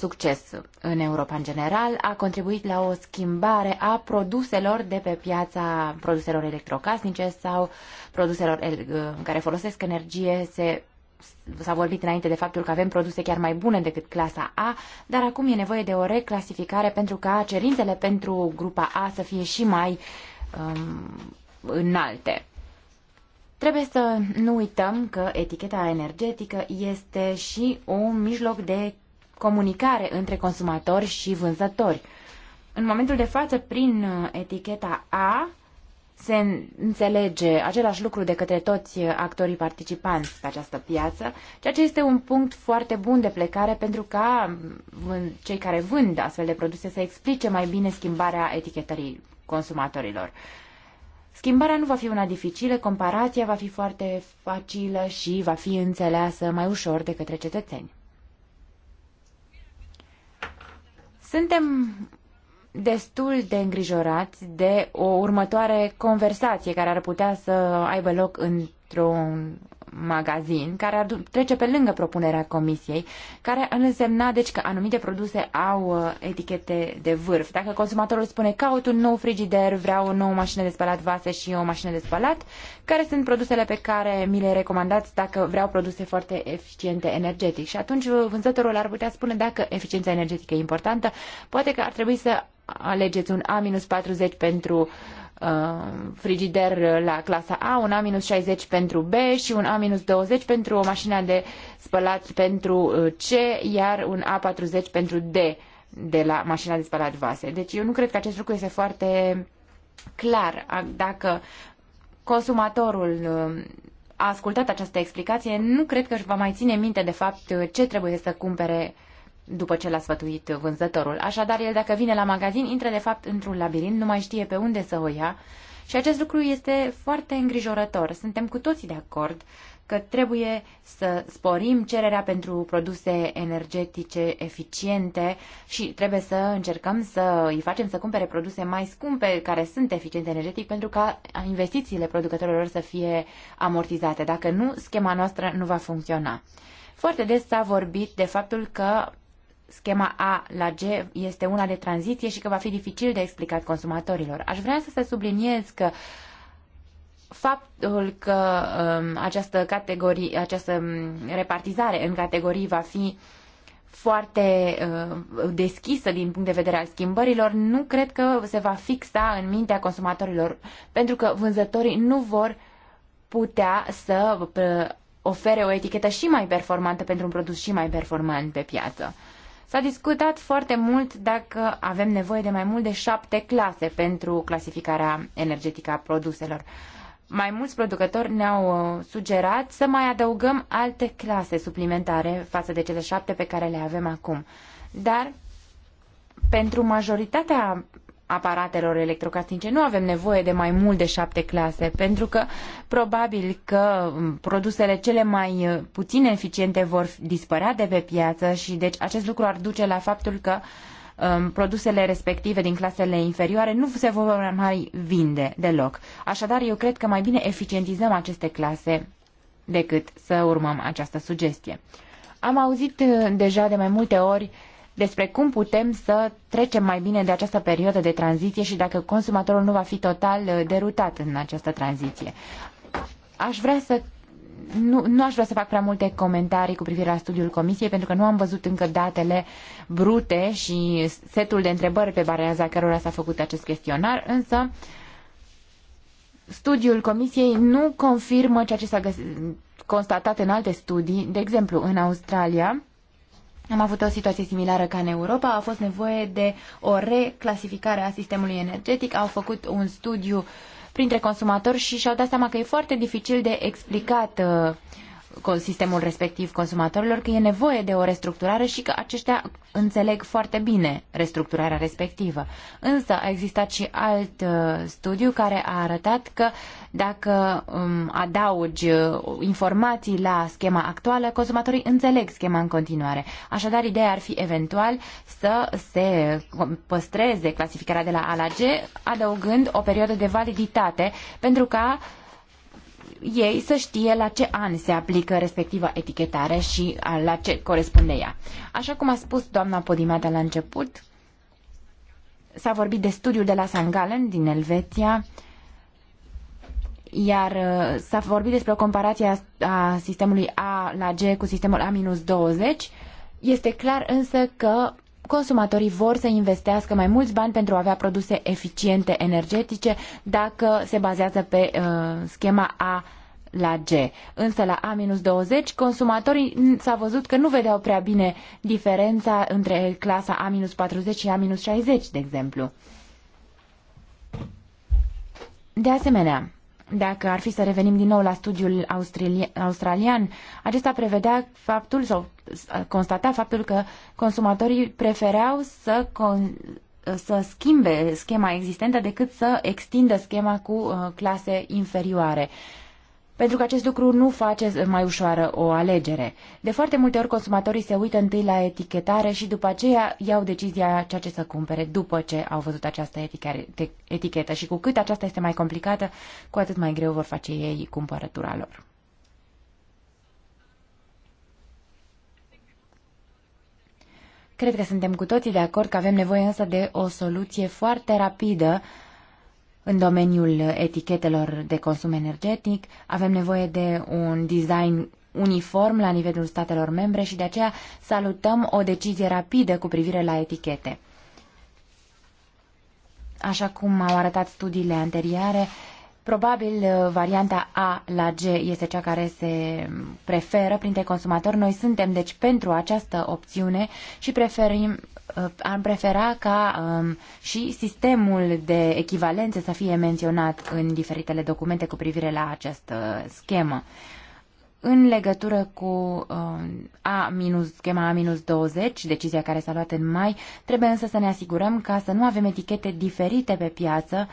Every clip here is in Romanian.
succes în Europa în general, a contribuit la o schimbare a produselor de pe piața produselor electrocasnice sau produselor uh, care folosesc energie. Se, s-a vorbit înainte de faptul că avem produse chiar mai bune decât clasa A, dar acum e nevoie de o reclasificare pentru ca cerințele pentru grupa A să fie și mai um, înalte. Trebuie să nu uităm că eticheta energetică este și un mijloc de comunicare între consumatori și vânzători. În momentul de față, prin uh, eticheta A, se înțelege același lucru de către toți uh, actorii participanți pe această piață, ceea ce este un punct foarte bun de plecare pentru ca mm, cei care vând astfel de produse să explice mai bine schimbarea etichetării consumatorilor. Schimbarea nu va fi una dificilă, comparația va fi foarte facilă și va fi înțeleasă mai ușor de către cetățeni. Suntem destul de îngrijorați de o următoare conversație care ar putea să aibă loc într-un magazin, care ar trece pe lângă propunerea comisiei, care ar însemna deci că anumite produse au uh, etichete de vârf. Dacă consumatorul spune caut un nou frigider, vreau o nouă mașină de spălat vase și o mașină de spălat, care sunt produsele pe care mi le recomandați dacă vreau produse foarte eficiente energetic? Și atunci uh, vânzătorul ar putea spune dacă eficiența energetică e importantă, poate că ar trebui să alegeți un A-40 pentru Uh, frigider la clasa A, un A-60 pentru B și un A-20 pentru o mașină de spălat pentru uh, C, iar un A40 pentru D de la mașina de spălat vase. Deci eu nu cred că acest lucru este foarte clar. Dacă consumatorul uh, a ascultat această explicație, nu cred că își va mai ține minte de fapt ce trebuie să cumpere uh, după ce l-a sfătuit vânzătorul. Așadar, el dacă vine la magazin, intră de fapt într-un labirint, nu mai știe pe unde să o ia și acest lucru este foarte îngrijorător. Suntem cu toții de acord că trebuie să sporim cererea pentru produse energetice eficiente și trebuie să încercăm să îi facem să cumpere produse mai scumpe care sunt eficiente energetic pentru ca investițiile producătorilor să fie amortizate. Dacă nu, schema noastră nu va funcționa. Foarte des s-a vorbit de faptul că schema A la G este una de tranziție și că va fi dificil de explicat consumatorilor. Aș vrea să se subliniez că faptul că um, această categorie, această um, repartizare în categorii va fi foarte uh, deschisă din punct de vedere al schimbărilor, nu cred că se va fixa în mintea consumatorilor, pentru că vânzătorii nu vor putea să uh, ofere o etichetă și mai performantă pentru un produs și mai performant pe piață. S-a discutat foarte mult dacă avem nevoie de mai mult de șapte clase pentru clasificarea energetică a produselor. Mai mulți producători ne-au uh, sugerat să mai adăugăm alte clase suplimentare față de cele șapte pe care le avem acum. Dar pentru majoritatea aparatelor electrocasnice. Nu avem nevoie de mai mult de șapte clase, pentru că probabil că um, produsele cele mai uh, puțin eficiente vor dispărea de pe piață și deci acest lucru ar duce la faptul că um, produsele respective din clasele inferioare nu se vor mai vinde deloc. Așadar, eu cred că mai bine eficientizăm aceste clase decât să urmăm această sugestie. Am auzit uh, deja de mai multe ori uh, despre cum putem să trecem mai bine de această perioadă de tranziție și dacă consumatorul nu va fi total uh, derutat în această tranziție. Aș vrea să nu, nu aș vrea să fac prea multe comentarii cu privire la studiul comisiei, pentru că nu am văzut încă datele brute și setul de întrebări pe bareaza cărora s-a făcut acest chestionar, însă studiul comisiei nu confirmă ceea ce s-a constatat în alte studii, de exemplu în Australia, am avut o situație similară ca în Europa, a fost nevoie de o reclasificare a sistemului energetic, au făcut un studiu printre consumatori și și-au dat seama că e foarte dificil de explicat uh, sistemul respectiv consumatorilor că e nevoie de o restructurare și că aceștia înțeleg foarte bine restructurarea respectivă. Însă a existat și alt uh, studiu care a arătat că dacă um, adaugi uh, informații la schema actuală, consumatorii înțeleg schema în continuare. Așadar, ideea ar fi eventual să se um, păstreze clasificarea de la A la G, adăugând o perioadă de validitate pentru ca uh, ei să știe la ce an se aplică respectiva etichetare și la ce corespunde ea. Așa cum a spus doamna Podimata la început, s-a vorbit de studiul de la St. Gallen din Elveția, iar uh, s-a vorbit despre o comparație a sistemului A la G cu sistemul A-20. Este clar însă că consumatorii vor să investească mai mulți bani pentru a avea produse eficiente energetice dacă se bazează pe uh, schema A la G. Însă la A-20 consumatorii s-a văzut că nu vedeau prea bine diferența între clasa A-40 și A-60, de exemplu. De asemenea, dacă ar fi să revenim din nou la studiul australian, acesta prevedea faptul sau constata faptul că consumatorii prefereau să, con, să schimbe schema existentă decât să extindă schema cu uh, clase inferioare pentru că acest lucru nu face mai ușoară o alegere. De foarte multe ori consumatorii se uită întâi la etichetare și după aceea iau decizia ceea ce să cumpere după ce au văzut această etichetă și cu cât aceasta este mai complicată, cu atât mai greu vor face ei cumpărătura lor. Cred că suntem cu toții de acord că avem nevoie însă de o soluție foarte rapidă în domeniul etichetelor de consum energetic avem nevoie de un design uniform la nivelul statelor membre și de aceea salutăm o decizie rapidă cu privire la etichete. Așa cum au arătat studiile anterioare, Probabil uh, varianta A la G este cea care se preferă printre consumatori. Noi suntem deci pentru această opțiune și preferim uh, am prefera ca um, și sistemul de echivalențe să fie menționat în diferitele documente cu privire la această schemă. În legătură cu um, A minus, schema A-20, decizia care s-a luat în mai, trebuie însă să ne asigurăm ca să nu avem etichete diferite pe piață uh,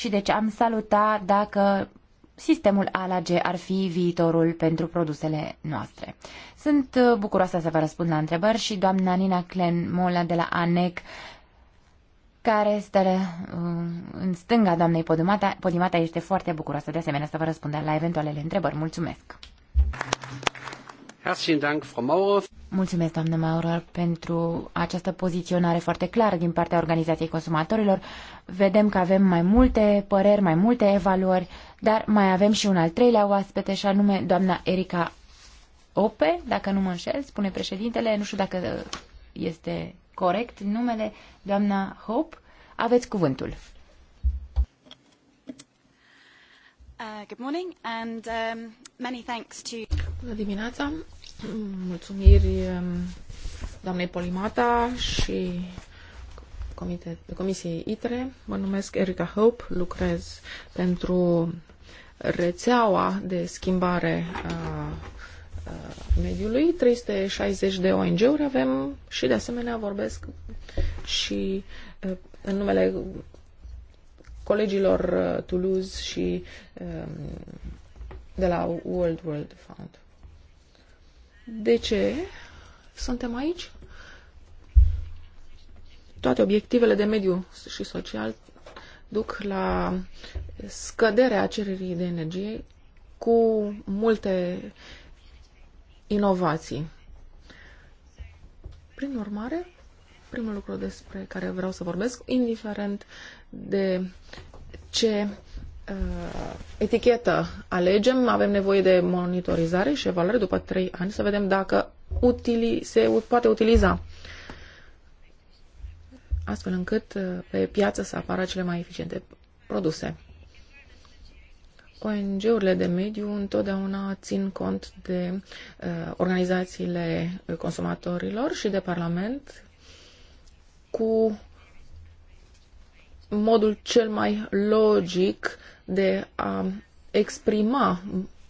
și deci am salutat dacă sistemul ALAG ar fi viitorul pentru produsele noastre. Sunt uh, bucuroasă să vă răspund la întrebări și doamna Nina Clen Mola de la ANEC care este uh, în stânga doamnei Podimata, Podimata este foarte bucuroasă de asemenea să vă răspundă la eventualele întrebări. Mulțumesc! Mulțumesc, doamnă Maurer, pentru această poziționare foarte clară din partea Organizației Consumatorilor. Vedem că avem mai multe păreri, mai multe evaluări, dar mai avem și un al treilea oaspete, și anume doamna Erika Ope, dacă nu mă înșel, spune președintele, nu știu dacă este corect numele, doamna Hope. Aveți cuvântul. Uh, good morning and um, many thanks to... Bună dimineața Mulțumiri um, doamnei Polimata și Comisiei ITRE. Mă numesc Erica Hope, lucrez pentru rețeaua de schimbare a mediului, 360 de ONG-uri avem și de asemenea vorbesc și în numele colegilor uh, Toulouse și um, de la World World Fund de ce suntem aici. Toate obiectivele de mediu și social duc la scăderea cererii de energie cu multe inovații. Prin urmare, primul lucru despre care vreau să vorbesc, indiferent de ce Uh, etichetă alegem, avem nevoie de monitorizare și evaluare după 3 ani să vedem dacă utili, se poate utiliza astfel încât uh, pe piață să apară cele mai eficiente produse. ONG-urile de mediu întotdeauna țin cont de uh, organizațiile consumatorilor și de Parlament cu modul cel mai logic de a exprima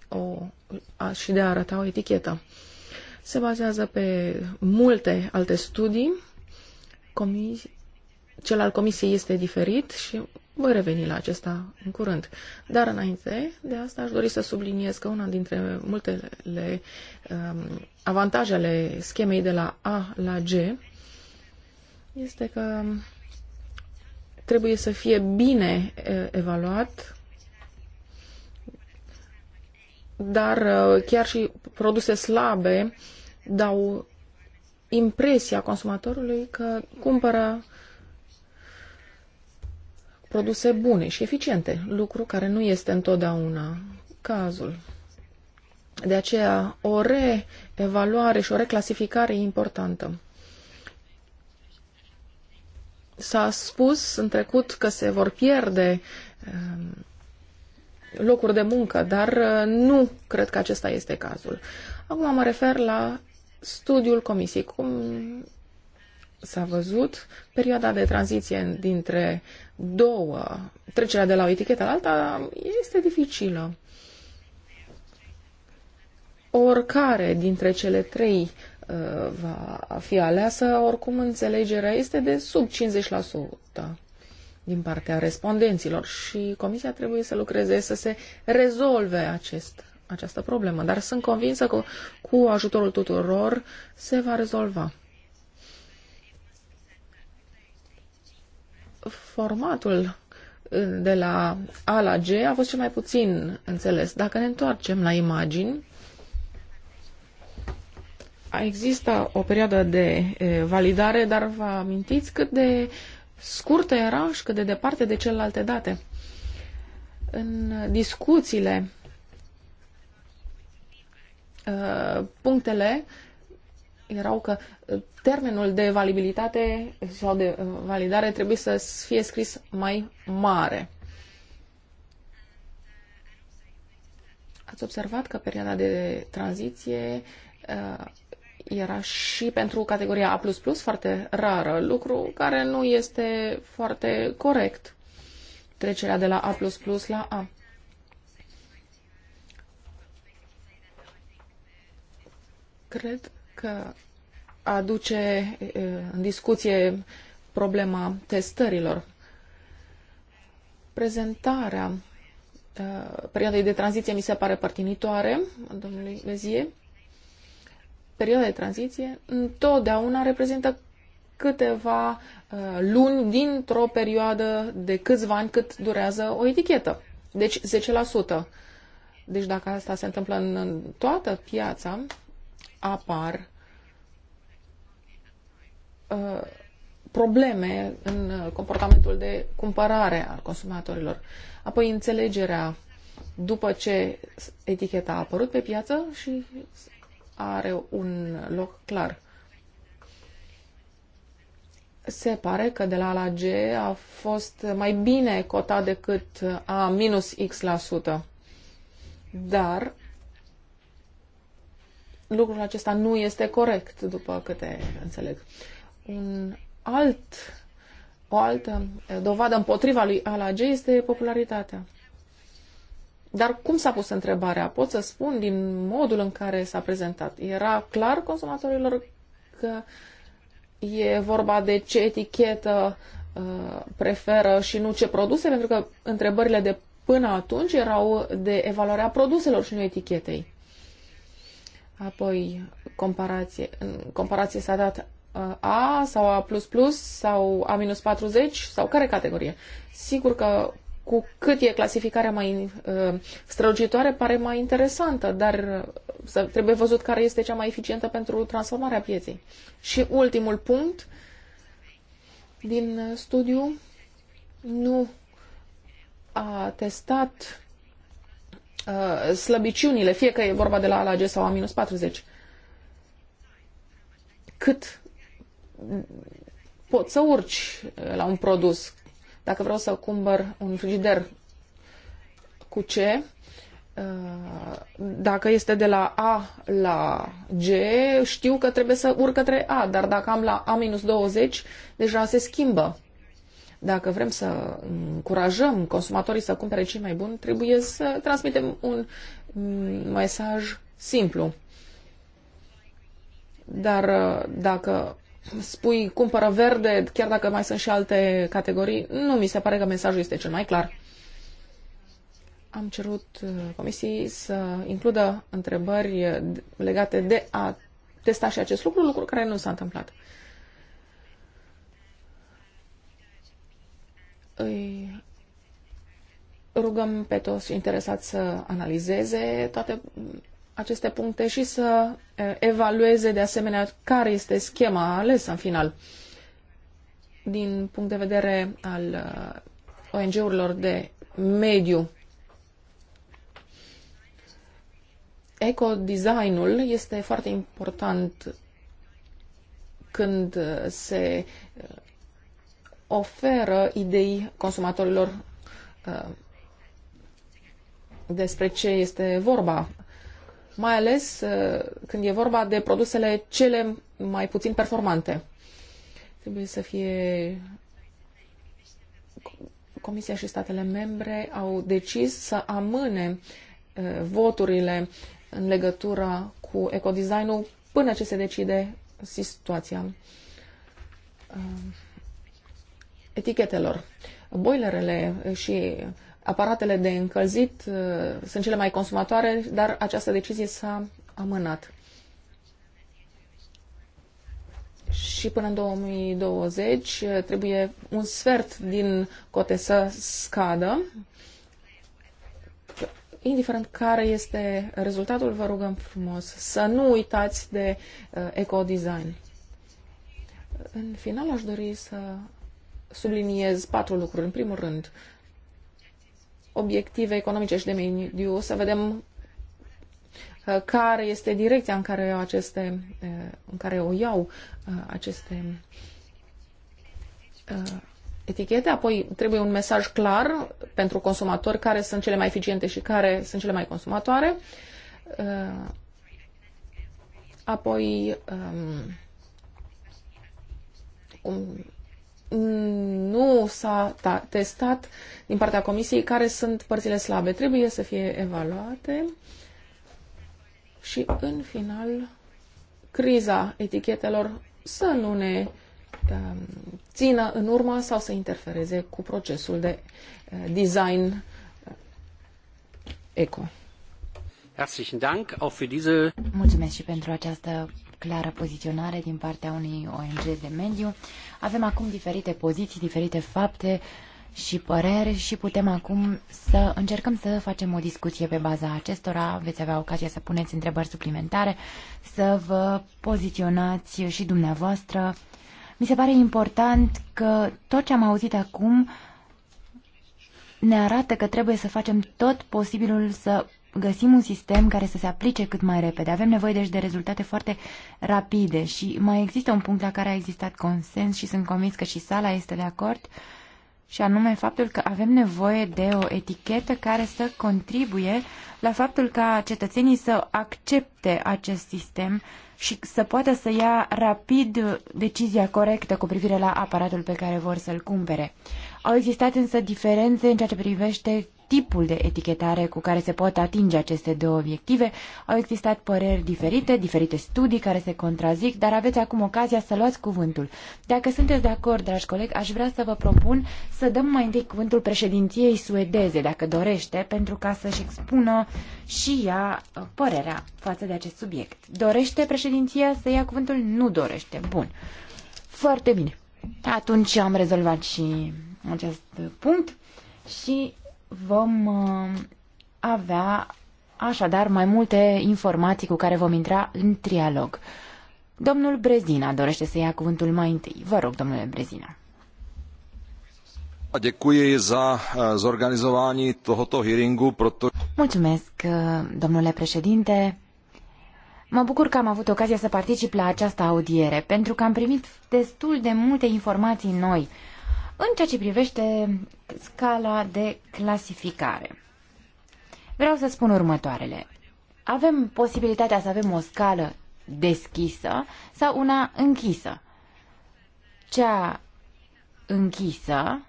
o, a, și de a arăta o etichetă. Se bazează pe multe alte studii. Comis, cel al comisiei este diferit și voi reveni la acesta în curând. Dar înainte de asta aș dori să subliniez că una dintre multele um, avantajele schemei de la A la G este că trebuie să fie bine uh, evaluat dar uh, chiar și produse slabe dau impresia consumatorului că cumpără produse bune și eficiente, lucru care nu este întotdeauna cazul. De aceea, o reevaluare și o reclasificare e importantă. S-a spus în trecut că se vor pierde um, locuri de muncă, dar uh, nu cred că acesta este cazul. Acum mă refer la studiul comisiei. Cum s-a văzut, perioada de tranziție dintre două, trecerea de la o etichetă la alta, este dificilă. Oricare dintre cele trei uh, va fi aleasă, oricum înțelegerea este de sub 50% din partea respondenților și comisia trebuie să lucreze să se rezolve acest, această problemă. Dar sunt convinsă că cu ajutorul tuturor se va rezolva. Formatul de la A la G a fost cel mai puțin înțeles. Dacă ne întoarcem la imagini, există o perioadă de eh, validare, dar vă amintiți cât de scurtă era și cât de departe de celelalte date. În discuțiile, uh, punctele erau că uh, termenul de valibilitate sau de uh, validare trebuie să fie scris mai mare. Ați observat că perioada de tranziție era și pentru categoria A++, foarte rară, lucru care nu este foarte corect, trecerea de la A++ la A. Cred că aduce în discuție problema testărilor. Prezentarea perioadei de tranziție mi se pare părtinitoare, domnului Vezie, perioada de tranziție întotdeauna reprezintă câteva uh, luni dintr-o perioadă de câțiva ani cât durează o etichetă. Deci 10%. Deci dacă asta se întâmplă în toată piața, apar uh, probleme în comportamentul de cumpărare al consumatorilor. Apoi înțelegerea după ce eticheta a apărut pe piață și are un loc clar. Se pare că de la A la G a fost mai bine cotat decât A minus X la sută. Dar lucrul acesta nu este corect, după câte înțeleg. Un alt, o altă dovadă împotriva lui A la G este popularitatea. Dar cum s-a pus întrebarea? Pot să spun din modul în care s-a prezentat. Era clar consumatorilor că e vorba de ce etichetă uh, preferă și nu ce produse, pentru că întrebările de până atunci erau de evaluarea produselor și nu etichetei. Apoi, comparație. În comparație s-a dat uh, a sau A++ sau A-40 sau care categorie. Sigur că cu cât e clasificarea mai uh, strălucitoare, pare mai interesantă, dar uh, trebuie văzut care este cea mai eficientă pentru transformarea pieței. Și ultimul punct din uh, studiu nu a testat uh, slăbiciunile, fie că e vorba de la ALAG sau a -40. Cât poți să urci uh, la un produs, dacă vreau să cumpăr un frigider, cu ce? Uh, dacă este de la A la G, știu că trebuie să urc către A, dar dacă am la A-20, deja se schimbă. Dacă vrem să încurajăm consumatorii să cumpere cei mai buni, trebuie să transmitem un mesaj simplu. Dar uh, dacă spui cumpără verde, chiar dacă mai sunt și alte categorii, nu mi se pare că mesajul este cel mai clar. Am cerut uh, comisiei să includă întrebări legate de a testa și acest lucru, lucru care nu s-a întâmplat. Îi rugăm pe toți interesați să analizeze toate aceste puncte și să evalueze de asemenea care este schema alesă în final. Din punct de vedere al ONG-urilor de mediu, ecodesignul este foarte important când se oferă idei consumatorilor despre ce este vorba mai ales uh, când e vorba de produsele cele mai puțin performante. Trebuie să fie Comisia și statele membre au decis să amâne uh, voturile în legătură cu ecodesignul până ce se decide situația uh, etichetelor. Boilerele și aparatele de încălzit uh, sunt cele mai consumatoare, dar această decizie s-a amânat. Și până în 2020 uh, trebuie un sfert din cote să scadă. Indiferent care este rezultatul, vă rugăm frumos să nu uitați de uh, ecodesign. În final aș dori să subliniez patru lucruri. În primul rând, obiective economice și de mediu, să vedem uh, care este direcția în care, aceste, uh, în care o iau uh, aceste etichete, apoi trebuie un mesaj clar pentru consumatori care sunt cele mai eficiente și care sunt cele mai consumatoare, apoi um, nu s-a testat din partea comisiei care sunt părțile slabe. Trebuie să fie evaluate și, în final, criza etichetelor să nu ne um, țină în urmă sau să interfereze cu procesul de uh, design uh, eco. Mulțumesc și pentru această clară poziționare din partea unei ONG de mediu. Avem acum diferite poziții, diferite fapte și păreri și putem acum să încercăm să facem o discuție pe baza acestora. Veți avea ocazia să puneți întrebări suplimentare, să vă poziționați și dumneavoastră. Mi se pare important că tot ce am auzit acum ne arată că trebuie să facem tot posibilul să găsim un sistem care să se aplice cât mai repede. Avem nevoie deci de rezultate foarte rapide și mai există un punct la care a existat consens și sunt convins că și sala este de acord și anume faptul că avem nevoie de o etichetă care să contribuie la faptul ca cetățenii să accepte acest sistem și să poată să ia rapid decizia corectă cu privire la aparatul pe care vor să-l cumpere. Au existat însă diferențe în ceea ce privește tipul de etichetare cu care se pot atinge aceste două obiective. Au existat păreri diferite, diferite studii care se contrazic, dar aveți acum ocazia să luați cuvântul. Dacă sunteți de acord, dragi colegi, aș vrea să vă propun să dăm mai întâi cuvântul președinției suedeze, dacă dorește, pentru ca să-și expună și ea uh, părerea față de acest subiect. Dorește președinția să ia cuvântul? Nu dorește. Bun. Foarte bine. Atunci am rezolvat și acest punct și vom uh, avea așadar mai multe informații cu care vom intra în trialog. Domnul Brezina dorește să ia cuvântul mai întâi. Vă rog, domnule Brezina. Děkuji za eh, zorganizování tohoto hearingu, proto... Mulțumesc, eh, domnule președinte. Mă bucur că am avut ocazia să particip la această audiere, pentru că am primit destul de multe informații noi în ceea ce privește scala de clasificare, vreau să spun următoarele. Avem posibilitatea să avem o scală deschisă sau una închisă. Cea închisă,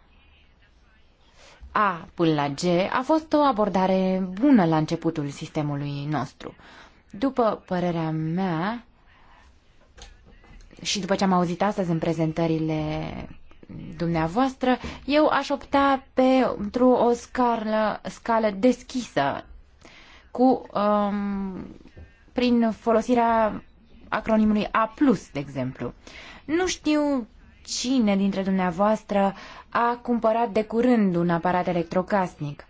A până la G, a fost o abordare bună la începutul sistemului nostru. După părerea mea și după ce am auzit astăzi în prezentările dumneavoastră, eu aș opta pentru o scală, scală deschisă cu, um, prin folosirea acronimului A+, de exemplu. Nu știu cine dintre dumneavoastră a cumpărat de curând un aparat electrocasnic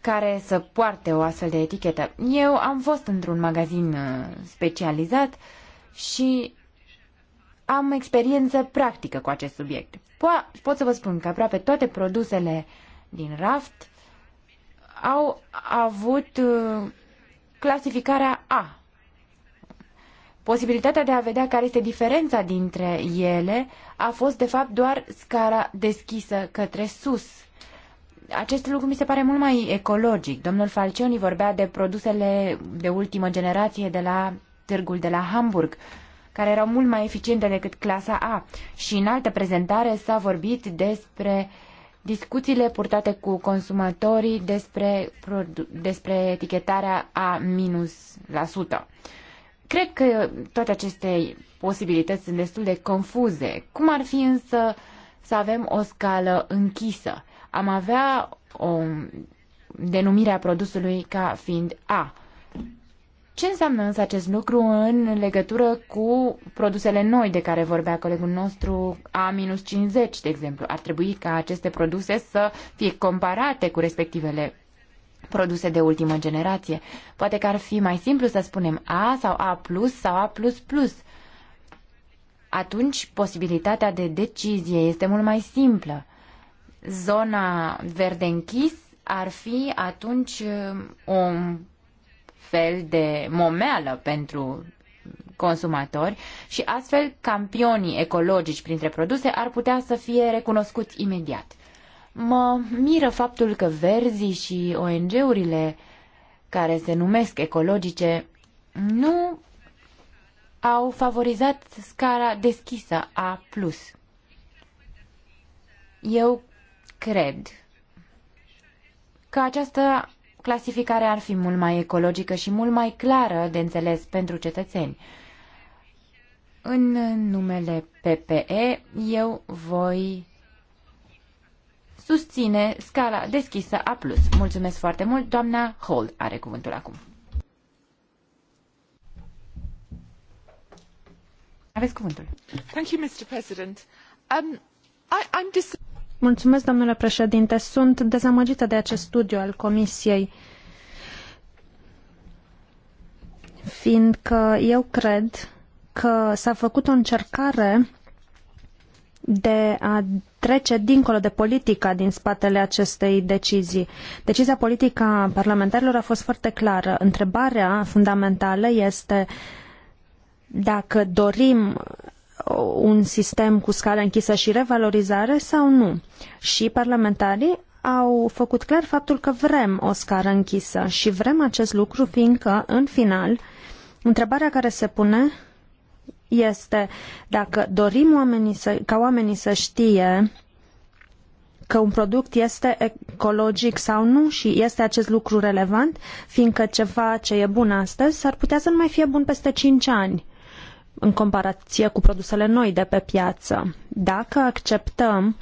care să poarte o astfel de etichetă. Eu am fost într-un magazin uh, specializat și am experiență practică cu acest subiect. Po- pot să vă spun că aproape toate produsele din raft au avut uh, clasificarea A. Posibilitatea de a vedea care este diferența dintre ele a fost, de fapt, doar scara deschisă către sus. Acest lucru mi se pare mult mai ecologic. Domnul Falcioni vorbea de produsele de ultimă generație de la târgul de la Hamburg. Uh, care erau mult mai eficiente decât clasa A. Și în altă prezentare s-a vorbit despre discuțiile purtate cu consumatorii despre, despre etichetarea A- la sută. Cred că toate aceste posibilități sunt destul de confuze. Cum ar fi însă să avem o scală închisă? Am avea o denumire a produsului ca fiind A. Ce înseamnă însă acest lucru în legătură cu produsele noi de care vorbea colegul nostru A-50, de exemplu? Ar trebui ca aceste produse să fie comparate cu respectivele produse de ultimă generație. Poate că ar fi mai simplu să spunem A sau A+, plus sau A++. plus plus Atunci posibilitatea de decizie este mult mai simplă. Zona verde închis ar fi atunci o um, fel de momeală pentru consumatori și astfel campionii ecologici printre produse ar putea să fie recunoscuți imediat. Mă miră faptul că verzii și ONG-urile care se numesc ecologice nu au favorizat scara deschisă A+. Eu cred că aceasta clasificare ar fi mult mai ecologică și mult mai clară de înțeles pentru cetățeni. În numele PPE, eu voi susține scala deschisă A+. Mulțumesc foarte mult. Doamna Hall are cuvântul acum. Aveți cuvântul. Thank you, Mr. President. Um, I, I'm Mulțumesc, domnule președinte. Sunt dezamăgită de acest studiu al Comisiei, fiindcă eu cred că s-a făcut o încercare de a trece dincolo de politica din spatele acestei decizii. Decizia politică a parlamentarilor a fost foarte clară. Întrebarea fundamentală este dacă dorim un sistem cu scară închisă și revalorizare sau nu. Și parlamentarii au făcut clar faptul că vrem o scară închisă și vrem acest lucru fiindcă, în final, întrebarea care se pune este dacă dorim oamenii să, ca oamenii să știe că un produs este ecologic sau nu și este acest lucru relevant, fiindcă ceva ce e bun astăzi s-ar putea să nu mai fie bun peste 5 ani în comparație cu produsele noi de pe piață. Dacă acceptăm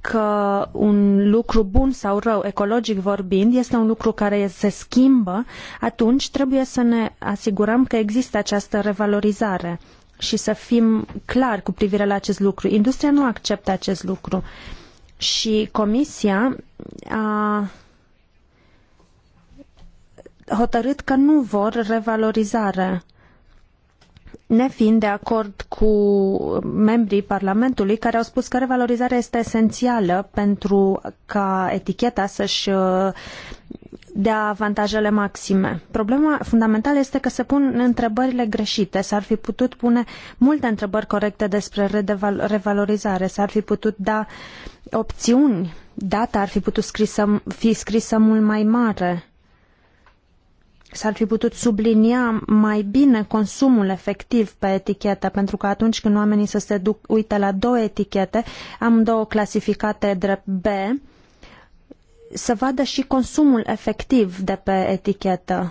că un lucru bun sau rău, ecologic vorbind, este un lucru care se schimbă, atunci trebuie să ne asigurăm că există această revalorizare și să fim clari cu privire la acest lucru. Industria nu acceptă acest lucru și Comisia a hotărât că nu vor revalorizare nefiind de acord cu membrii Parlamentului care au spus că revalorizarea este esențială pentru ca eticheta să-și uh, dea avantajele maxime. Problema fundamentală este că se pun întrebările greșite. S-ar fi putut pune multe întrebări corecte despre revalorizare, s-ar fi putut da opțiuni, data ar fi putut scrisă, fi scrisă mult mai mare s-ar fi putut sublinia mai bine consumul efectiv pe etichetă, pentru că atunci când oamenii să se duc, uită la două etichete, am două clasificate drept B, să vadă și consumul efectiv de pe etichetă.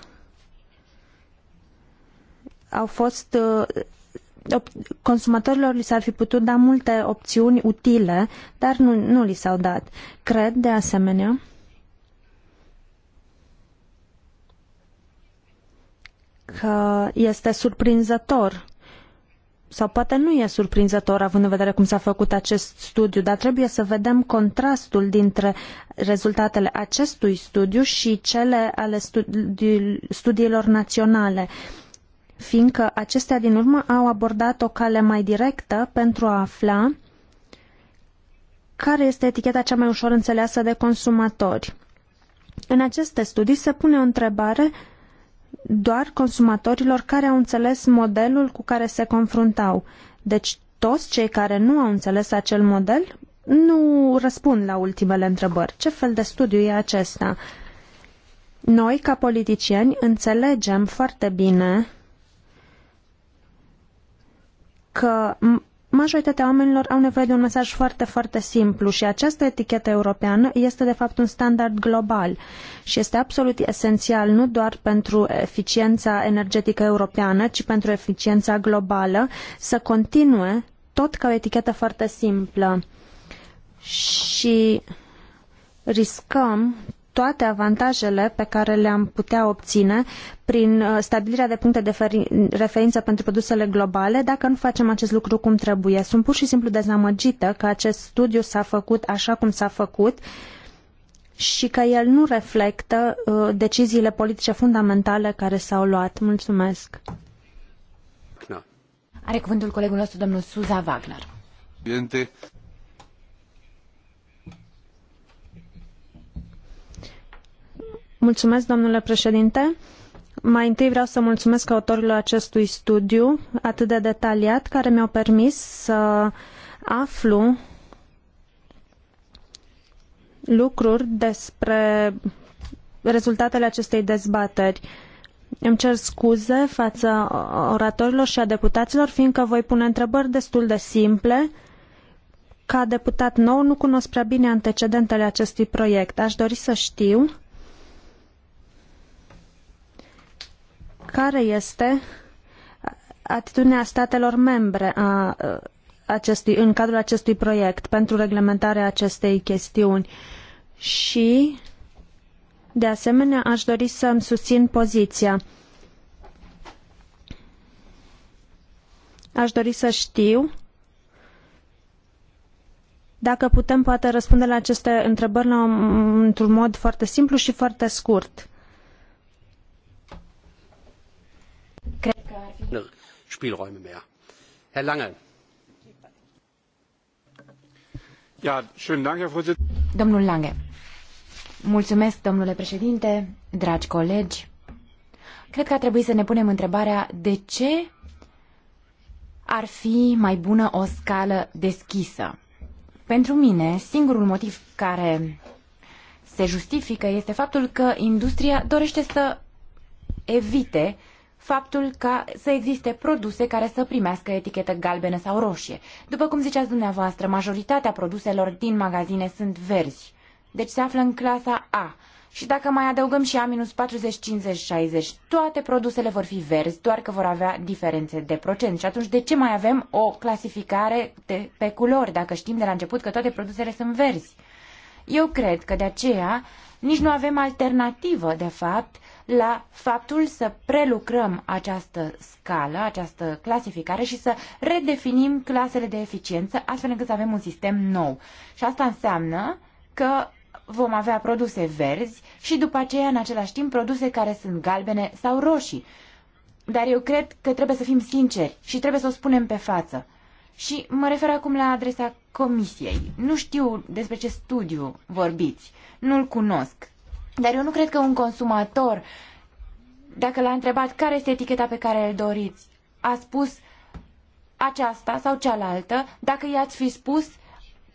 Au fost uh, consumatorilor li s-ar fi putut da multe opțiuni utile, dar nu, nu li s-au dat. Cred, de asemenea, că este surprinzător sau poate nu e surprinzător având în vedere cum s-a făcut acest studiu, dar trebuie să vedem contrastul dintre rezultatele acestui studiu și cele ale studi- studiilor naționale, fiindcă acestea din urmă au abordat o cale mai directă pentru a afla care este eticheta cea mai ușor înțeleasă de consumatori. În aceste studii se pune o întrebare doar consumatorilor care au înțeles modelul cu care se confruntau. Deci toți cei care nu au înțeles acel model nu răspund la ultimele întrebări. Ce fel de studiu e acesta? Noi, ca politicieni, înțelegem foarte bine că Majoritatea oamenilor au nevoie de un mesaj foarte, foarte simplu și această etichetă europeană este de fapt un standard global și este absolut esențial nu doar pentru eficiența energetică europeană, ci pentru eficiența globală să continue tot ca o etichetă foarte simplă. Și riscăm toate avantajele pe care le-am putea obține prin uh, stabilirea de puncte de referință pentru produsele globale dacă nu facem acest lucru cum trebuie. Sunt pur și simplu dezamăgită că acest studiu s-a făcut așa cum s-a făcut și că el nu reflectă uh, deciziile politice fundamentale care s-au luat. Mulțumesc. Da. Are cuvântul colegul nostru, domnul Suza Wagner. Mulțumesc, domnule președinte. Mai întâi vreau să mulțumesc autorilor acestui studiu atât de detaliat care mi-au permis să aflu lucruri despre rezultatele acestei dezbateri. Îmi cer scuze față oratorilor și a deputaților, fiindcă voi pune întrebări destul de simple. Ca deputat nou nu cunosc prea bine antecedentele acestui proiect. Aș dori să știu care este atitudinea statelor membre a acestui, în cadrul acestui proiect pentru reglementarea acestei chestiuni și de asemenea aș dori să îmi susțin poziția. Aș dori să știu dacă putem poate răspunde la aceste întrebări într-un mod foarte simplu și foarte scurt. Spielräume mehr. Herr Lange. Domnul Lange. Mulțumesc, domnule președinte, dragi colegi. Cred că ar trebui să ne punem întrebarea de ce ar fi mai bună o scală deschisă. Pentru mine, singurul motiv care se justifică este faptul că industria dorește să evite faptul că să existe produse care să primească etichetă galbenă sau roșie. După cum ziceați dumneavoastră, majoritatea produselor din magazine sunt verzi, deci se află în clasa A. Și dacă mai adăugăm și A-40, 50, 60, toate produsele vor fi verzi, doar că vor avea diferențe de procent. Și atunci de ce mai avem o clasificare de, pe culori, dacă știm de la început că toate produsele sunt verzi? Eu cred că de aceea nici nu avem alternativă, de fapt, la faptul să prelucrăm această scală, această clasificare și să redefinim clasele de eficiență astfel încât să avem un sistem nou. Și asta înseamnă că vom avea produse verzi și după aceea, în același timp, produse care sunt galbene sau roșii. Dar eu cred că trebuie să fim sinceri și trebuie să o spunem pe față. Și mă refer acum la adresa comisiei. Nu știu despre ce studiu vorbiți, nu-l cunosc. Dar eu nu cred că un consumator, dacă l-a întrebat care este eticheta pe care îl doriți, a spus aceasta sau cealaltă, dacă i-ați fi spus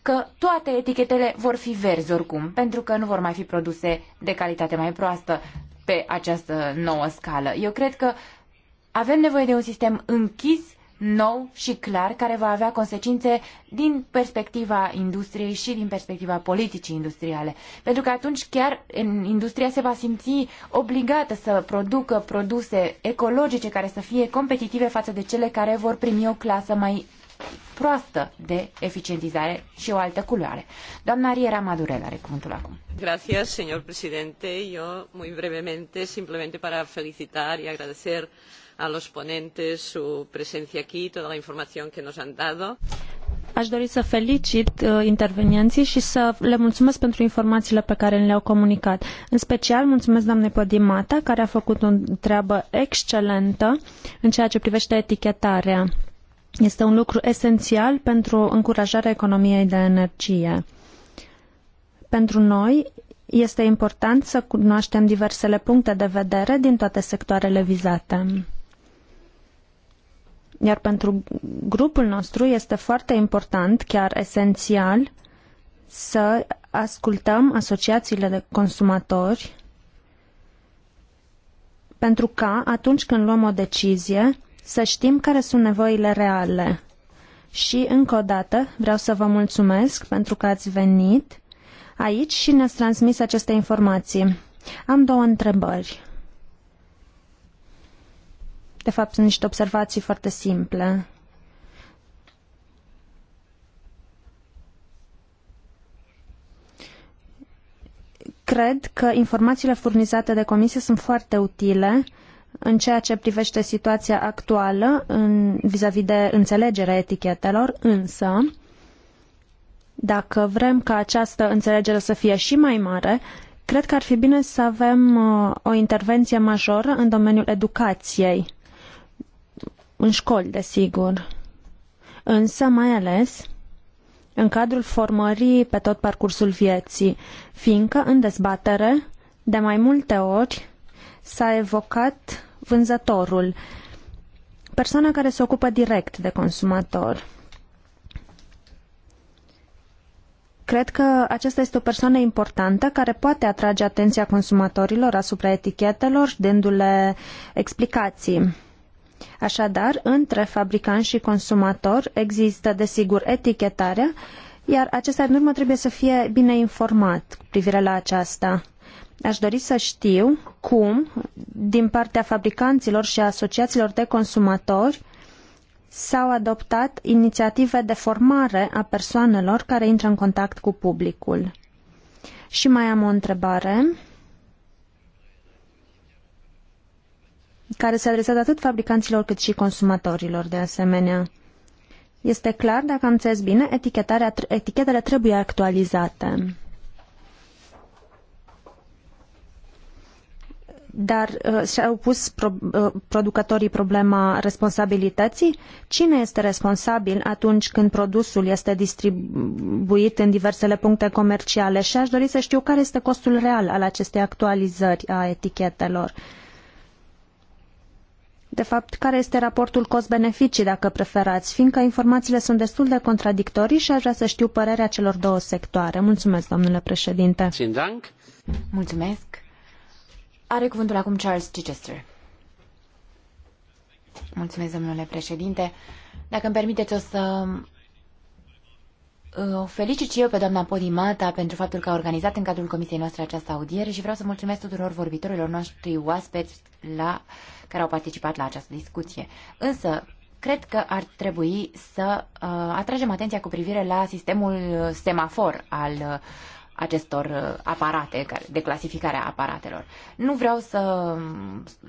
că toate etichetele vor fi verzi oricum, pentru că nu vor mai fi produse de calitate mai proastă pe această nouă scală. Eu cred că avem nevoie de un sistem închis nou și clar, care va avea consecințe din perspectiva industriei și din perspectiva politicii industriale. Pentru că atunci chiar industria se va simți obligată să producă produse ecologice care să fie competitive față de cele care vor primi o clasă mai proastă de eficientizare și o altă culoare. Doamna Riera Madurel are cuvântul acum. Gracias, señor presidente. Yo, muy brevemente, simplemente para felicitar y agradecer a los ponentes su presencia aquí, toda la información que nos han dado. Aș dori să felicit uh, intervenienții și să le mulțumesc pentru informațiile pe care le-au comunicat. În special mulțumesc doamnei Podimata, care a făcut o treabă excelentă în ceea ce privește etichetarea. Este un lucru esențial pentru încurajarea economiei de energie. Pentru noi este important să cunoaștem diversele puncte de vedere din toate sectoarele vizate. Iar pentru grupul nostru este foarte important, chiar esențial, să ascultăm asociațiile de consumatori pentru ca, atunci când luăm o decizie, să știm care sunt nevoile reale. Și, încă o dată, vreau să vă mulțumesc pentru că ați venit aici și ne-ați transmis aceste informații. Am două întrebări. De fapt, sunt niște observații foarte simple. Cred că informațiile furnizate de comisie sunt foarte utile în ceea ce privește situația actuală în, vis-a-vis -vis de înțelegerea etichetelor, însă dacă vrem ca această înțelegere să fie și mai mare, cred că ar fi bine să avem uh, o intervenție majoră în domeniul educației în școli, desigur, însă mai ales în cadrul formării pe tot parcursul vieții, fiindcă în dezbatere de mai multe ori s-a evocat vânzătorul, persoana care se ocupă direct de consumator. Cred că aceasta este o persoană importantă care poate atrage atenția consumatorilor asupra etichetelor, dându-le explicații. Așadar, între fabricant și consumator există, desigur, etichetarea, iar acesta, în urmă, trebuie să fie bine informat cu privire la aceasta. Aș dori să știu cum, din partea fabricanților și a asociațiilor de consumatori, s-au adoptat inițiative de formare a persoanelor care intră în contact cu publicul. Și mai am o întrebare. care se adresează atât fabricanților cât și consumatorilor de asemenea. Este clar, dacă am înțeles bine, etichetarea, etichetele trebuie actualizate. Dar uh, și-au pus pro, uh, producătorii problema responsabilității? Cine este responsabil atunci când produsul este distribuit în diversele puncte comerciale? Și aș dori să știu care este costul real al acestei actualizări a etichetelor. Uh, de fapt, care este raportul cost-beneficii, dacă preferați, fiindcă informațiile sunt destul de contradictorii și aș vrea să știu părerea celor două sectoare. Mulțumesc, domnule președinte. Mulțumesc. Are cuvântul acum Charles Chichester. Mulțumesc, domnule președinte. Dacă îmi permiteți, o să o felicit și eu pe doamna Podimata pentru faptul că a organizat în cadrul comisiei noastre această audiere și vreau să mulțumesc tuturor vorbitorilor noștri oaspeți la, care au participat la această discuție. Însă, cred că ar trebui să uh, atragem atenția cu privire la sistemul semafor al uh, acestor uh, aparate, de clasificare a aparatelor. Nu vreau să,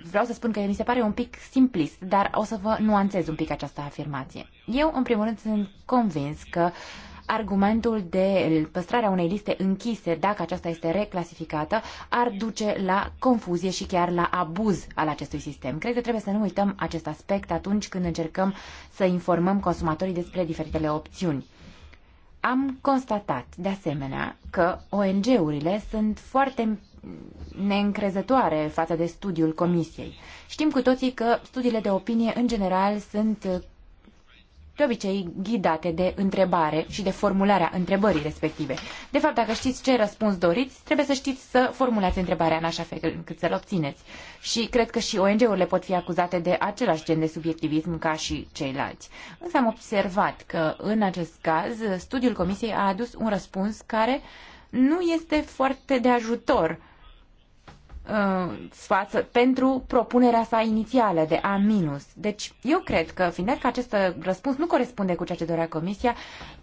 vreau să spun că mi se pare un pic simplist, dar o să vă nuanțez un pic această afirmație. Eu, în primul rând, sunt convins că uh, argumentul de păstrarea unei liste închise, dacă aceasta este reclasificată, ar duce la confuzie și chiar la abuz al acestui sistem. Cred că trebuie să nu uităm acest aspect atunci când încercăm să informăm consumatorii despre diferitele opțiuni. Am constatat, de asemenea, că ONG-urile sunt foarte neîncrezătoare față de studiul comisiei. Știm cu toții că studiile de opinie, în general, sunt de obicei ghidate de întrebare și de formularea întrebării respective. De fapt, dacă știți ce răspuns doriți, trebuie să știți să formulați întrebarea în așa fel încât să-l obțineți. Și cred că și ONG-urile pot fi acuzate de același gen de subiectivism ca și ceilalți. Însă am observat că, în acest caz, studiul Comisiei a adus un răspuns care nu este foarte de ajutor uh, Uh, față, pentru propunerea sa inițială de A-. Deci eu cred că, fiind că acest răspuns nu corespunde cu ceea ce dorea Comisia,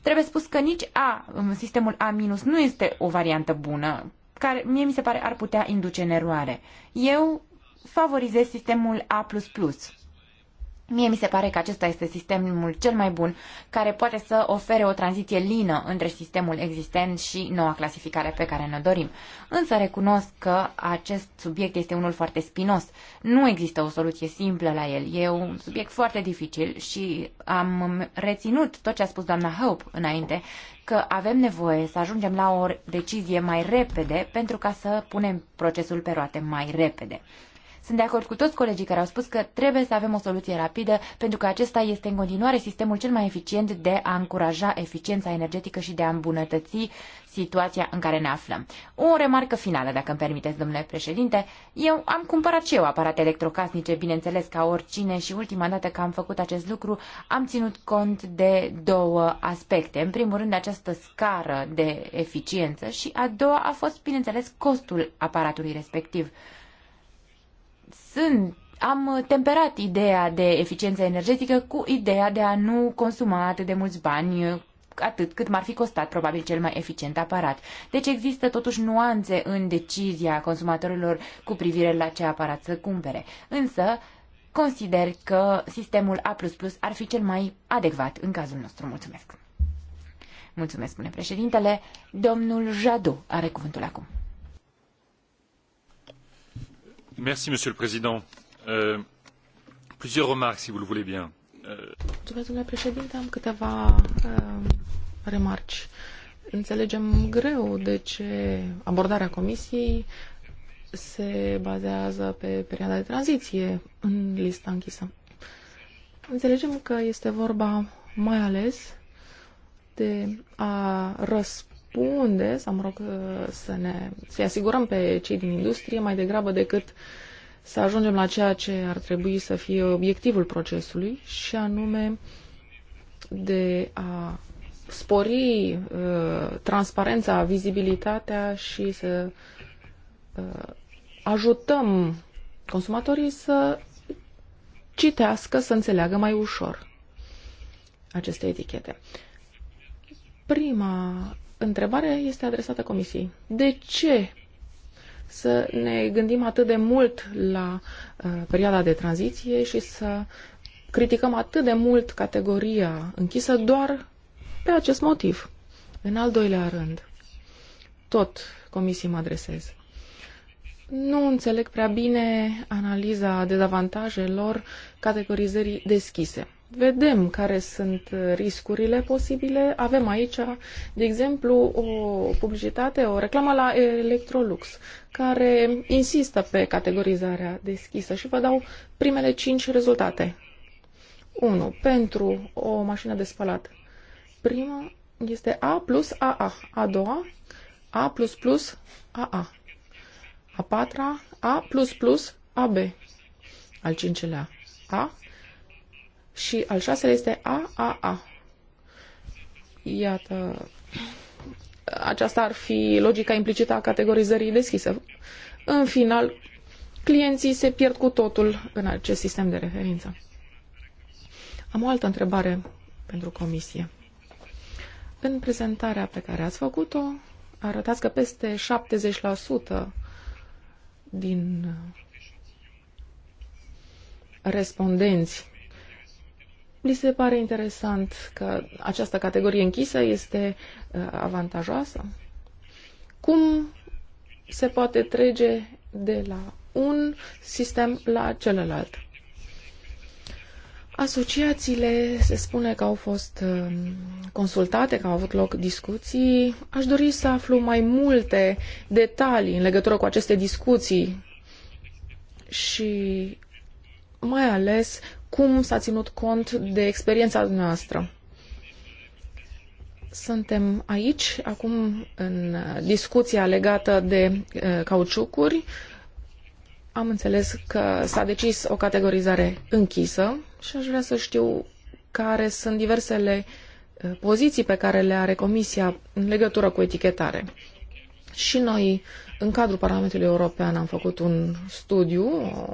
trebuie spus că nici A, um, sistemul A- nu este o variantă bună, care mie mi se pare ar putea induce în eroare. Eu favorizez sistemul A++. Mie mi se pare că acesta este sistemul cel mai bun care poate să ofere o tranziție lină între sistemul existent și noua clasificare pe care ne dorim. Însă recunosc că acest subiect este unul foarte spinos. Nu există o soluție simplă la el. E un subiect foarte dificil și am reținut tot ce a spus doamna Hope înainte, că avem nevoie să ajungem la o decizie mai repede pentru ca să punem procesul pe roate mai repede. Sunt de acord cu toți colegii care au spus că trebuie să avem o soluție rapidă, pentru că acesta este în continuare sistemul cel mai eficient de a încuraja eficiența energetică și de a îmbunătăți situația în care ne aflăm. O remarcă finală, dacă îmi permiteți, domnule președinte. Eu am cumpărat și eu aparate electrocasnice, bineînțeles, ca oricine și ultima dată că am făcut acest lucru, am ținut cont de două aspecte. În primul rând, această scară de eficiență și a doua a fost, bineînțeles, costul aparatului respectiv sunt, am temperat ideea de eficiență energetică cu ideea de a nu consuma atât de mulți bani atât cât m-ar fi costat probabil cel mai eficient aparat. Deci există totuși nuanțe în decizia consumatorilor cu privire la ce aparat să cumpere. Însă, consider că sistemul A++ ar fi cel mai adecvat în cazul nostru. Mulțumesc! Mulțumesc, spune președintele. Domnul Jadu are cuvântul acum. Monsieur le Président. Euh, plusieurs remarques, si vous le voulez bien. Mulțumesc, domnule președinte. Am câteva uh, remarci. Înțelegem greu de ce abordarea Comisiei se bazează pe perioada de tranziție în lista închisă. Înțelegem că este vorba mai ales de a răspunde răspunde, sau mă rog, uh, să ne să asigurăm pe cei din industrie mai degrabă decât să ajungem la ceea ce ar trebui să fie obiectivul procesului și anume de a spori uh, transparența, vizibilitatea și să uh, ajutăm consumatorii să citească, să înțeleagă mai ușor aceste etichete. Prima întrebare este adresată Comisiei. De ce să ne gândim atât de mult la uh, perioada de tranziție și să criticăm atât de mult categoria închisă doar pe acest motiv? În al doilea rând, tot Comisiei mă adresez. Nu înțeleg prea bine analiza dezavantajelor categorizării deschise vedem care sunt riscurile posibile. Avem aici, de exemplu, o publicitate, o reclamă la Electrolux, care insistă pe categorizarea deschisă și vă dau primele cinci rezultate. 1. Pentru o mașină de spălat. Prima este A plus AA. A doua, A plus plus AA. A patra, A plus plus AB. Al cincelea, A și al șaselea este AAA. Iată, aceasta ar fi logica implicită a categorizării deschise. În final, clienții se pierd cu totul în acest sistem de referință. Am o altă întrebare pentru comisie. În prezentarea pe care ați făcut-o, arătați că peste 70% din respondenți mi se pare interesant că această categorie închisă este uh, avantajoasă. Cum se poate trece de la un sistem la celălalt? Asociațiile se spune că au fost um, consultate, că au avut loc discuții. Aș dori să aflu mai multe detalii în legătură cu aceste discuții și mai ales cum s-a ținut cont de experiența noastră. Suntem aici acum în discuția legată de uh, cauciucuri. Am înțeles că s-a decis o categorizare închisă și aș vrea să știu care sunt diversele uh, poziții pe care le are Comisia în legătură cu etichetare. Și noi, în cadrul Parlamentului European, am făcut un studiu, o,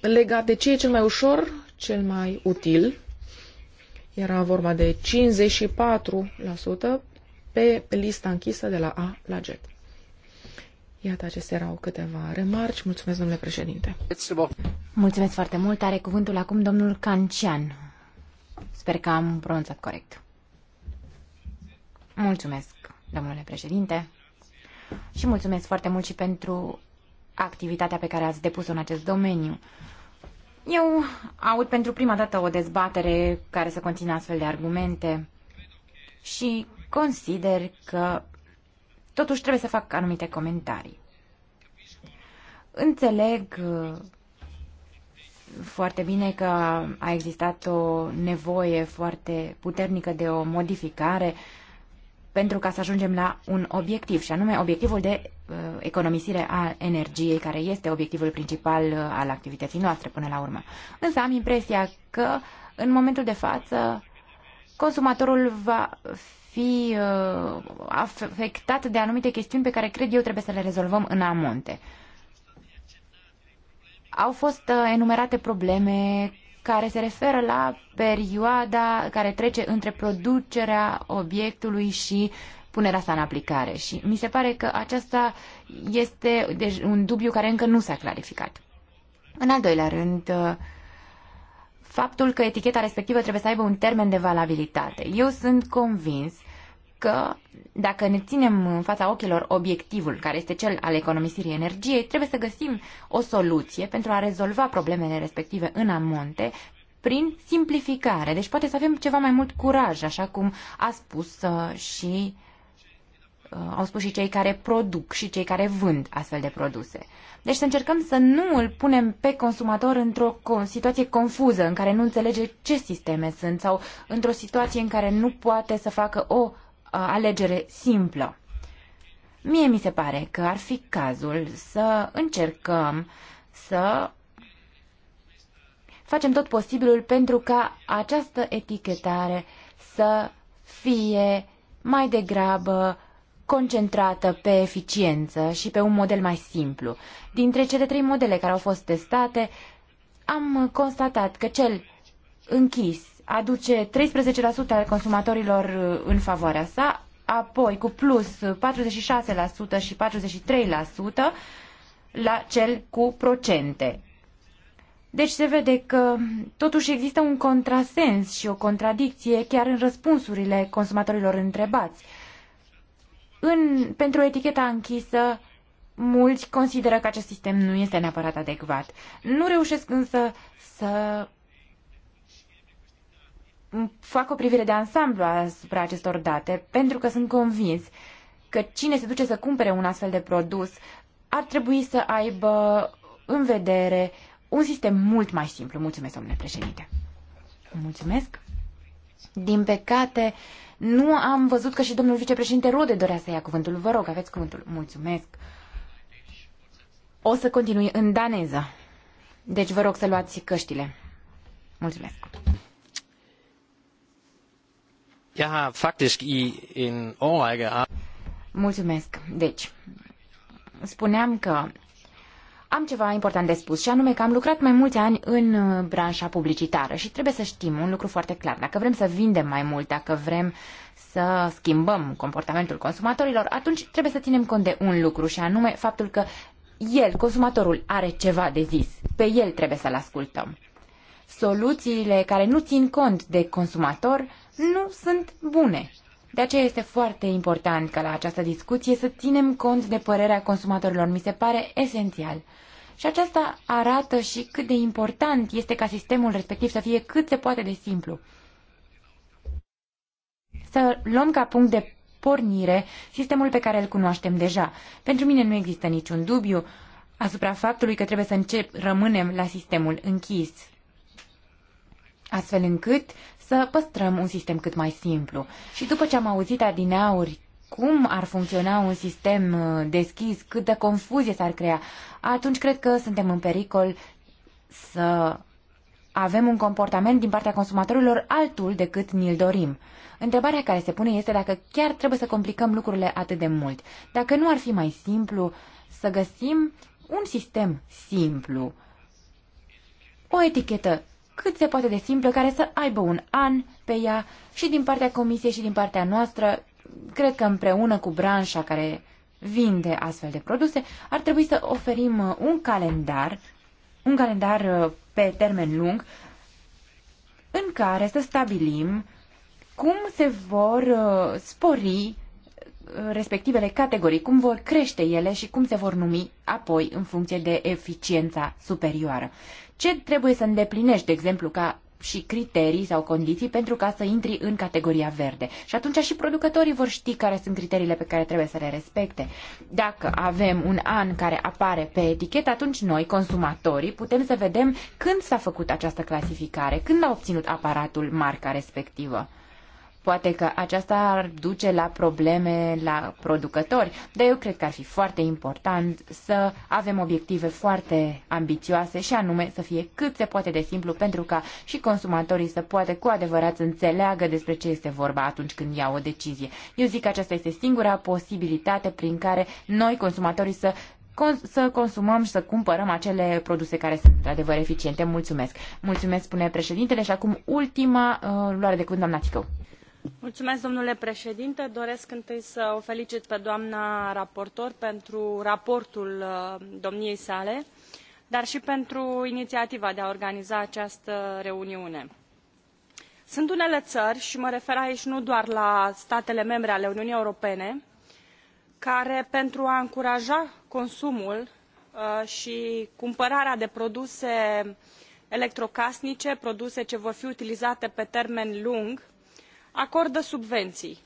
legate ce e cel mai ușor, cel mai util. Era vorba de 54% pe lista închisă de la A la G. Iată, acestea erau câteva remarci. Mulțumesc, domnule președinte. Mulțumesc foarte mult. Are cuvântul acum domnul Cancian. Sper că am pronunțat corect. Mulțumesc, domnule președinte. Și mulțumesc foarte mult și pentru activitatea pe care ați depus-o în acest domeniu. Eu aud pentru prima dată o dezbatere care să conțină astfel de argumente și consider că totuși trebuie să fac anumite comentarii. Înțeleg uh, foarte bine că a existat o nevoie foarte puternică de o modificare uh, pentru ca să ajungem la un obiectiv, și anume obiectivul de uh, economisire a energiei, care este obiectivul principal uh, al activității noastre până la urmă. Însă am impresia că, în momentul de față, consumatorul va fi uh, afectat de anumite chestiuni pe care cred eu trebuie să le rezolvăm în amonte. Au fost enumerate probleme care se referă la perioada care trece între producerea obiectului și punerea sa în aplicare. Și mi se pare că aceasta este deci, un dubiu care încă nu s-a clarificat. În al doilea rând, uh, faptul că eticheta respectivă trebuie să aibă un termen de valabilitate. Eu sunt convins că dacă ne ținem în fața ochilor obiectivul, care este cel al economisirii energiei, trebuie să găsim o soluție pentru a rezolva problemele respective în amonte prin simplificare. Deci poate să avem ceva mai mult curaj, așa cum a spus uh, și uh, au spus și cei care produc și cei care vând astfel de produse. Deci să încercăm să nu îl punem pe consumator într-o situație confuză, în care nu înțelege ce sisteme sunt sau într-o situație în care nu poate să facă o alegere simplă. Mie mi se pare că ar fi cazul să încercăm să facem tot posibilul pentru ca această etichetare să fie mai degrabă concentrată pe eficiență și pe un model mai simplu. Dintre cele trei modele care au fost testate, am constatat că cel închis aduce 13% al consumatorilor uh, în favoarea sa, apoi cu plus 46% uh, și 43% la cel cu procente. Deci se vede că totuși există un contrasens și o contradicție chiar în răspunsurile consumatorilor întrebați. În, pentru eticheta închisă, mulți consideră că acest sistem nu este neapărat adecvat. Nu reușesc însă să fac o privire de ansamblu asupra acestor date, pentru că sunt convins că cine se duce să cumpere un astfel de produs ar trebui să aibă în vedere un sistem mult mai simplu. Mulțumesc, domnule președinte. Mulțumesc. Din păcate nu am văzut că și domnul vicepreședinte Rode dorea să ia cuvântul. Vă rog, aveți cuvântul. Mulțumesc. O să continui în daneză. Deci vă rog să luați căștile. Mulțumesc. Jeg har faktisk i en årrække... Mulțumesc. Deci, spuneam că am ceva important de spus și anume că am lucrat mai mulți ani în uh, branșa publicitară și trebuie să știm un lucru foarte clar. Dacă vrem să vindem mai mult, dacă vrem să schimbăm comportamentul consumatorilor, atunci trebuie să ținem cont de un lucru și anume faptul că el, consumatorul, are ceva de zis. Pe el trebuie să-l ascultăm. Soluțiile care nu țin cont de consumator nu sunt bune. De aceea este foarte important ca la această discuție să ținem cont de părerea consumatorilor. Mi se pare esențial. Și aceasta arată și cât de important este ca sistemul respectiv să fie cât se poate de simplu. Să luăm ca punct de pornire sistemul pe care îl cunoaștem deja. Pentru mine nu există niciun dubiu asupra faptului că trebuie să încep, rămânem la sistemul închis, astfel încât să păstrăm un sistem cât mai simplu. Și după ce am auzit adineauri cum ar funcționa un sistem uh, deschis, cât de confuzie s-ar crea, atunci cred că suntem în pericol să avem un comportament din partea consumatorilor altul decât ni-l dorim. Întrebarea care se pune este dacă chiar trebuie să complicăm lucrurile atât de mult. Dacă nu ar fi mai simplu să găsim un sistem simplu, o etichetă cât se poate de simplă, care să aibă un an pe ea și din partea comisiei și din partea noastră. Cred că împreună cu branșa care vinde astfel de produse, ar trebui să oferim uh, un calendar, un calendar uh, pe termen lung, în care să stabilim cum se vor uh, spori respectivele categorii, cum vor crește ele și cum se vor numi apoi în funcție de eficiența superioară. Ce trebuie să îndeplinești, de exemplu, ca și criterii sau condiții pentru ca să intri în categoria verde. Și atunci și producătorii vor ști care sunt criteriile pe care trebuie să le respecte. Dacă avem un an care apare pe etichetă, atunci noi, consumatorii, putem să vedem când s-a făcut această clasificare, când a obținut aparatul marca respectivă. Poate că aceasta ar duce la probleme la producători, dar eu cred că ar fi foarte important să avem obiective foarte ambițioase și anume să fie cât se poate de simplu pentru ca și consumatorii să poată cu adevărat să înțeleagă despre ce este vorba atunci când iau o decizie. Eu zic că aceasta este singura posibilitate prin care noi, consumatorii, să să consumăm și să cumpărăm acele produse care sunt într-adevăr eficiente. Mulțumesc. Mulțumesc, spune președintele, și acum ultima uh, luare de cuvânt, doamna Ticău. Mulțumesc, domnule președinte. Doresc întâi să o felicit pe doamna raportor pentru raportul uh, domniei sale, dar și pentru inițiativa de a organiza această reuniune. Sunt unele țări, și mă refer aici nu doar la statele membre ale Uniunii Europene, care pentru a încuraja consumul uh, și cumpărarea de produse electrocasnice, produse ce vor fi utilizate pe termen lung, acordă subvenii.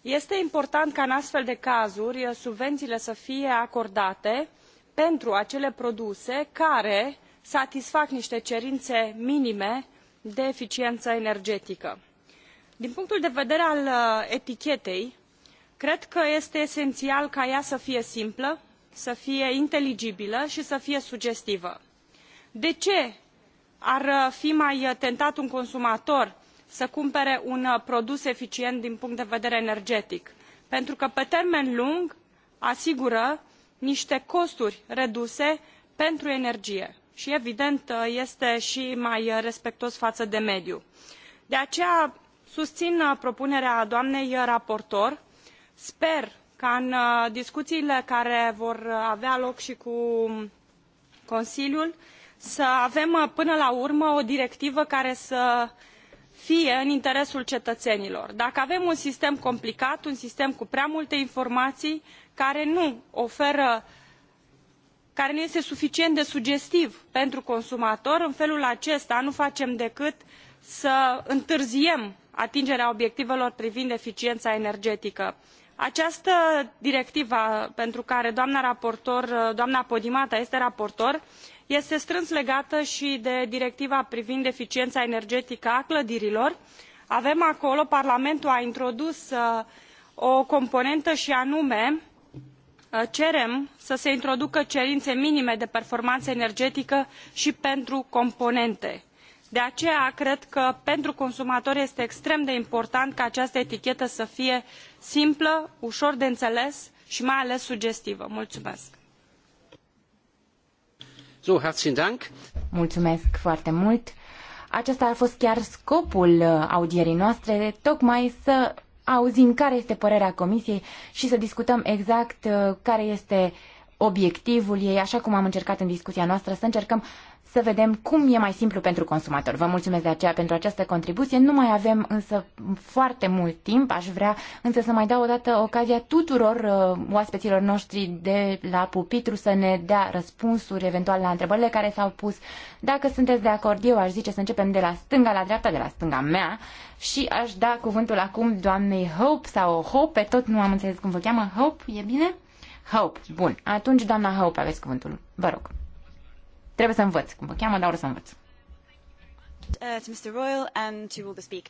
este important ca în astfel de cazuri eh, subveniile să fie acordate pentru acele produse care satisfac nite cerine minime de eficienă energetică. din punctul de vedere al eh, etichetei cred că este esenial ca ea să fie simplă să fie inteligibilă i să fie sugestivă. de ce ar eh, fi mai tentat un consumator să cumpere un uh, produs eficient din punct de vedere energetic pentru că pe termen lung asigură nite costuri reduse pentru energie i evident uh, este i mai uh, respectuos faă de mediu. de aceea susin propunerea doamnei raportor sper ca în discuiile care vor avea loc i cu consiliul să avem până la urmă o directivă care să fie în interesul cetăenilor. dacă avem un sistem complicat un sistem cu prea multe informaii care nu oferă care nu este suficient de sugestiv pentru consumator în felul acesta nu facem decât să întârziem atingerea obiectivelor privind eficiena energetică. această directivă pentru care doamna raportor doamna podimata este raportor este strâns legată și de directiva privind eficiența energetică a clădirilor. avem acolo parlamentul a introdus uh, o componentă și anume uh, cerem să se introducă cerințe minime de performanță energetică și pentru componente. de aceea cred că pentru consumatori este extrem de important ca această etichetă să fie simplă ușor de înțeles și mai ales sugestivă. mulțumesc. So, herzlichen Dank. Mulțumesc foarte mult. Acesta a fost chiar scopul uh, audierii noastre, tocmai să auzim care este părerea comisiei și să discutăm exact uh, care este obiectivul ei, așa cum am încercat în discuția noastră, să încercăm să vedem cum e mai simplu pentru consumator. Vă mulțumesc de aceea pentru această contribuție. Nu mai avem însă foarte mult timp. Aș vrea însă să mai dau o dată ocazia tuturor uh, oaspeților noștri de la pupitru să ne dea răspunsuri eventual la întrebările care s-au pus. Dacă sunteți de acord, eu aș zice să începem de la stânga la dreapta, de la stânga mea și aș da cuvântul acum doamnei Hope sau Hope, tot nu am înțeles cum vă cheamă. Hope, e bine? Hope, bun. Atunci, doamna Hope, aveți cuvântul. Vă rog. Trebuie să învăț. Cum mă cheamă, dar o să învăț. Uh,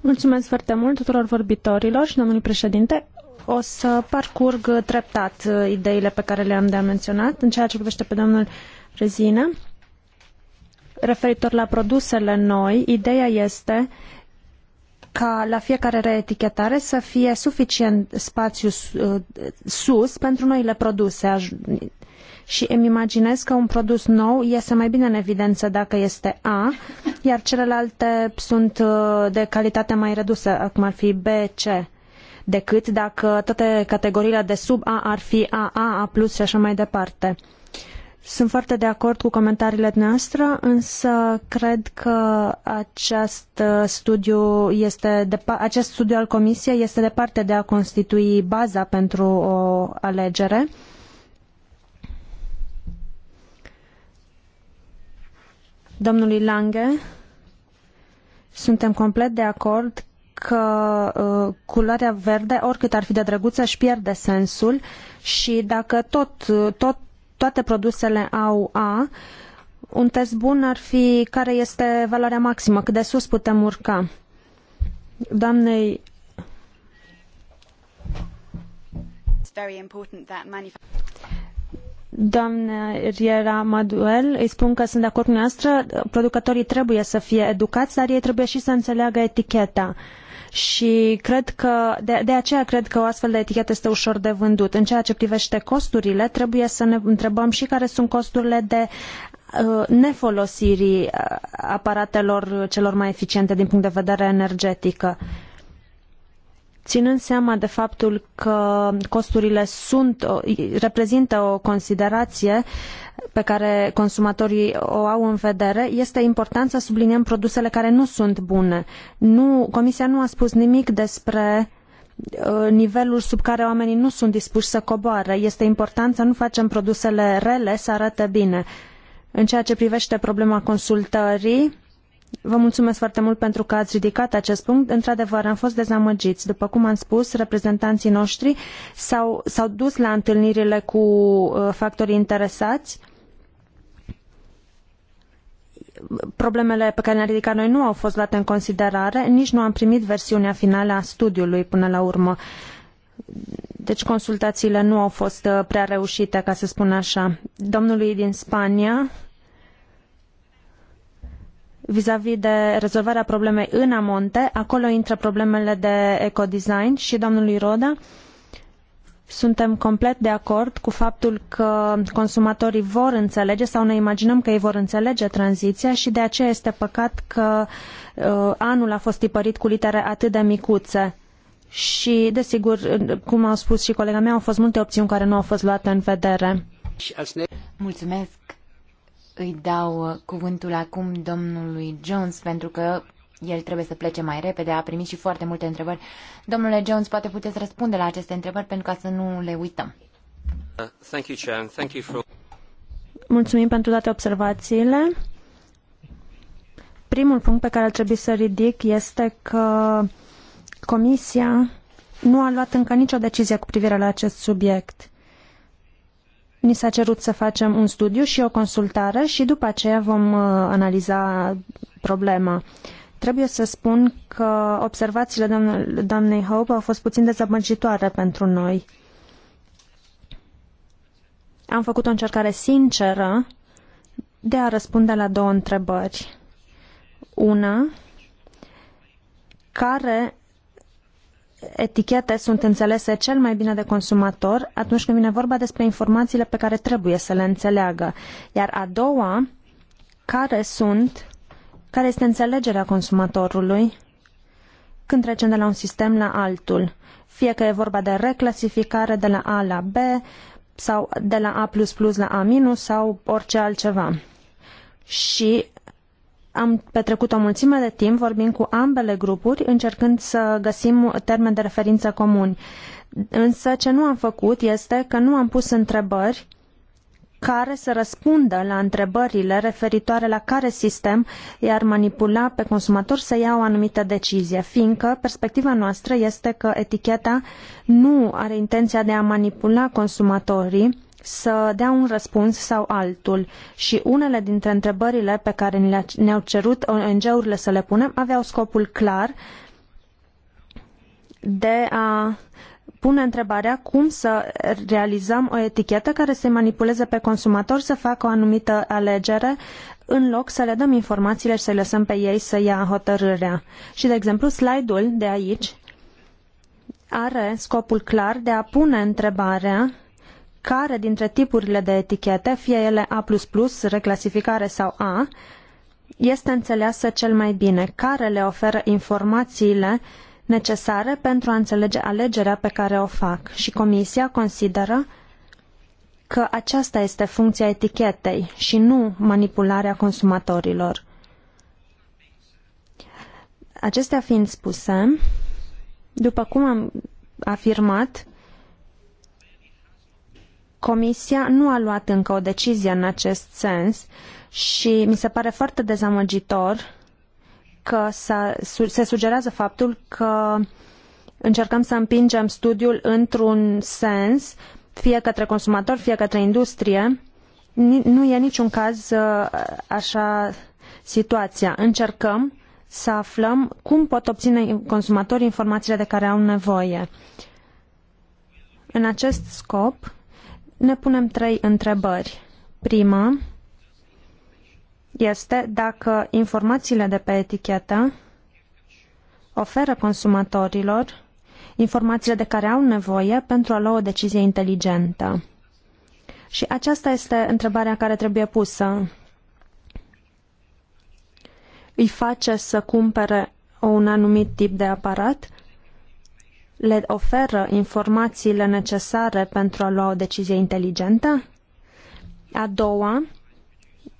Mulțumesc foarte mult tuturor vorbitorilor și domnului președinte. O să parcurg treptat uh, ideile pe care le-am de menționat în ceea ce privește pe domnul Rezină. Referitor la produsele noi, ideea este ca la fiecare reetichetare să fie suficient spațiu uh, sus pentru noile produse și îmi imaginez că un produs nou iese mai bine în evidență dacă este A, iar celelalte sunt uh, de calitate mai redusă, cum ar fi B, C decât dacă toate categoriile de sub A ar fi A, A+, A și așa mai departe. Sunt foarte de acord cu comentariile noastre, însă cred că acest uh, studiu, este de, acest studiu al Comisiei este departe de a constitui baza pentru o alegere. domnului Lange, suntem complet de acord că uh, culoarea verde, oricât ar fi de drăguță, își pierde sensul și dacă tot, uh, tot, toate produsele au A, un test bun ar fi care este valoarea maximă, cât de sus putem urca. Doamnei Doamne Riera Maduel, îi spun că sunt de acord cu noastră, producătorii trebuie să fie educați, dar ei trebuie și să înțeleagă eticheta. Și cred că, de, de aceea cred că o astfel de etichetă este ușor de vândut. În ceea ce privește costurile, trebuie să ne întrebăm și care sunt costurile de uh, nefolosirii uh, aparatelor celor mai eficiente din punct de vedere energetică ținând seama de faptul că costurile sunt, reprezintă o considerație pe care consumatorii o au în vedere, este important să subliniem produsele care nu sunt bune. Nu, Comisia nu a spus nimic despre ă, nivelul sub care oamenii nu sunt dispuși să coboare. Este important să nu facem produsele rele să arate bine. În ceea ce privește problema consultării, Vă mulțumesc foarte mult pentru că ați ridicat acest punct. Într-adevăr, am fost dezamăgiți. După cum am spus, reprezentanții noștri s-au, s-au dus la întâlnirile cu uh, factorii interesați. Problemele pe care le-am ridicat noi nu au fost luate în considerare, nici nu am primit versiunea finală a studiului până la urmă. Deci consultațiile nu au fost uh, prea reușite, ca să spun așa. Domnului din Spania, vis-a-vis de rezolvarea problemei în amonte, acolo intră problemele de ecodesign și domnului Roda. Suntem complet de acord cu faptul că consumatorii vor înțelege sau ne imaginăm că ei vor înțelege tranziția și de aceea este păcat că uh, anul a fost tipărit cu litere atât de micuțe. Și, desigur, cum au spus și colega mea, au fost multe opțiuni care nu au fost luate în vedere. Mulțumesc! îi dau uh, cuvântul acum domnului Jones, pentru că el trebuie să plece mai repede, a primit și foarte multe întrebări. Domnule Jones, poate puteți răspunde la aceste întrebări pentru ca să nu le uităm. Uh, thank you, Chair, thank you for... Mulțumim pentru toate observațiile. Primul punct pe care ar trebui să ridic este că Comisia nu a luat încă nicio decizie cu privire la acest subiect. Ni s-a cerut să facem un studiu și o consultare și după aceea vom uh, analiza problema. Trebuie să spun că observațiile doamne, doamnei Hope au fost puțin dezamăgitoare pentru noi. Am făcut o încercare sinceră de a răspunde la două întrebări. Una, care etichete sunt înțelese cel mai bine de consumator atunci când vine vorba despre informațiile pe care trebuie să le înțeleagă. Iar a doua, care sunt, care este înțelegerea consumatorului când trecem de la un sistem la altul, fie că e vorba de reclasificare de la A la B sau de la A++ la A- sau orice altceva. Și am petrecut o mulțime de timp vorbind cu ambele grupuri, încercând să găsim termeni de referință comuni. Însă ce nu am făcut este că nu am pus întrebări care să răspundă la întrebările referitoare la care sistem i-ar manipula pe consumator să ia o anumită decizie, fiindcă perspectiva noastră este că eticheta nu are intenția de a manipula consumatorii, să dea un răspuns sau altul și unele dintre întrebările pe care ne-au cerut ONG-urile să le punem aveau scopul clar de a pune întrebarea cum să realizăm o etichetă care să manipuleze pe consumator să facă o anumită alegere în loc să le dăm informațiile și să-i lăsăm pe ei să ia hotărârea. Și, de exemplu, slide-ul de aici are scopul clar de a pune întrebarea care dintre tipurile de etichete, fie ele A++, reclasificare sau A, este înțeleasă cel mai bine, care le oferă informațiile necesare pentru a înțelege alegerea pe care o fac. Și Comisia consideră că aceasta este funcția etichetei și nu manipularea consumatorilor. Acestea fiind spuse, după cum am afirmat, Comisia nu a luat încă o decizie în acest sens și mi se pare foarte dezamăgitor că se sugerează faptul că încercăm să împingem studiul într-un sens, fie către consumator, fie către industrie. Nu e niciun caz uh, așa situația. Încercăm să aflăm cum pot obține consumatorii informațiile de care au nevoie. În acest scop, ne punem trei întrebări. Prima este dacă informațiile de pe etichetă oferă consumatorilor informațiile de care au nevoie pentru a lua o decizie inteligentă. Și aceasta este întrebarea care trebuie pusă. Îi face să cumpere un anumit tip de aparat? le oferă informațiile necesare pentru a lua o decizie inteligentă? A doua,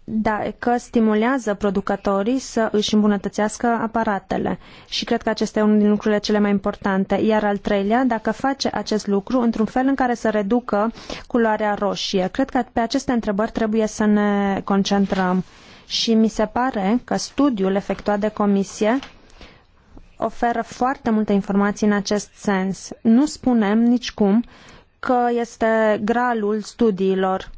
dacă stimulează producătorii să își îmbunătățească aparatele. Și cred că acesta e unul din lucrurile cele mai importante. Iar al treilea, dacă face acest lucru într-un fel în care să reducă culoarea roșie. Cred că pe aceste întrebări trebuie să ne concentrăm. Și mi se pare că studiul efectuat de comisie oferă foarte multe informații în acest sens. Nu spunem nicicum că este gralul studiilor.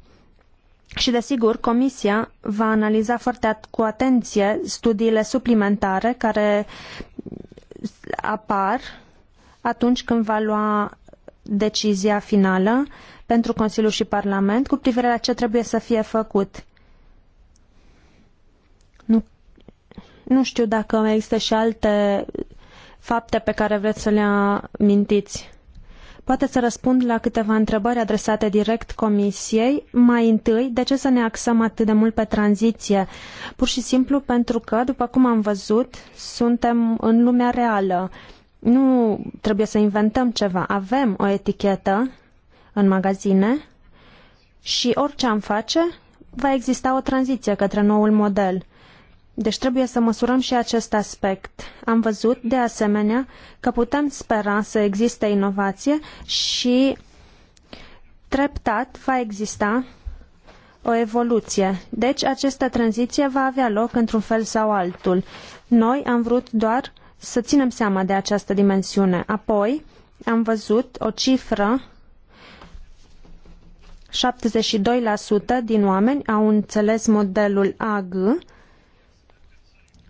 Și desigur, Comisia va analiza foarte cu atenție studiile suplimentare care apar atunci când va lua decizia finală pentru Consiliu și Parlament cu privire la ce trebuie să fie făcut. Nu știu dacă mai există și alte fapte pe care vreți să le amintiți. Poate să răspund la câteva întrebări adresate direct Comisiei. Mai întâi, de ce să ne axăm atât de mult pe tranziție? Pur și simplu pentru că, după cum am văzut, suntem în lumea reală. Nu trebuie să inventăm ceva. Avem o etichetă în magazine și orice am face, va exista o tranziție către noul model. Deci trebuie să măsurăm și acest aspect. Am văzut, de asemenea, că putem spera să existe inovație și treptat va exista o evoluție. Deci această tranziție va avea loc într-un fel sau altul. Noi am vrut doar să ținem seama de această dimensiune. Apoi am văzut o cifră 72% din oameni au înțeles modelul AG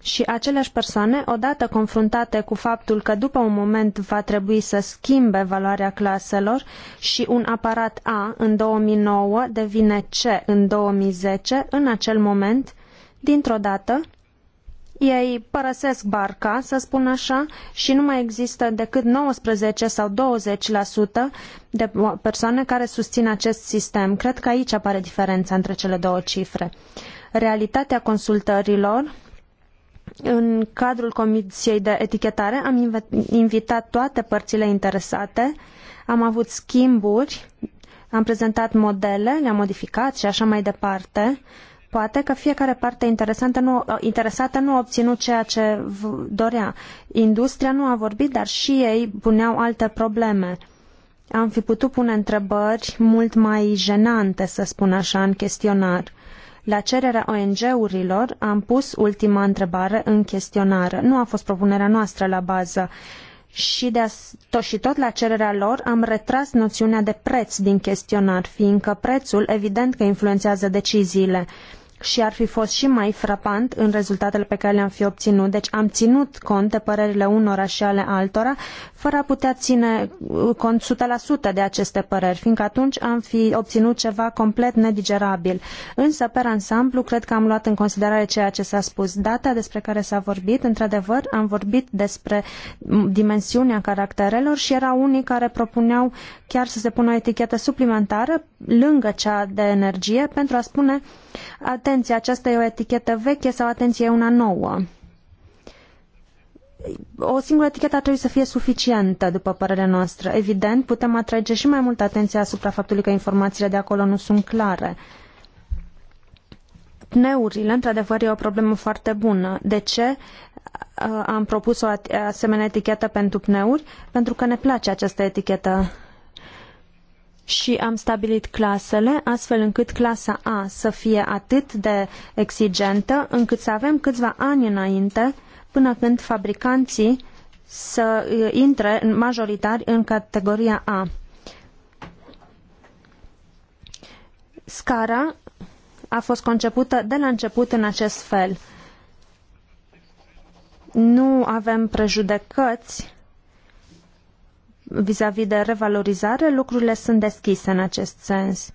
și aceleași persoane, odată confruntate cu faptul că după un moment va trebui să schimbe valoarea claselor și un aparat A în 2009 devine C în 2010, în acel moment, dintr-o dată, ei părăsesc barca, să spun așa, și nu mai există decât 19 sau 20% de persoane care susțin acest sistem. Cred că aici apare diferența între cele două cifre. Realitatea consultărilor în cadrul Comisiei de Etichetare am invitat toate părțile interesate, am avut schimburi, am prezentat modele, le-am modificat și așa mai departe. Poate că fiecare parte interesantă nu, interesată nu a obținut ceea ce dorea. Industria nu a vorbit, dar și ei puneau alte probleme am fi putut pune întrebări mult mai jenante, să spun așa, în chestionar. La cererea ONG-urilor am pus ultima întrebare în chestionară. Nu a fost propunerea noastră la bază. Și, de tot, și tot la cererea lor am retras noțiunea de preț din chestionar, fiindcă prețul evident că influențează deciziile și ar fi fost și mai frapant în rezultatele pe care le-am fi obținut. Deci am ținut cont de părerile unora și ale altora, fără a putea ține uh, cont 100% de aceste păreri, fiindcă atunci am fi obținut ceva complet nedigerabil. Însă, pe ansamblu, cred că am luat în considerare ceea ce s-a spus. Data despre care s-a vorbit, într-adevăr, am vorbit despre mm, dimensiunea caracterelor și erau unii care propuneau chiar să se pună o etichetă suplimentară lângă cea de energie pentru a spune Atenție, aceasta e o etichetă veche sau atenție, e una nouă. O singură etichetă ar trebui să fie suficientă, după părerea noastră. Evident, putem atrage și mai mult atenția asupra faptului că informațiile de acolo nu sunt clare. Pneurile, într-adevăr, e o problemă foarte bună. De ce am propus o asemenea etichetă pentru pneuri? Pentru că ne place această etichetă și am stabilit clasele astfel încât clasa A să fie atât de exigentă încât să avem câțiva ani înainte până când fabricanții să intre majoritar în categoria A. Scara a fost concepută de la început în acest fel. Nu avem prejudecăți vis-a-vis de revalorizare, lucrurile sunt deschise în acest sens.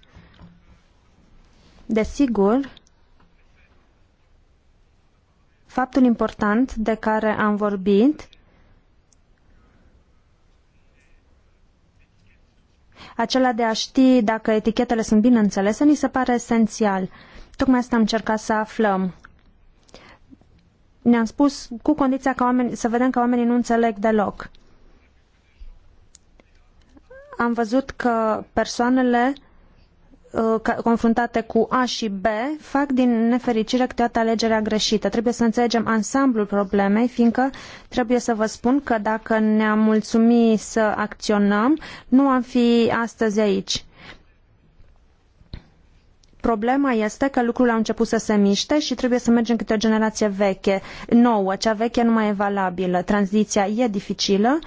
Desigur, faptul important de care am vorbit acela de a ști dacă etichetele sunt bine înțelese, ni se pare esențial. Tocmai asta am încercat să aflăm. Ne-am spus cu condiția ca oamenii, să vedem că oamenii nu înțeleg deloc am văzut că persoanele uh, confruntate cu A și B fac din nefericire câteodată alegerea greșită. Trebuie să înțelegem ansamblul problemei, fiindcă trebuie să vă spun că dacă ne-am mulțumit să acționăm, nu am fi astăzi aici. Problema este că lucrurile au început să se miște și trebuie să mergem câte o generație veche, nouă. Cea veche nu mai e valabilă. Tranziția e dificilă,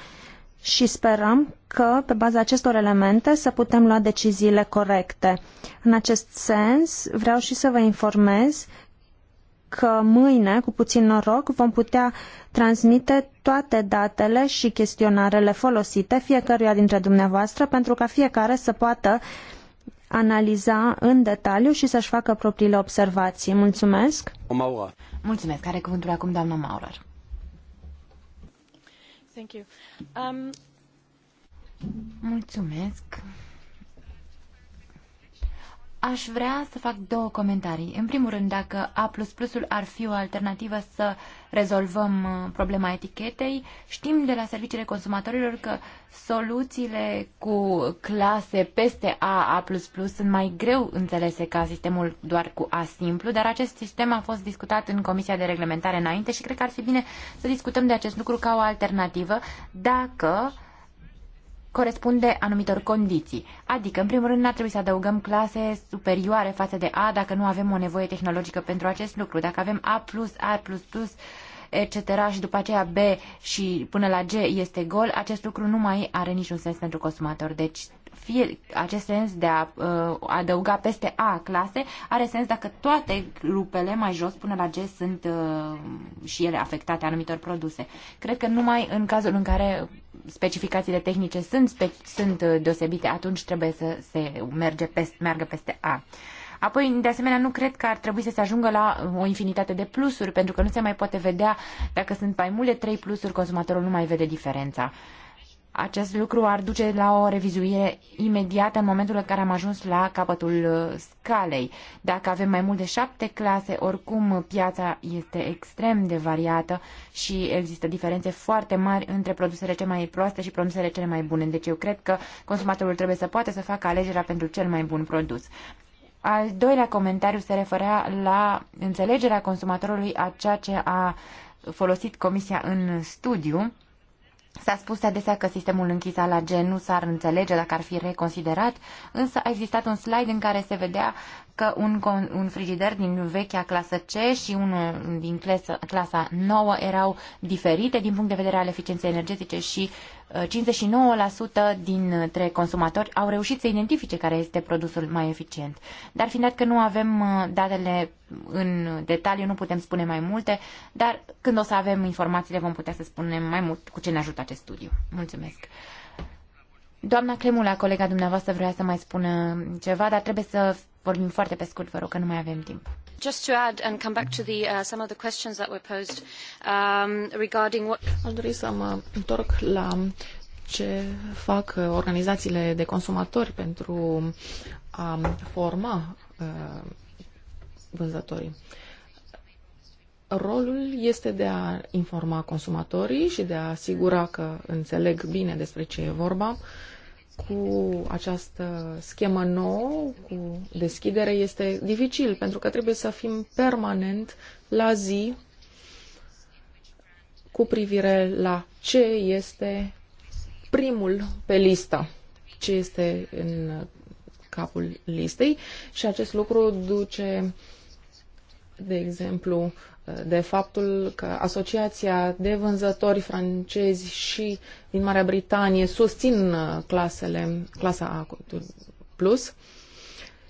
și sperăm că, pe baza acestor elemente, să putem lua deciziile corecte. În acest sens, vreau și să vă informez că mâine, cu puțin noroc, vom putea transmite toate datele și chestionarele folosite fiecăruia dintre dumneavoastră pentru ca fiecare să poată analiza în detaliu și să-și facă propriile observații. Mulțumesc! Maura. Mulțumesc! Care cuvântul acum, doamna Maurer? Thank you. Um... Mulțumesc. Aș vrea să fac două comentarii. În primul rând, dacă A++ ar fi o alternativă să rezolvăm uh, problema etichetei, știm de la serviciile consumatorilor că soluțiile cu clase peste A, A++ sunt mai greu înțelese ca sistemul doar cu A simplu, dar acest sistem a fost discutat în Comisia de Reglementare înainte și cred că ar fi bine să discutăm de acest lucru ca o alternativă dacă uh, corespunde anumitor condiții. Adică, în primul rând, n-ar trebui să adăugăm clase superioare față de A dacă nu avem o nevoie tehnologică pentru acest lucru. Dacă avem A+, A++, etc. și după aceea B și până la G este gol, acest lucru nu mai are niciun sens pentru consumator. Deci fie acest sens de a uh, adăuga peste A clase are sens dacă toate grupele mai jos până la G sunt uh, și ele afectate anumitor produse. Cred că numai în cazul în care specificațiile tehnice sunt, spe- sunt uh, deosebite, atunci trebuie să se merge peste, meargă peste A. Uh, Apoi, de asemenea, nu cred că ar trebui să se ajungă la o infinitate de plusuri, pentru că nu se mai poate vedea dacă sunt mai multe trei plusuri, consumatorul nu mai vede diferența. Acest lucru ar duce la o revizuire imediată în momentul în care am ajuns la capătul uh, scalei. Dacă avem mai mult de șapte clase, oricum piața este extrem de variată și există diferențe foarte mari între produsele cele mai proaste și produsele cele mai bune. Deci eu cred că consumatorul trebuie să poată să facă alegerea pentru cel mai bun produs. Al doilea comentariu se referea la înțelegerea consumatorului a ceea ce a folosit Comisia în studiu. S-a spus adesea că sistemul închis al AG nu s-ar înțelege dacă ar fi reconsiderat, însă a existat un slide în care se vedea că un, un frigider din vechea clasă C și unul din clasa, clasa nouă erau diferite din punct de vedere al eficienței energetice și uh, 59% dintre consumatori au reușit să identifice care este produsul mai eficient. Dar fiind dat că nu avem uh, datele în detaliu, nu putem spune mai multe, dar când o să avem informațiile vom putea să spunem mai mult cu ce ne ajută acest studiu. Mulțumesc! Doamna Cremula, colega dumneavoastră, vrea să mai spună ceva, dar trebuie să vorbim foarte pe scurt, vă rog că nu mai avem timp. Just to add and come back to the, uh, some of the questions that were posed um, regarding what... Aș dori să mă întorc la ce fac uh, organizațiile de consumatori pentru a forma uh, vânzătorii. Rolul este de a informa consumatorii și de a asigura că înțeleg bine despre ce e vorba uh, cu această schemă nouă, cu deschidere, este dificil, pentru că trebuie să fim permanent la zi cu privire la ce este primul pe listă, ce este în capul listei și acest lucru duce, de exemplu, de faptul că Asociația de Vânzători francezi și din Marea Britanie susțin uh, clasele, clasa A plus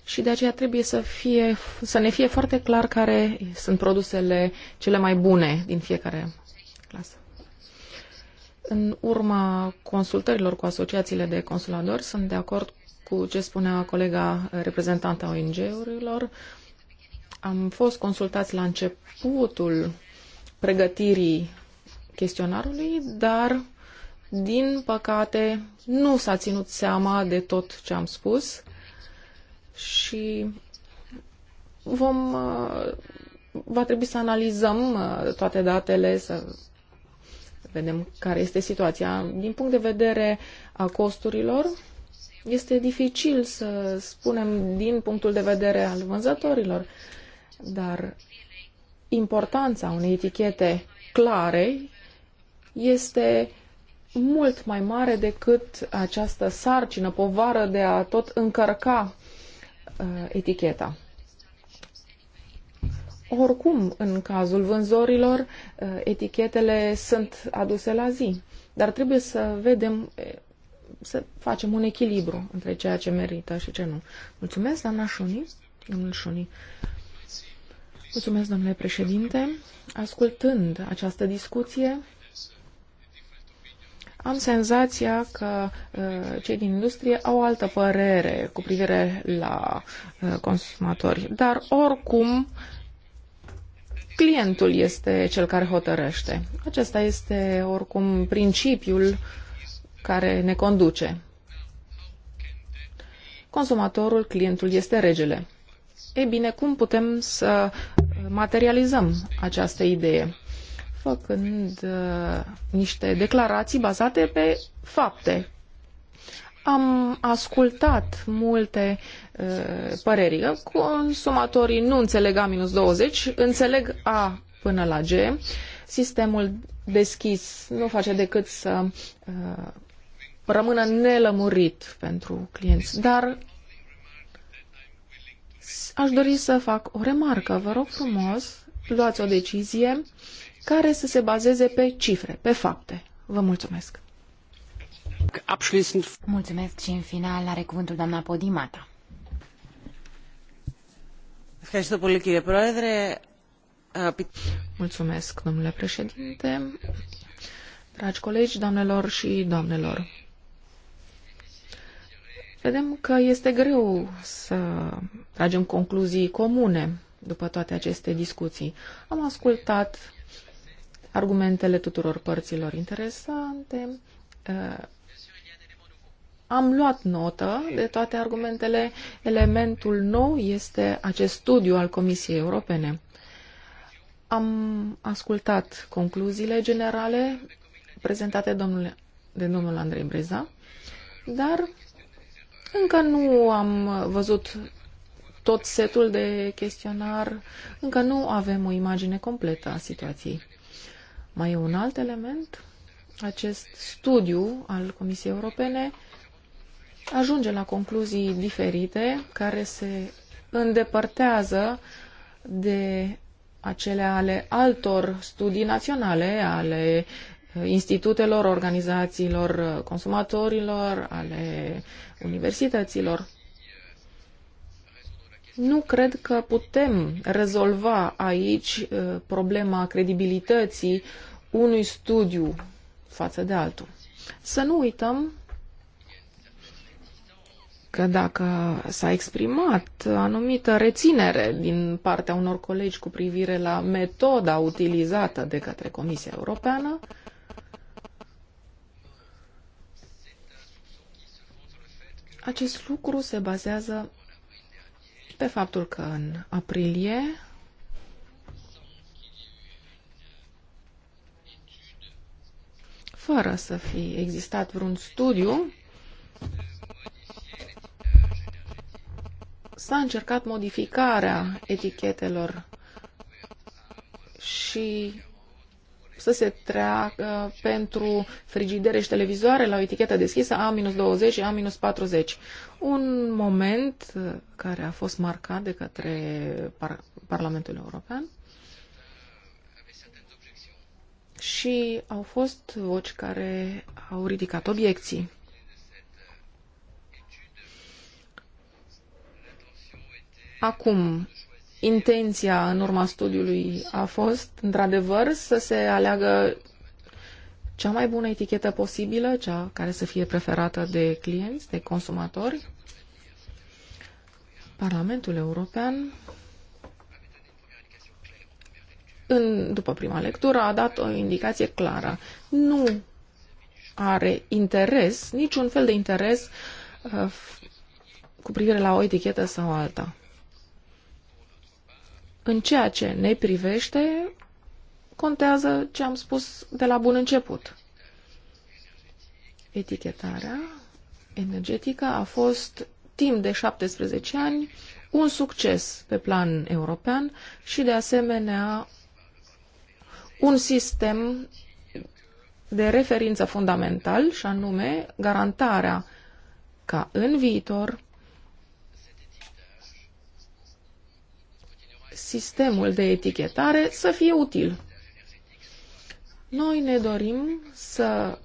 și de aceea trebuie să, fie, să ne fie foarte clar care sunt produsele cele mai bune din fiecare clasă. În urma consultărilor cu asociațiile de consuladori sunt de acord cu ce spunea colega reprezentanta ONG-urilor, am fost consultați la începutul pregătirii chestionarului, dar din păcate nu s-a ținut seama de tot ce am spus și vom uh, va trebui să analizăm uh, toate datele, să vedem care este situația. Din punct de vedere a costurilor, este dificil să spunem din punctul de vedere al vânzătorilor. Uh, dar importanța unei etichete clare este mult mai mare decât această sarcină, povară de a tot încărca uh, eticheta. Oricum, în cazul vânzorilor, uh, etichetele sunt aduse la zi, dar trebuie să vedem, să facem un echilibru între ceea ce merită și ce nu. Mulțumesc, doamna Șuni. Domnul Șuni. Mulțumesc, domnule președinte. Ascultând această discuție, am senzația că uh, cei din industrie au o altă părere cu privire la uh, consumatori, dar oricum clientul este cel care hotărăște. Acesta este oricum principiul care ne conduce. Consumatorul, clientul este regele. Ei bine, cum putem să materializăm această idee? Făcând uh, niște declarații bazate pe fapte. Am ascultat multe uh, păreri. Consumatorii nu înțeleg A minus 20, înțeleg A până la G. Sistemul deschis nu face decât să uh, rămână nelămurit pentru clienți. Dar Aș dori să fac o remarcă. Vă rog frumos, luați o decizie care să se bazeze pe cifre, pe fapte. Vă mulțumesc. Mulțumesc și în final are cuvântul doamna Podimata. Mulțumesc, domnule președinte, dragi colegi, doamnelor și doamnelor. Vedem că este greu să tragem concluzii comune după toate aceste discuții. Am ascultat argumentele tuturor părților interesante, uh, am luat notă de toate argumentele. Elementul nou este acest studiu al Comisiei Europene. Am ascultat concluziile generale prezentate domnule, de domnul Andrei Breza, dar încă nu am văzut tot setul de chestionar, încă nu avem o imagine completă a situației. Mai e un alt element, acest studiu al Comisiei Europene ajunge la concluzii diferite care se îndepărtează de acele ale altor studii naționale, ale institutelor, organizațiilor consumatorilor, ale universităților. Nu cred că putem rezolva aici uh, problema credibilității unui studiu față de altul. Să nu uităm că dacă s-a exprimat anumită reținere din partea unor colegi cu privire la metoda utilizată de către Comisia Europeană, Acest lucru se bazează pe faptul că în aprilie fără să fi existat vreun studiu, s-a încercat modificarea etichetelor și să se treacă pentru frigidere și televizoare la o etichetă deschisă A-20 și A-40. Un moment care a fost marcat de către Par Parlamentul European și au fost voci care au ridicat obiecții. Acum, intenția în urma studiului a fost, într-adevăr, să se aleagă cea mai bună etichetă posibilă, cea care să fie preferată de clienți, de consumatori. Parlamentul European, în, după prima lectură, a dat o indicație clară. Nu are interes, niciun fel de interes uh, cu privire la o etichetă sau alta. În ceea ce ne privește, contează ce am spus de la bun început. Etichetarea energetică a fost timp de 17 ani un succes pe plan european și de asemenea un sistem de referință fundamental și anume garantarea ca în viitor sistemul de etichetare să fie util. Noi ne dorim să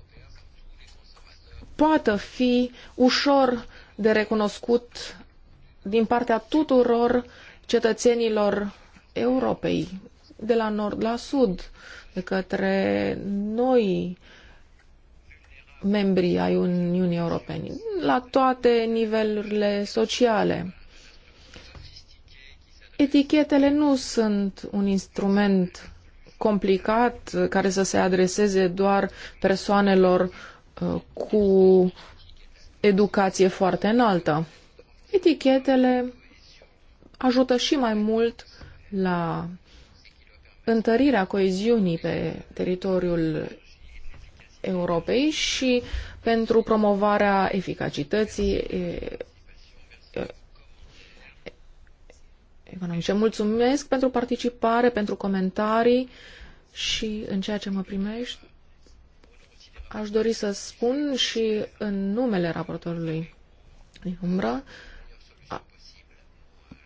poată fi ușor de recunoscut din partea tuturor cetățenilor Europei, de la nord la sud, de către noi membrii ai Uniunii Europene, la toate nivelurile sociale. Etichetele nu sunt un instrument complicat care să se adreseze doar persoanelor uh, cu educație foarte înaltă. Etichetele ajută și mai mult la întărirea coeziunii pe teritoriul Europei și pentru promovarea eficacității economice. Mulțumesc pentru participare, pentru comentarii și în ceea ce mă primești. Aș dori să spun și în numele raportorului din umbră,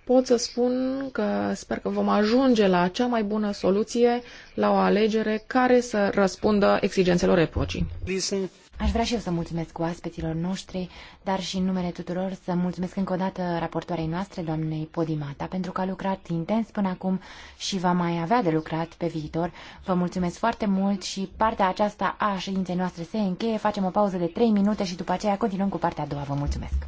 pot să spun că sper că vom ajunge la cea mai bună soluție, la o alegere care să răspundă exigențelor epocii. Aș vrea și eu să mulțumesc oaspeților noștri, dar și în numele tuturor să mulțumesc încă o dată raportoarei noastre, doamnei Podimata, pentru că a lucrat intens până acum și va mai avea de lucrat pe viitor. Vă mulțumesc foarte mult și partea aceasta a ședinței noastre se încheie. Facem o pauză de 3 minute și după aceea continuăm cu partea a doua. Vă mulțumesc!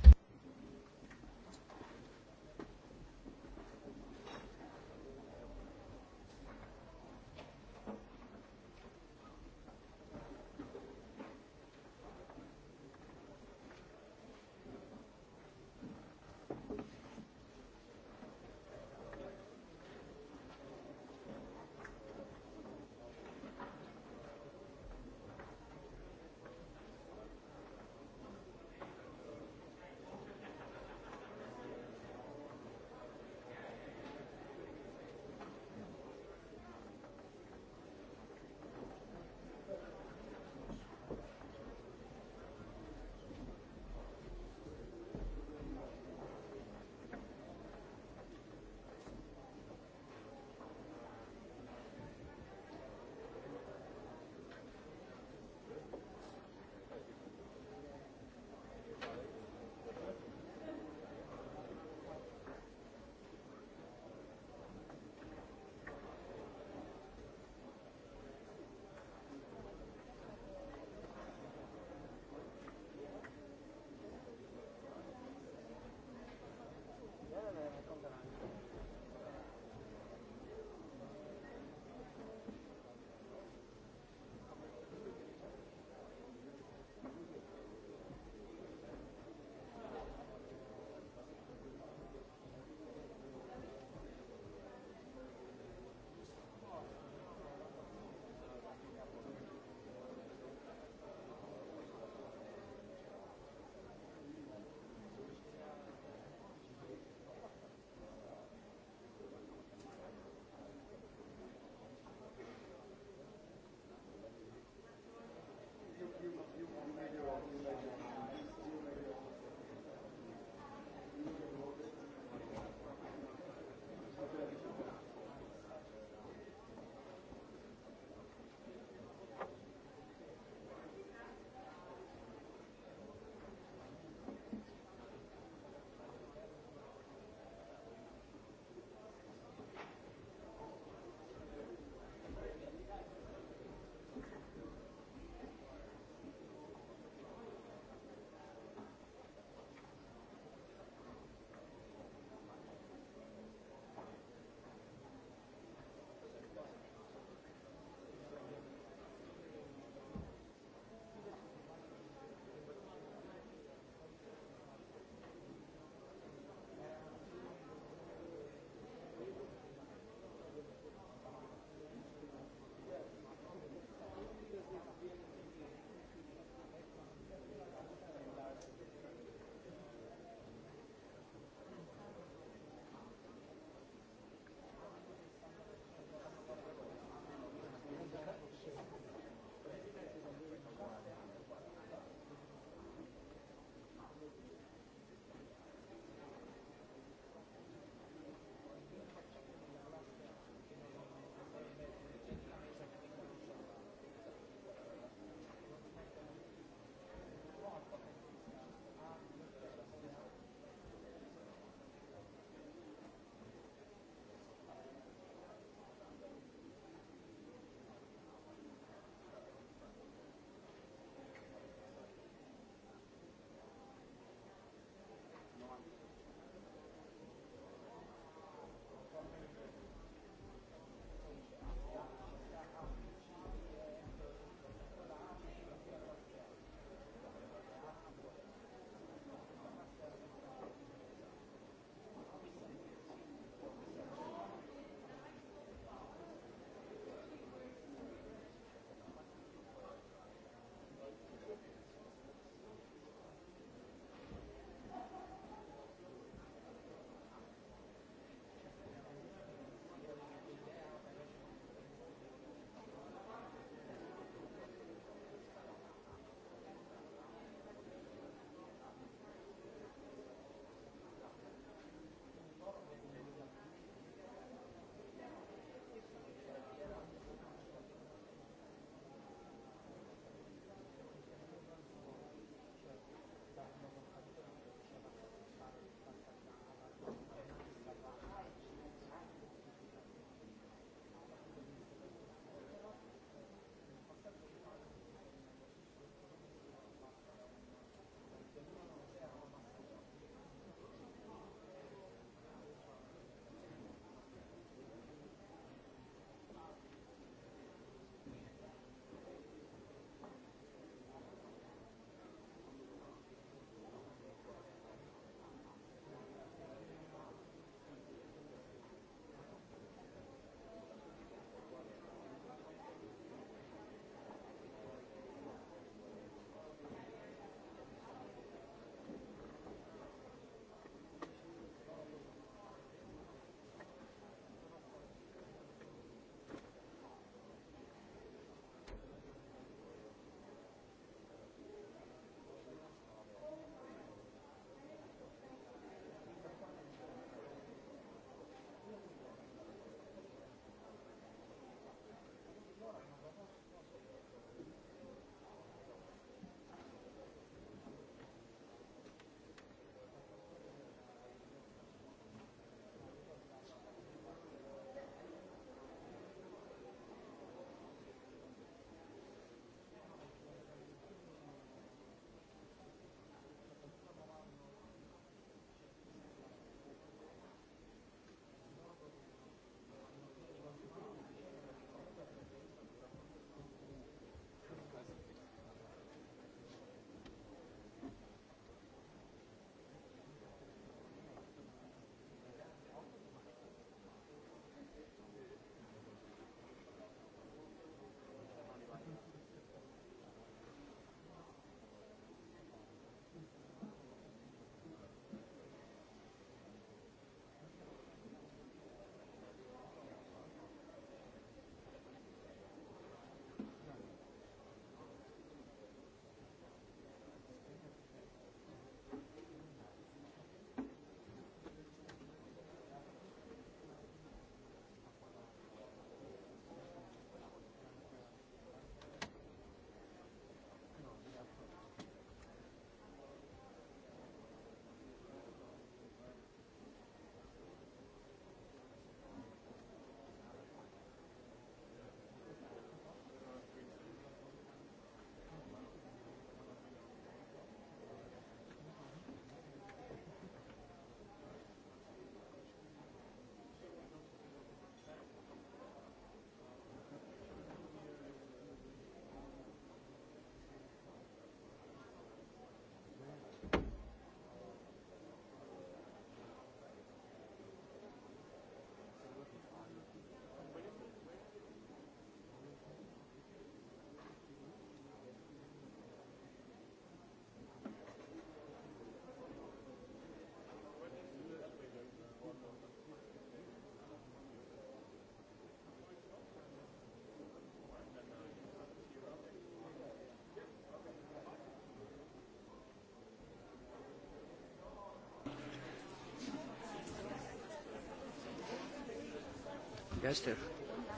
Wer ist der?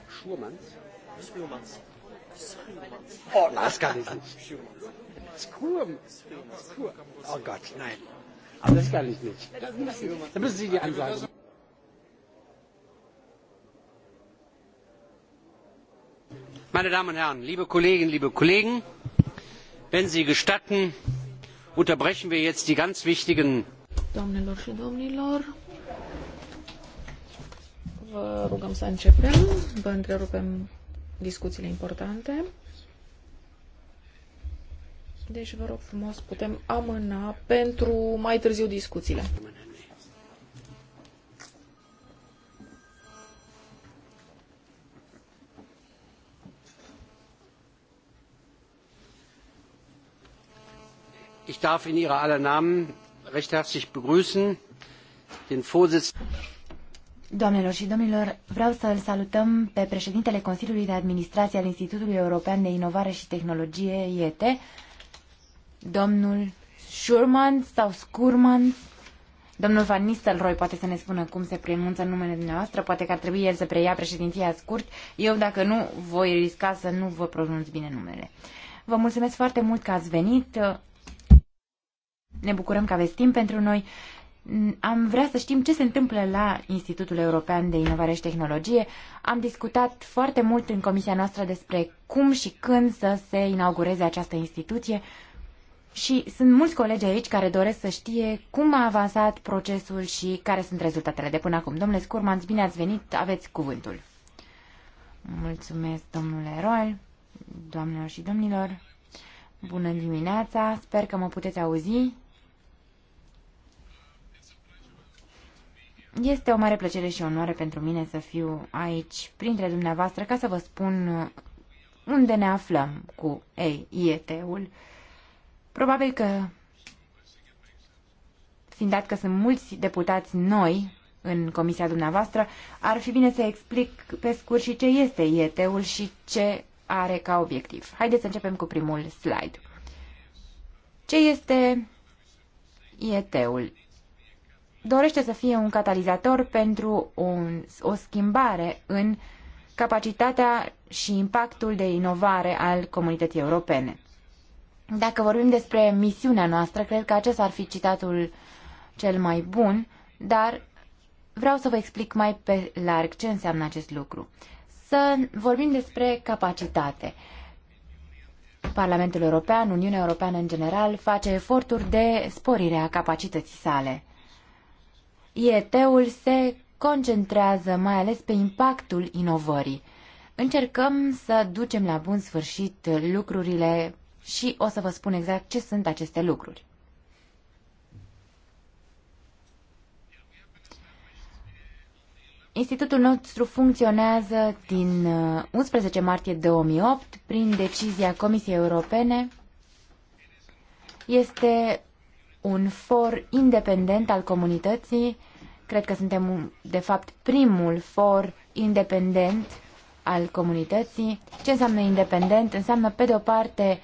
Schurmanns? Schurmanns. Oh, das kann ich nicht. Skurm. Skur. Oh Gott, nein. Aber das kann ich nicht. da müssen Sie die Ansage. Meine Damen und Herren, liebe Kolleginnen, liebe Kollegen, wenn Sie gestatten, unterbrechen wir jetzt die ganz wichtigen. Doamnelor și domnilor, Vă rugăm să începem. Vă întrerupem discuțiile importante. Deci, vă rog frumos, putem amâna pentru mai târziu discuțiile. Ich darf in Ihrer aller Namen recht herzlich begrüßen den Vorsitzenden Doamnelor și domnilor, vreau să îl salutăm pe președintele Consiliului de Administrație al Institutului European de Inovare și Tehnologie, IETE, domnul Schurman sau Scurman, domnul Van Nistelrooy poate să ne spună cum se pronunță numele dumneavoastră, poate că ar trebui el să preia președinția scurt, eu dacă nu, voi risca să nu vă pronunț bine numele. Vă mulțumesc foarte mult că ați venit, ne bucurăm că aveți timp pentru noi am vrea să știm ce se întâmplă la Institutul European de Inovare și Tehnologie. Am discutat foarte mult în comisia noastră despre cum și când să se inaugureze această instituție și sunt mulți colegi aici care doresc să știe cum a avansat procesul și care sunt rezultatele de până acum. Domnule Scurman, bine ați venit, aveți cuvântul. Mulțumesc, domnule Roel, doamnelor și domnilor. Bună dimineața, sper că mă puteți auzi. Este o mare plăcere și onoare pentru mine să fiu aici printre dumneavoastră ca să vă spun uh, unde ne aflăm cu EIET-ul. Probabil că, fiind dat că sunt mulți deputați noi în comisia dumneavoastră, ar fi bine să explic pe scurt și ce este IET-ul și ce are ca obiectiv. Haideți să începem cu primul slide. Ce este IET-ul? dorește să fie un catalizator pentru un, o schimbare în capacitatea și impactul de inovare al comunității europene. Dacă vorbim despre misiunea noastră, cred că acesta ar fi citatul cel mai bun, dar vreau să vă explic mai pe larg ce înseamnă acest lucru. Să vorbim despre capacitate. Parlamentul European, Uniunea Europeană în general, face eforturi de sporire a capacității sale. IET-ul se concentrează mai ales pe impactul inovării. Încercăm să ducem la bun sfârșit lucrurile și o să vă spun exact ce sunt aceste lucruri. Institutul nostru funcționează din 11 uh, martie 2008 prin decizia Comisiei Europene. Este un for independent al comunității. Cred că suntem, de fapt, primul for independent al comunității. Ce înseamnă independent? Înseamnă, pe de o parte,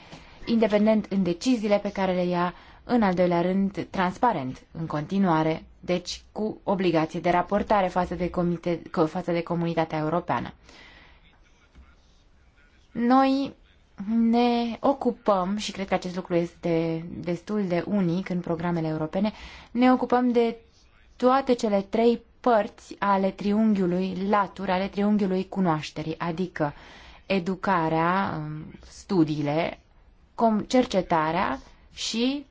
independent în deciziile pe care le ia, în al doilea rând, transparent în continuare, deci cu obligație de raportare față de, comite, față de comunitatea europeană. Noi ne ocupăm, și cred că acest lucru este destul de unic în programele europene, ne ocupăm de toate cele trei părți ale triunghiului latur, ale triunghiului cunoașterii, adică educarea, um, studiile, cercetarea și,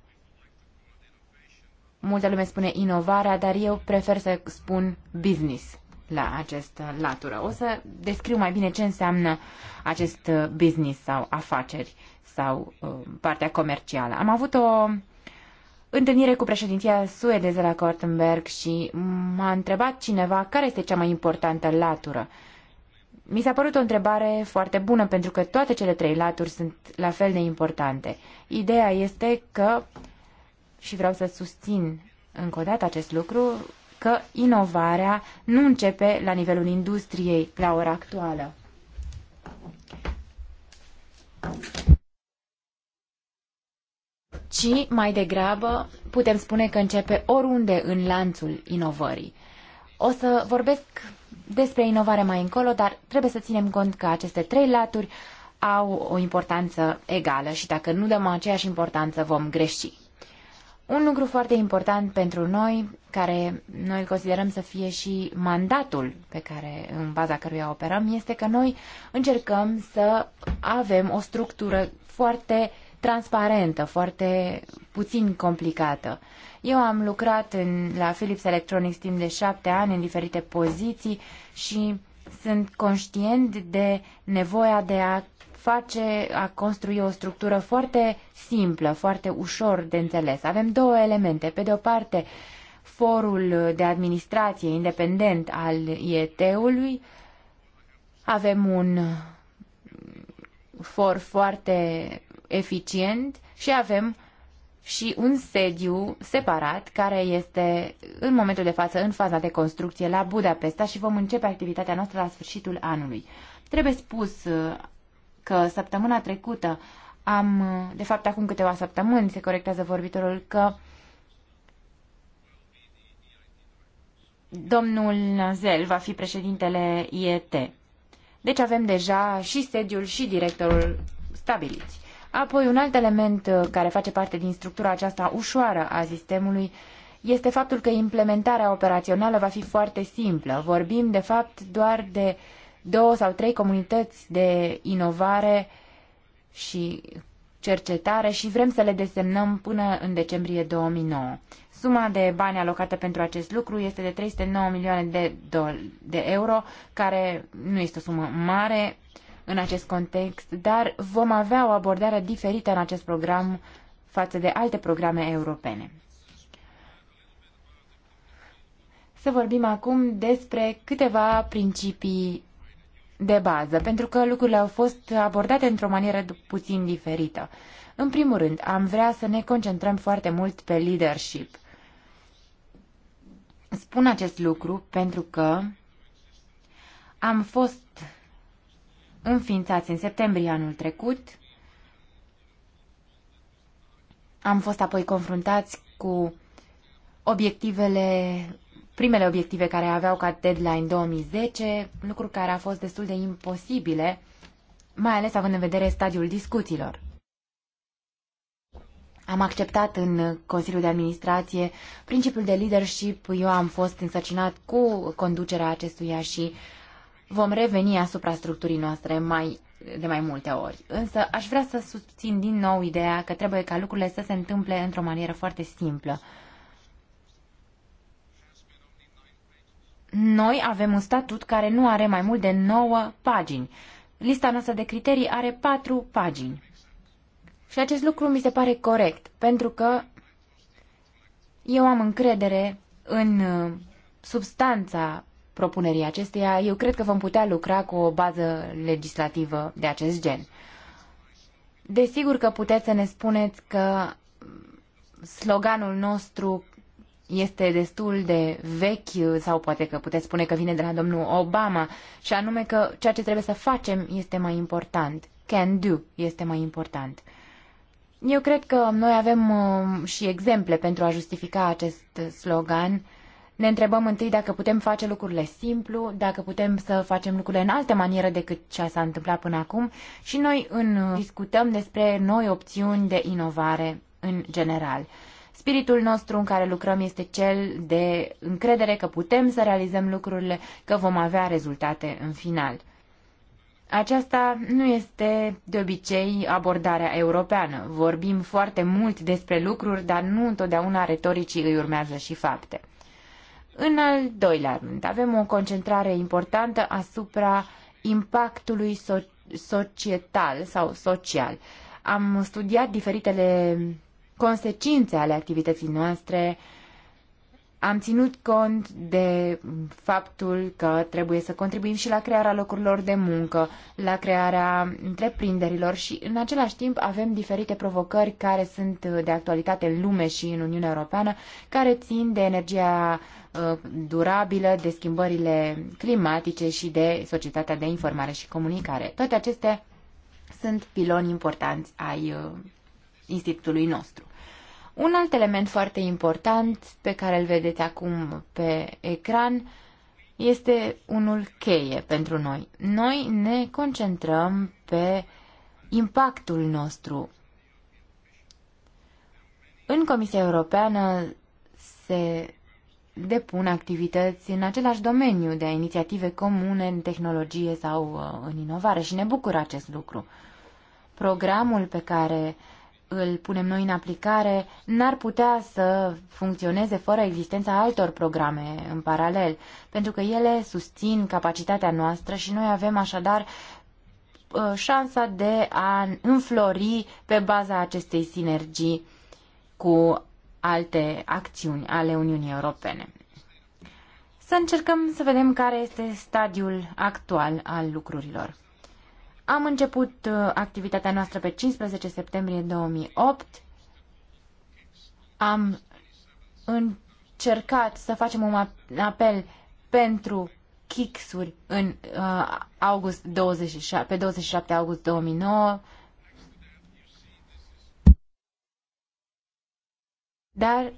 multă lume spune inovarea, dar eu prefer să spun business la această latură. O să descriu mai bine ce înseamnă acest business sau afaceri sau uh, partea comercială. Am avut o întâlnire cu președinția suedeză la Kortenberg și m-a întrebat cineva care este cea mai importantă latură. Mi s-a părut o întrebare foarte bună pentru că toate cele trei laturi sunt la fel de importante. Ideea este că, și vreau să susțin încă o dată acest lucru, că inovarea nu începe la nivelul industriei la ora actuală. Ci, mai degrabă, putem spune că începe oriunde în lanțul inovării. O să vorbesc despre inovare mai încolo, dar trebuie să ținem cont că aceste trei laturi au o importanță egală și dacă nu dăm aceeași importanță vom greși. Un lucru foarte important pentru noi, care noi considerăm să fie și mandatul pe care, în baza căruia operăm, este că noi încercăm să avem o structură foarte transparentă, foarte puțin complicată. Eu am lucrat în, la Philips Electronics timp de șapte ani în diferite poziții și sunt conștient de nevoia de a face a construi o structură foarte simplă, foarte ușor de înțeles. Avem două elemente. Pe de o parte, forul de administrație independent al IET-ului. Avem un for foarte eficient și avem și un sediu separat care este în momentul de față în faza de construcție la Budapesta și vom începe activitatea noastră la sfârșitul anului. Trebuie spus că săptămâna trecută am, de fapt acum câteva săptămâni se corectează vorbitorul, că domnul Zel va fi președintele IET. Deci avem deja și sediul și directorul stabiliți. Apoi, un alt element uh, care face parte din structura aceasta ușoară a sistemului este faptul că implementarea operațională va fi foarte simplă. Vorbim, de fapt, doar de uh, două sau trei comunități de inovare și cercetare și vrem să le desemnăm până în decembrie 2009. Suma de bani alocată pentru acest lucru este de 309 milioane de, de euro, care nu este o sumă mare în acest context, dar vom avea o abordare diferită în acest program față de alte programe europene. Să vorbim acum despre câteva principii de bază, pentru că lucrurile au fost abordate într-o manieră puțin diferită. În primul rând, am vrea să ne concentrăm foarte mult pe leadership. Spun acest lucru pentru că am fost înființați în septembrie anul trecut. Am fost apoi confruntați cu obiectivele primele obiective care aveau ca deadline 2010, lucru care a fost destul de imposibile, mai ales având în vedere stadiul discuțiilor. Am acceptat în Consiliul de Administrație principiul de leadership, eu am fost însărcinat cu conducerea acestuia și vom reveni asupra structurii noastre mai, de mai multe ori. Însă aș vrea să susțin din nou ideea că trebuie ca lucrurile să se întâmple într-o manieră foarte simplă. Noi avem un statut care nu are mai mult de 9 pagini. Lista noastră de criterii are 4 pagini. Și acest lucru mi se pare corect, pentru că eu am încredere în uh, substanța propunerii acesteia. Eu cred că vom putea lucra cu o bază legislativă de acest gen. Desigur că puteți să ne spuneți că mm, sloganul nostru este destul de vechi sau poate că puteți spune că vine de la domnul Obama și anume că ceea ce trebuie să facem este mai important. Can do este mai important. Eu cred că noi avem uh, și exemple pentru a justifica acest slogan. Ne întrebăm întâi dacă putem face lucrurile simplu, dacă putem să facem lucrurile în altă manieră decât ce s-a întâmplat până acum și noi în, uh, discutăm despre noi opțiuni de inovare în general. Spiritul nostru în care lucrăm este cel de încredere că putem să realizăm lucrurile, că vom avea rezultate în final. Aceasta nu este de obicei abordarea europeană. Vorbim foarte mult despre lucruri, dar nu întotdeauna retoricii îi urmează și fapte. În al doilea rând, avem o concentrare importantă asupra impactului so- societal sau social. Am studiat diferitele consecințe ale activității noastre. Am ținut cont de faptul că trebuie să contribuim și la crearea locurilor de muncă, la crearea întreprinderilor și în același timp avem diferite provocări care sunt de actualitate în lume și în Uniunea Europeană, care țin de energia uh, durabilă, de schimbările climatice și de societatea de informare și comunicare. Toate acestea sunt piloni importanți ai uh, institutului nostru. Un alt element foarte important pe care îl vedeți acum pe ecran este unul cheie pentru noi. Noi ne concentrăm pe impactul nostru. În Comisia Europeană se depun activități în același domeniu de inițiative comune în tehnologie sau uh, în inovare și ne bucură acest lucru. Programul pe care îl punem noi în aplicare n-ar putea să funcționeze fără existența altor programe în paralel, pentru că ele susțin capacitatea noastră și noi avem așadar uh, șansa de a înflori pe baza acestei sinergii cu alte acțiuni ale Uniunii Europene. Să încercăm să vedem care este stadiul actual al lucrurilor. Am început uh, activitatea noastră pe 15 septembrie 2008. Am încercat să facem un apel pentru Kixuri în uh, august 27, pe 27 august 2009. Dar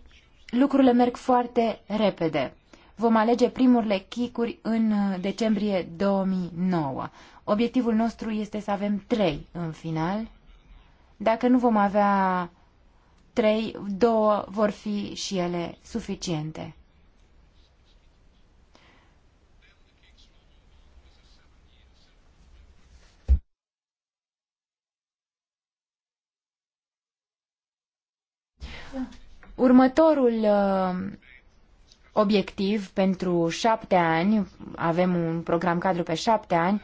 lucrurile merg foarte repede vom alege primurile chicuri în uh, decembrie 2009. Obiectivul nostru este să avem trei în final. Dacă nu vom avea trei, două vor fi și ele suficiente. Următorul uh, obiectiv pentru șapte ani, avem un program cadru pe șapte ani,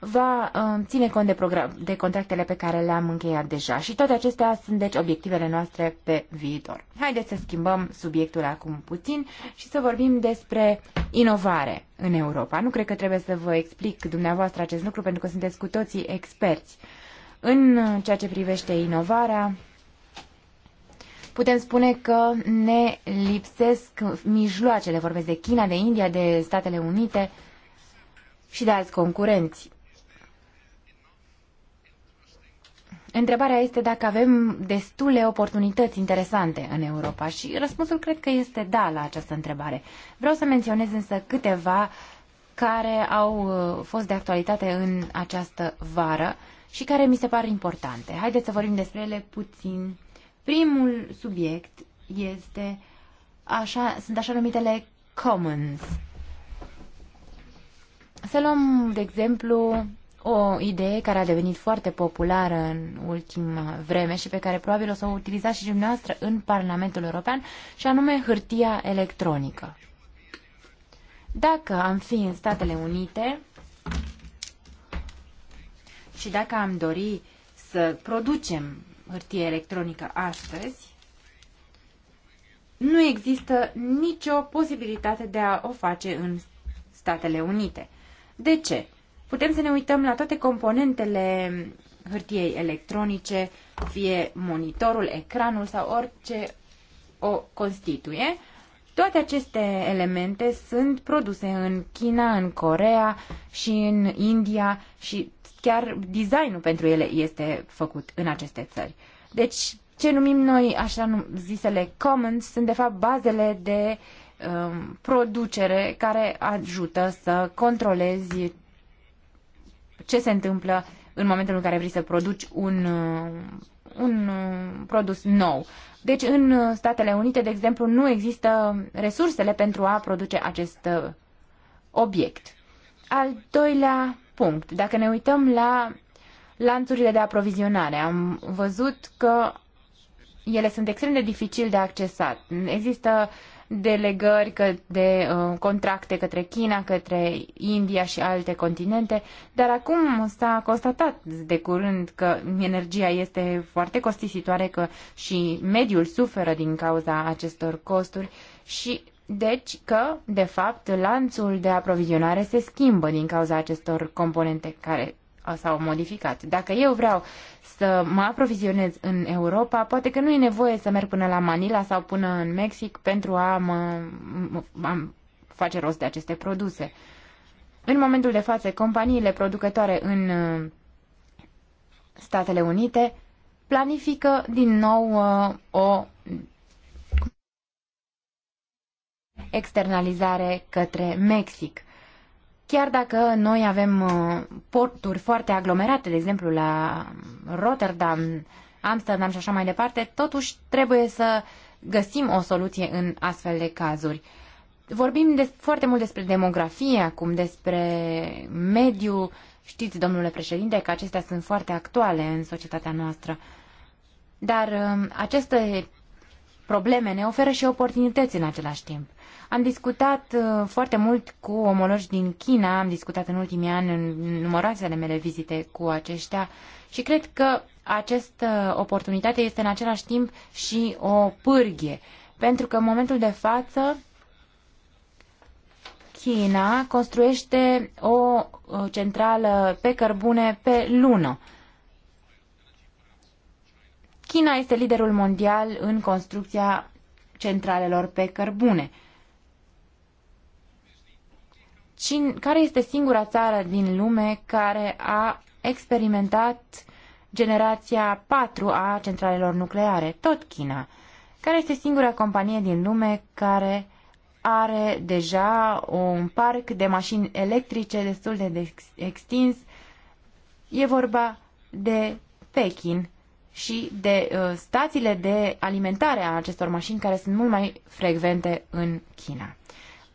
va uh, ține cont de, program, de contractele pe care le-am încheiat deja. Și toate acestea sunt, deci, obiectivele noastre pe viitor. Haideți să schimbăm subiectul acum puțin și să vorbim despre inovare în Europa. Nu cred că trebuie să vă explic dumneavoastră acest lucru, pentru că sunteți cu toții experți. În ceea ce privește inovarea, putem spune că ne lipsesc mijloacele, vorbesc de China, de India, de Statele Unite și de alți concurenți. Întrebarea este dacă avem destule oportunități interesante în Europa și răspunsul cred că este da la această întrebare. Vreau să menționez însă câteva care au uh, fost de actualitate în această vară și care mi se par importante. Haideți să vorbim despre ele puțin Primul subiect este așa, sunt așa numitele commons. Să luăm, de exemplu, o idee care a devenit foarte populară în ultima vreme și pe care probabil o să o utilizați și dumneavoastră în Parlamentul European, și anume hârtia electronică. Dacă am fi în Statele Unite și dacă am dori să producem hârtie electronică astăzi, nu există nicio posibilitate de a o face în Statele Unite. De ce? Putem să ne uităm la toate componentele hârtiei electronice, fie monitorul, ecranul sau orice o constituie. Toate aceste elemente sunt produse în China, în Corea și în India și chiar designul pentru ele este făcut în aceste țări. Deci, ce numim noi așa zisele commons sunt de fapt bazele de um, producere care ajută să controlezi ce se întâmplă în momentul în care vrei să produci un, um, un um, produs nou. Deci în Statele Unite, de exemplu, nu există resursele pentru a produce acest uh, obiect. Al doilea punct. Dacă ne uităm la lanțurile de aprovizionare, am văzut că ele sunt extrem de dificil de accesat. Există delegări că de uh, contracte către China, către India și alte continente, dar acum s-a constatat de curând că energia este foarte costisitoare, că și mediul suferă din cauza acestor costuri și deci că, de fapt, lanțul de aprovizionare se schimbă din cauza acestor componente care uh, s-au modificat. Dacă eu vreau să mă aprovizionez în Europa, poate că nu e nevoie să merg până la Manila sau până în Mexic pentru a mă, mă a face rost de aceste produse. În momentul de față, companiile producătoare în uh, Statele Unite planifică din nou uh, o externalizare către Mexic. Chiar dacă noi avem uh, porturi foarte aglomerate, de exemplu la Rotterdam, Amsterdam și așa mai departe, totuși trebuie să găsim o soluție în astfel de cazuri. Vorbim des, foarte mult despre demografie acum, despre mediu. Știți, domnule președinte, că acestea sunt foarte actuale în societatea noastră. Dar um, aceste probleme ne oferă și oportunități în același timp. Am discutat uh, foarte mult cu omologi din China, am discutat în ultimii ani în numeroasele mele vizite cu aceștia și cred că această oportunitate este în același timp și o pârghie, pentru că în momentul de față China construiește o uh, centrală pe cărbune pe lună. China este liderul mondial în construcția centralelor pe cărbune cine, care este singura țară din lume care a experimentat generația 4 a centralelor nucleare, tot China, care este singura companie din lume care are deja un parc de mașini electrice destul de extins. E vorba de Pekin și de uh, stațiile de alimentare a acestor mașini care sunt mult mai frecvente în China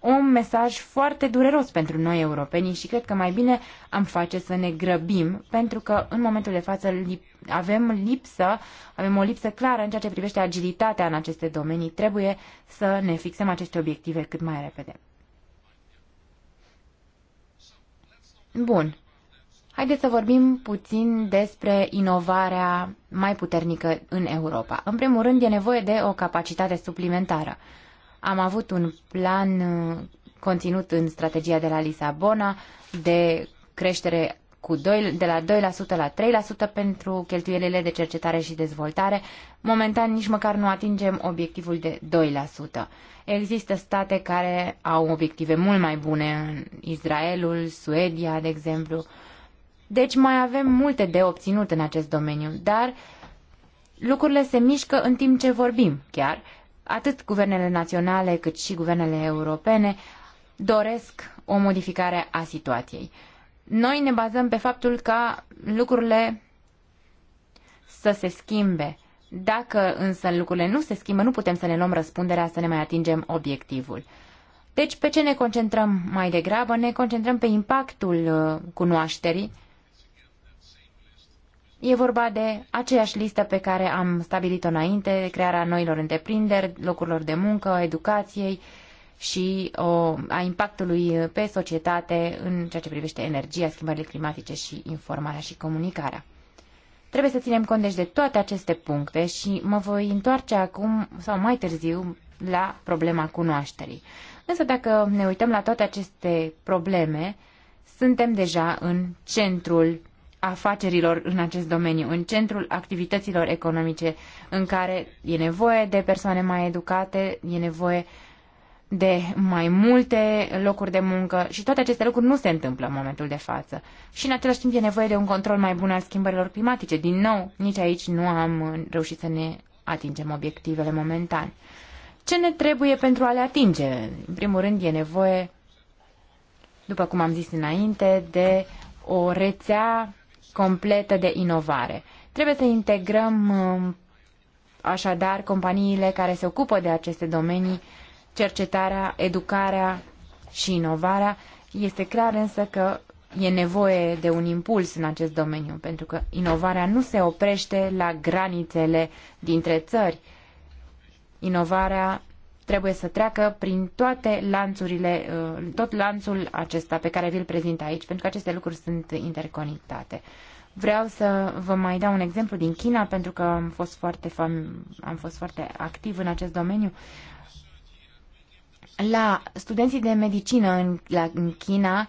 un mesaj foarte dureros pentru noi europenii și cred că mai bine am face să ne grăbim, pentru că în momentul de față avem lipsă, avem o lipsă clară în ceea ce privește agilitatea în aceste domenii. Trebuie să ne fixăm aceste obiective cât mai repede. Bun. Haideți să vorbim puțin despre inovarea mai puternică în Europa. În primul rând, e nevoie de o capacitate suplimentară. Am avut un plan uh, conținut în strategia de la Lisabona de creștere cu 2, de la 2% la 3% pentru cheltuielile de cercetare și dezvoltare. Momentan nici măcar nu atingem obiectivul de 2%. Există state care au obiective mult mai bune, Israelul, Suedia, de exemplu. Deci mai avem multe de obținut în acest domeniu, dar lucrurile se mișcă în timp ce vorbim chiar atât guvernele naționale cât și guvernele europene doresc o modificare a situației. Noi ne bazăm pe faptul ca lucrurile să se schimbe. Dacă însă lucrurile nu se schimbă, nu putem să ne luăm răspunderea să ne mai atingem obiectivul. Deci, pe ce ne concentrăm mai degrabă? Ne concentrăm pe impactul uh, cunoașterii E vorba de aceeași listă pe care am stabilit-o înainte, de crearea noilor întreprinderi, locurilor de muncă, educației și o, a impactului pe societate în ceea ce privește energia, schimbările climatice și informarea și comunicarea. Trebuie să ținem cont deci de toate aceste puncte și mă voi întoarce acum sau mai târziu la problema cunoașterii. Însă dacă ne uităm la toate aceste probleme, suntem deja în centrul afacerilor în acest domeniu, în centrul activităților economice în care e nevoie de persoane mai educate, e nevoie de mai multe locuri de muncă și toate aceste lucruri nu se întâmplă în momentul de față. Și în același timp e nevoie de un control mai bun al schimbărilor climatice. Din nou, nici aici nu am reușit să ne atingem obiectivele momentan. Ce ne trebuie pentru a le atinge? În primul rând e nevoie, după cum am zis înainte, de o rețea completă de inovare. Trebuie să integrăm um, așadar companiile care se ocupă de aceste domenii, cercetarea, educarea și inovarea. Este clar însă că e nevoie de un impuls în acest domeniu, pentru că inovarea nu se oprește la granițele dintre țări. Inovarea trebuie să treacă prin toate lanțurile, uh, tot lanțul acesta pe care vi-l prezint aici, pentru că aceste lucruri sunt interconectate. Vreau să vă mai dau un exemplu din China, pentru că am fost foarte, fam- am fost foarte activ în acest domeniu. La studenții de medicină în, la, în China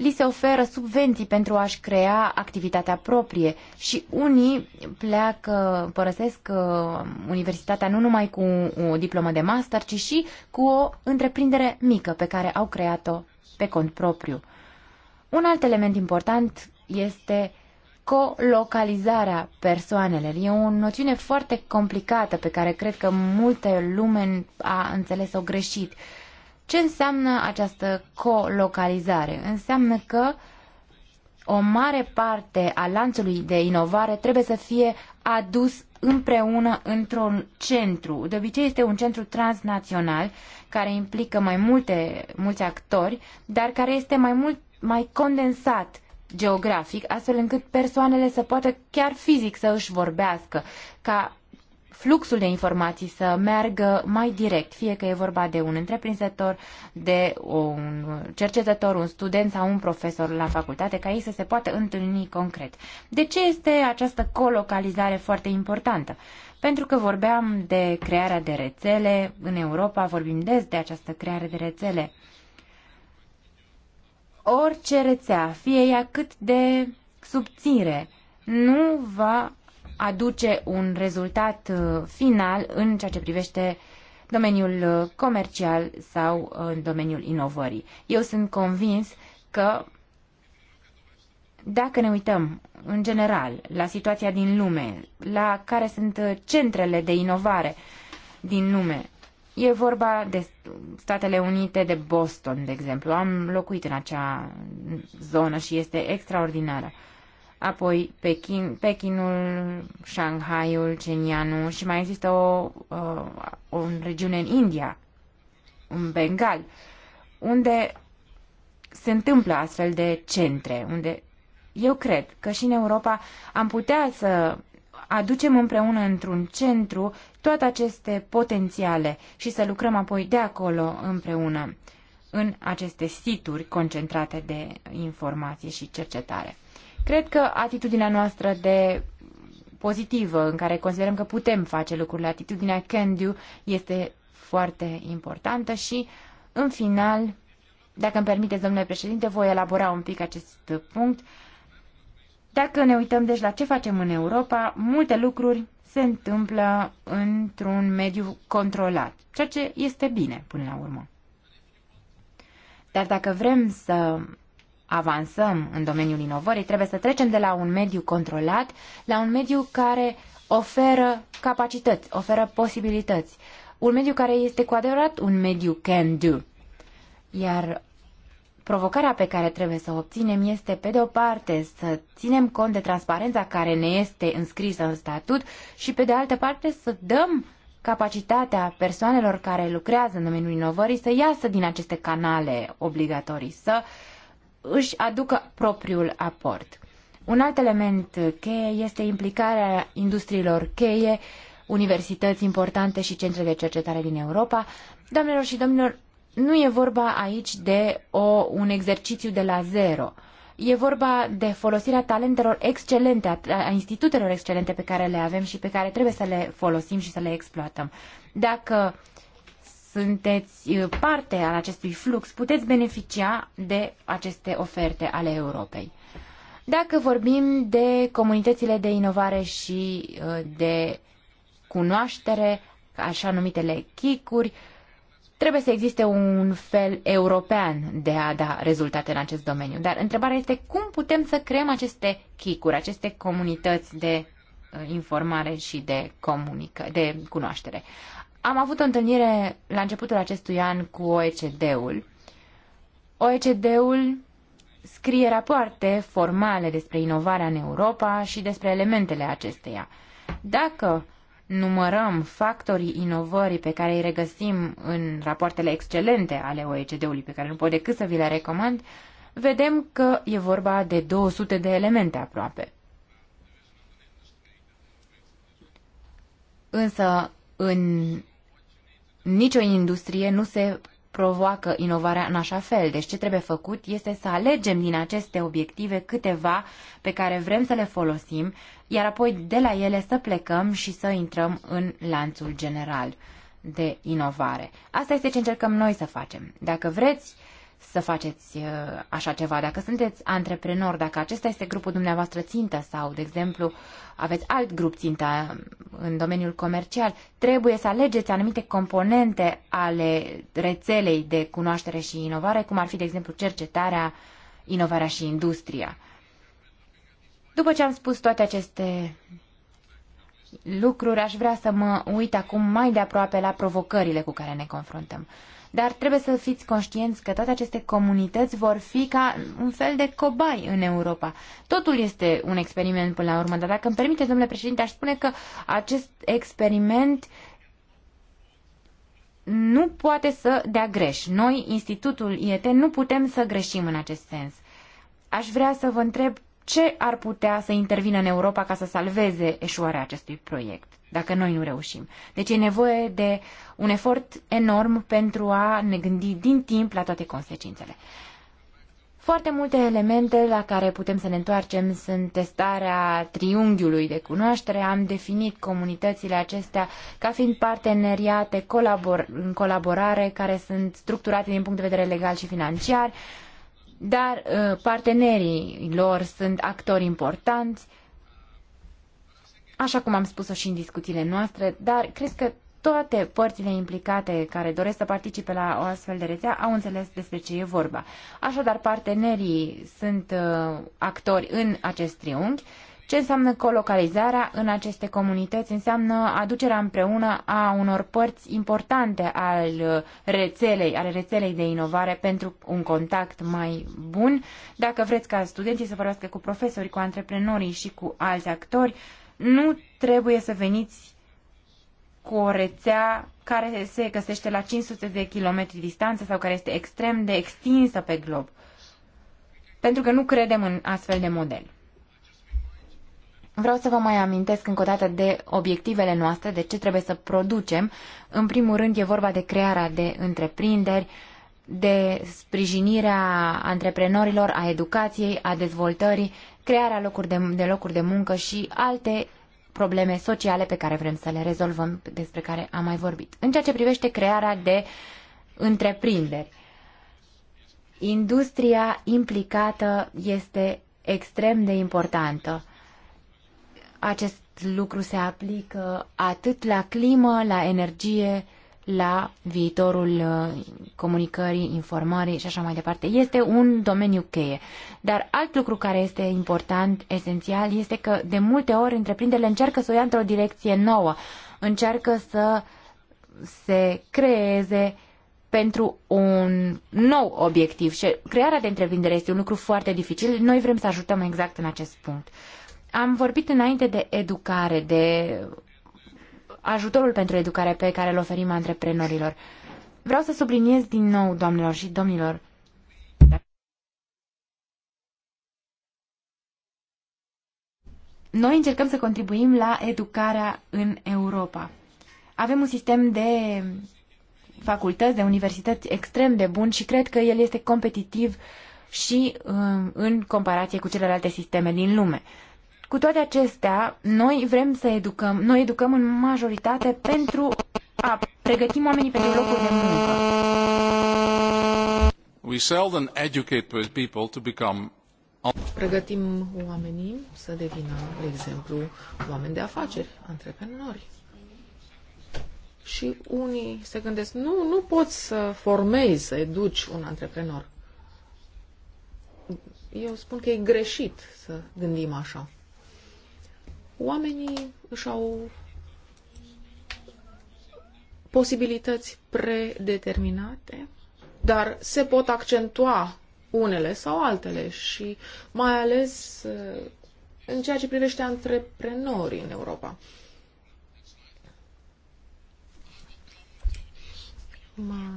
li se oferă subvenții pentru a-și crea activitatea proprie și unii pleacă, părăsesc uh, universitatea nu numai cu o diplomă de master, ci și cu o întreprindere mică pe care au creat-o pe cont propriu. Un alt element important este colocalizarea persoanelor. E o noțiune foarte complicată pe care cred că multe lume a înțeles-o greșit. Uh, ce înseamnă această colocalizare? Înseamnă că o mare parte a lanțului de inovare trebuie să fie adus împreună într-un centru. De obicei este un centru transnațional care implică mai multe, mulți actori, dar care este mai mult mai condensat geografic, astfel încât persoanele să poată chiar fizic să își vorbească, ca fluxul de informații să meargă mai direct, fie că e vorba de un întreprinzător, de un cercetător, un student sau un profesor la facultate, ca ei să se poată întâlni concret. De ce este această colocalizare foarte importantă? Pentru că vorbeam de crearea de rețele, în Europa vorbim des de această creare de rețele. Orice rețea, fie ea cât de subțire, nu va aduce un rezultat uh, final în ceea ce privește domeniul uh, comercial sau uh, în domeniul inovării. Eu sunt convins că dacă ne uităm în general la situația din lume, la care sunt centrele de inovare din lume, e vorba de Statele Unite, de Boston, de exemplu. Am locuit în acea mm, zonă și este extraordinară apoi Pekin, Pekinul, Shanghaiul, Cenianul și mai există o, o, uh, o regiune în India, în Bengal, unde se întâmplă astfel de centre, unde eu cred că și în Europa am putea să aducem împreună într-un centru toate aceste potențiale și să lucrăm apoi de acolo împreună în aceste situri concentrate de informație și cercetare. Cred că atitudinea noastră de pozitivă, în care considerăm că putem face lucrurile, atitudinea can do, este foarte importantă și, în final, dacă îmi permiteți, domnule președinte, voi elabora un pic acest punct. Dacă ne uităm deci la ce facem în Europa, multe lucruri se întâmplă într-un mediu controlat, ceea ce este bine până la urmă. Dar dacă vrem să avansăm în domeniul inovării, trebuie să trecem de la un mediu controlat la un mediu care oferă capacități, oferă posibilități. Un mediu care este cu adevărat un mediu can do. Iar provocarea pe care trebuie să o obținem este, pe de o parte, să ținem cont de transparența care ne este înscrisă în statut și, pe de altă parte, să dăm capacitatea persoanelor care lucrează în domeniul inovării să iasă din aceste canale obligatorii, să uh, își aducă propriul aport. Un alt element cheie este implicarea industriilor cheie, universități importante și centre de cercetare din Europa. Doamnelor și domnilor, nu e vorba aici de o, un exercițiu de la zero. E vorba de folosirea talentelor excelente, a, a institutelor excelente pe care le avem și pe care trebuie să le folosim și să le exploatăm. Dacă uh, sunteți uh, parte al acestui flux, puteți beneficia de aceste oferte ale Europei. Dacă vorbim de comunitățile de inovare și uh, de cunoaștere, așa numitele chicuri, trebuie să existe un fel european de a da rezultate în acest domeniu. Dar întrebarea este cum putem să creăm aceste chicuri, aceste comunități de uh, informare și de, comunică, de cunoaștere. Am avut o întâlnire la începutul acestui an cu OECD-ul. OECD-ul scrie rapoarte formale despre inovarea în Europa și despre elementele acesteia. Dacă numărăm factorii inovării pe care îi regăsim în rapoartele excelente ale OECD-ului, pe care nu pot decât să vi le recomand, vedem că e vorba de 200 de elemente aproape. Însă, în nicio industrie nu se provoacă inovarea în așa fel. Deci ce trebuie făcut este să alegem din aceste obiective câteva pe care vrem să le folosim, iar apoi de la ele să plecăm și să intrăm în lanțul general de inovare. Asta este ce încercăm noi să facem. Dacă vreți, să faceți uh, așa ceva. Dacă sunteți antreprenor, dacă acesta este grupul dumneavoastră țintă sau, de exemplu, aveți alt grup țintă um, în domeniul comercial, trebuie să alegeți anumite componente ale rețelei de cunoaștere și inovare, cum ar fi, de exemplu, cercetarea, inovarea și industria. După ce am spus toate aceste lucruri, aș vrea să mă uit acum mai de aproape la provocările cu care ne confruntăm. Dar trebuie să fiți conștienți că toate aceste comunități vor fi ca un fel de cobai în Europa. Totul este un experiment până la urmă, dar dacă îmi permite, domnule președinte, aș spune că acest experiment nu poate să dea greș. Noi, Institutul IET, nu putem să greșim în acest sens. Aș vrea să vă întreb ce ar putea să intervină în Europa ca să salveze eșuarea acestui proiect dacă noi nu reușim. Deci e nevoie de un efort enorm pentru a ne gândi din timp la toate consecințele. Foarte multe elemente la care putem să ne întoarcem sunt testarea triunghiului de cunoaștere. Am definit comunitățile acestea ca fiind parteneriate colabor- în colaborare care sunt structurate din punct de vedere legal și financiar, dar uh, partenerii lor sunt actori importanți așa cum am spus-o și în discuțiile noastre, dar cred că toate părțile implicate care doresc să participe la o astfel de rețea au înțeles despre ce e vorba. Așadar, partenerii sunt uh, actori în acest triunghi. Ce înseamnă colocalizarea în aceste comunități? Înseamnă aducerea împreună a unor părți importante al uh, rețelei, ale rețelei de inovare pentru un contact mai bun. Dacă vreți ca studenții să vorbească cu profesori, cu antreprenorii și cu alți actori, nu trebuie să veniți cu o rețea care se găsește la 500 de kilometri distanță sau care este extrem de extinsă pe glob. Pentru că nu credem în astfel de model. Vreau să vă mai amintesc încă o dată de obiectivele noastre, de ce trebuie să producem. În primul rând e vorba de crearea de întreprinderi, de sprijinirea antreprenorilor, a educației, a dezvoltării crearea locuri de, de locuri de muncă și alte probleme sociale pe care vrem să le rezolvăm, despre care am mai vorbit. În ceea ce privește crearea de întreprinderi, industria implicată este extrem de importantă. Acest lucru se aplică atât la climă, la energie, la viitorul uh, comunicării, informării și așa mai departe. Este un domeniu cheie. Dar alt lucru care este important, esențial, este că de multe ori întreprinderile încearcă să o ia într-o direcție nouă, încearcă să se creeze pentru un nou obiectiv și crearea de întreprindere este un lucru foarte dificil. Noi vrem să ajutăm exact în acest punct. Am vorbit înainte de educare, de ajutorul pentru educare pe care îl oferim antreprenorilor. Vreau să subliniez din nou, doamnelor și domnilor, noi încercăm să contribuim la educarea în Europa. Avem un sistem de facultăți, de universități extrem de bun și cred că el este competitiv și uh, în comparație cu celelalte sisteme din lume. Cu toate acestea, noi vrem să educăm, noi educăm în majoritate pentru a pregăti oamenii pentru locuri de muncă. We seldom educate people to become Pregătim oamenii să devină, de exemplu, oameni de afaceri, antreprenori. Și unii se gândesc, nu, nu poți să formezi, să educi un antreprenor. Eu spun că e greșit să gândim așa oamenii își au posibilități predeterminate, dar se pot accentua unele sau altele și mai ales eh, în ceea ce privește antreprenorii în Europa. Mă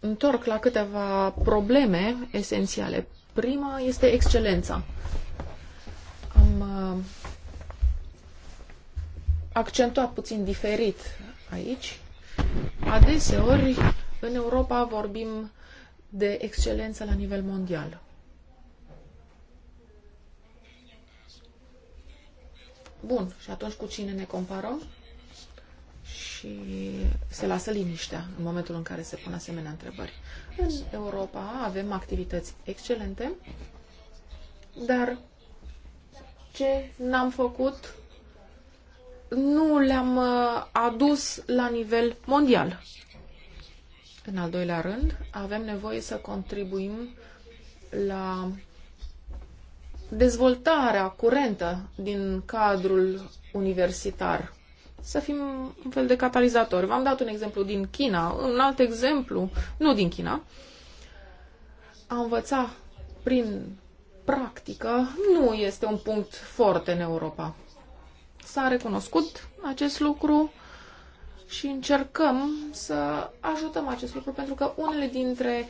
întorc la câteva probleme esențiale. Prima este excelența. Am eh, accentuat puțin diferit aici. Adeseori, în Europa vorbim de excelență la nivel mondial. Bun, și atunci cu cine ne comparăm? Și se lasă liniștea în momentul în care se pun asemenea întrebări. În Europa avem activități excelente, dar ce n-am făcut nu le-am uh, adus la nivel mondial. În al doilea rând, avem nevoie să contribuim la dezvoltarea curentă din cadrul universitar. Să fim un fel de catalizator. V-am dat un exemplu din China, un alt exemplu, nu din China. A învăța prin practică nu este un punct foarte în Europa. S-a recunoscut acest lucru și încercăm să ajutăm acest lucru pentru că unele dintre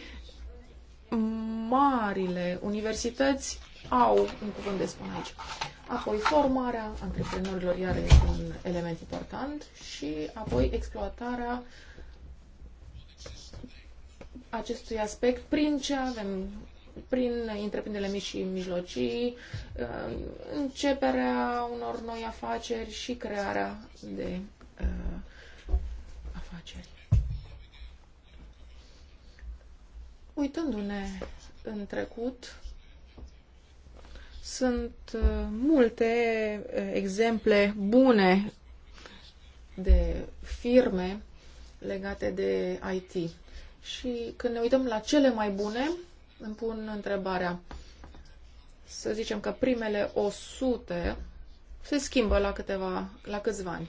marile universități au un cuvânt de spun aici. Apoi formarea antreprenorilor iar este un element important și apoi exploatarea acestui aspect prin ce avem prin întreprinderile mici și mijlocii, uh, începerea unor noi afaceri și crearea de uh, afaceri. Uitându-ne în trecut, sunt uh, multe exemple bune de firme legate de IT. Și când ne uităm la cele mai bune, îmi pun întrebarea. Să zicem că primele 100 se schimbă la, câteva, la câțiva ani.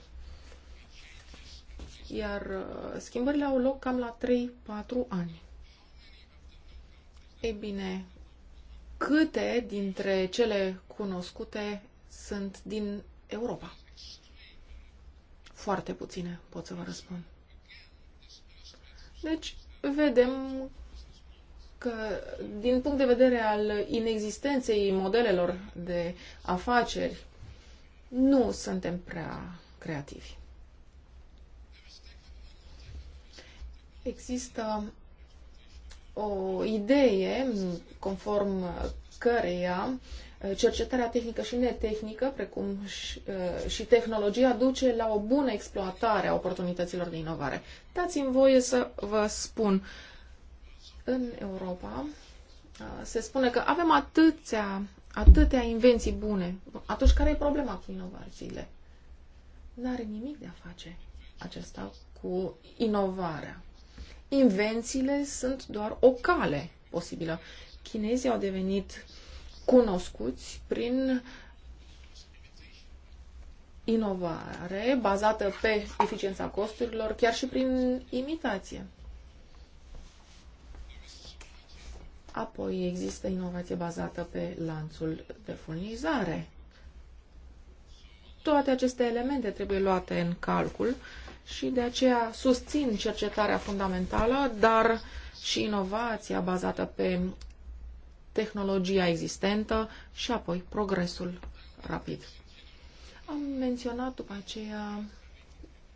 Iar uh, schimbările au loc cam la 3-4 ani. Ei bine, câte dintre cele cunoscute sunt din Europa? Foarte puține, pot să vă răspund. Deci, vedem că din punct de vedere al inexistenței modelelor de afaceri, nu suntem prea creativi. Există o idee conform căreia uh, cercetarea tehnică și netehnică, precum și, uh, și tehnologia, duce la o bună exploatare a oportunităților de inovare. Dați-mi voie să vă spun uh, în Europa se spune că avem atâția, atâtea invenții bune. Atunci care e problema cu inovațiile? N-are nimic de a face acesta cu inovarea. Invențiile sunt doar o cale posibilă. Chinezii au devenit cunoscuți prin inovare bazată pe eficiența costurilor, chiar și prin imitație. Apoi există inovație bazată pe lanțul de furnizare. Toate aceste elemente trebuie luate în calcul și de aceea susțin cercetarea fundamentală, dar și inovația bazată pe tehnologia existentă și apoi progresul rapid. Am menționat după aceea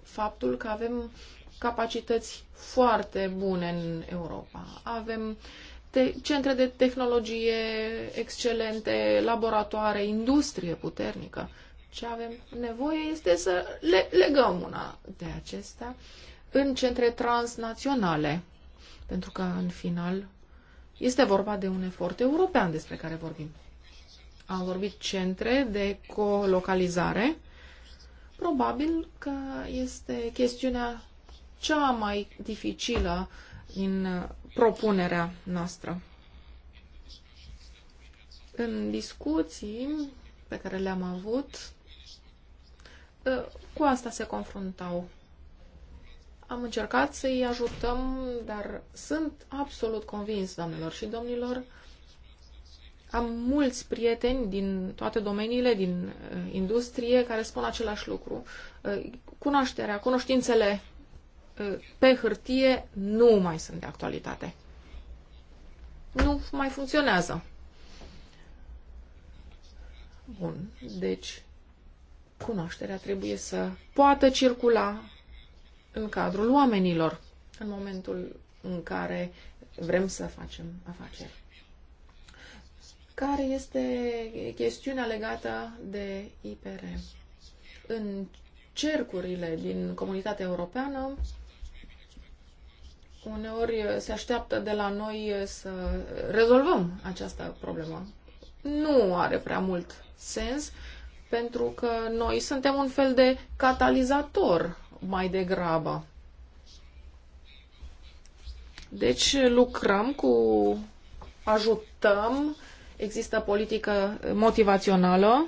faptul că avem capacități foarte bune în Europa. Avem te- centre de tehnologie excelente, laboratoare, industrie puternică. Ce avem nevoie este să le legăm una de acestea în centre transnaționale, pentru că, în final, este vorba de un efort european despre care vorbim. Am vorbit centre de colocalizare. Probabil că este chestiunea cea mai dificilă uh, în uh, propunerea noastră. În discuții pe care le-am avut, uh, cu asta se confruntau. Am încercat să-i ajutăm, dar sunt absolut convins, doamnelor și domnilor, am mulți prieteni din toate domeniile, din uh, industrie, care spun același lucru. Cunoașterea, cunoștințele pe hârtie nu mai sunt de actualitate. Nu mai funcționează. Bun, deci cunoașterea trebuie să poată circula în cadrul oamenilor în momentul în care vrem să facem afaceri. Care este chestiunea legată de IPR? În cercurile din comunitatea europeană uneori eh, se așteaptă de la noi eh, să rezolvăm această problemă. Nu are prea mult sens, pentru că noi suntem un fel de catalizator mai degrabă. Deci lucrăm cu, ajutăm, există politică motivațională,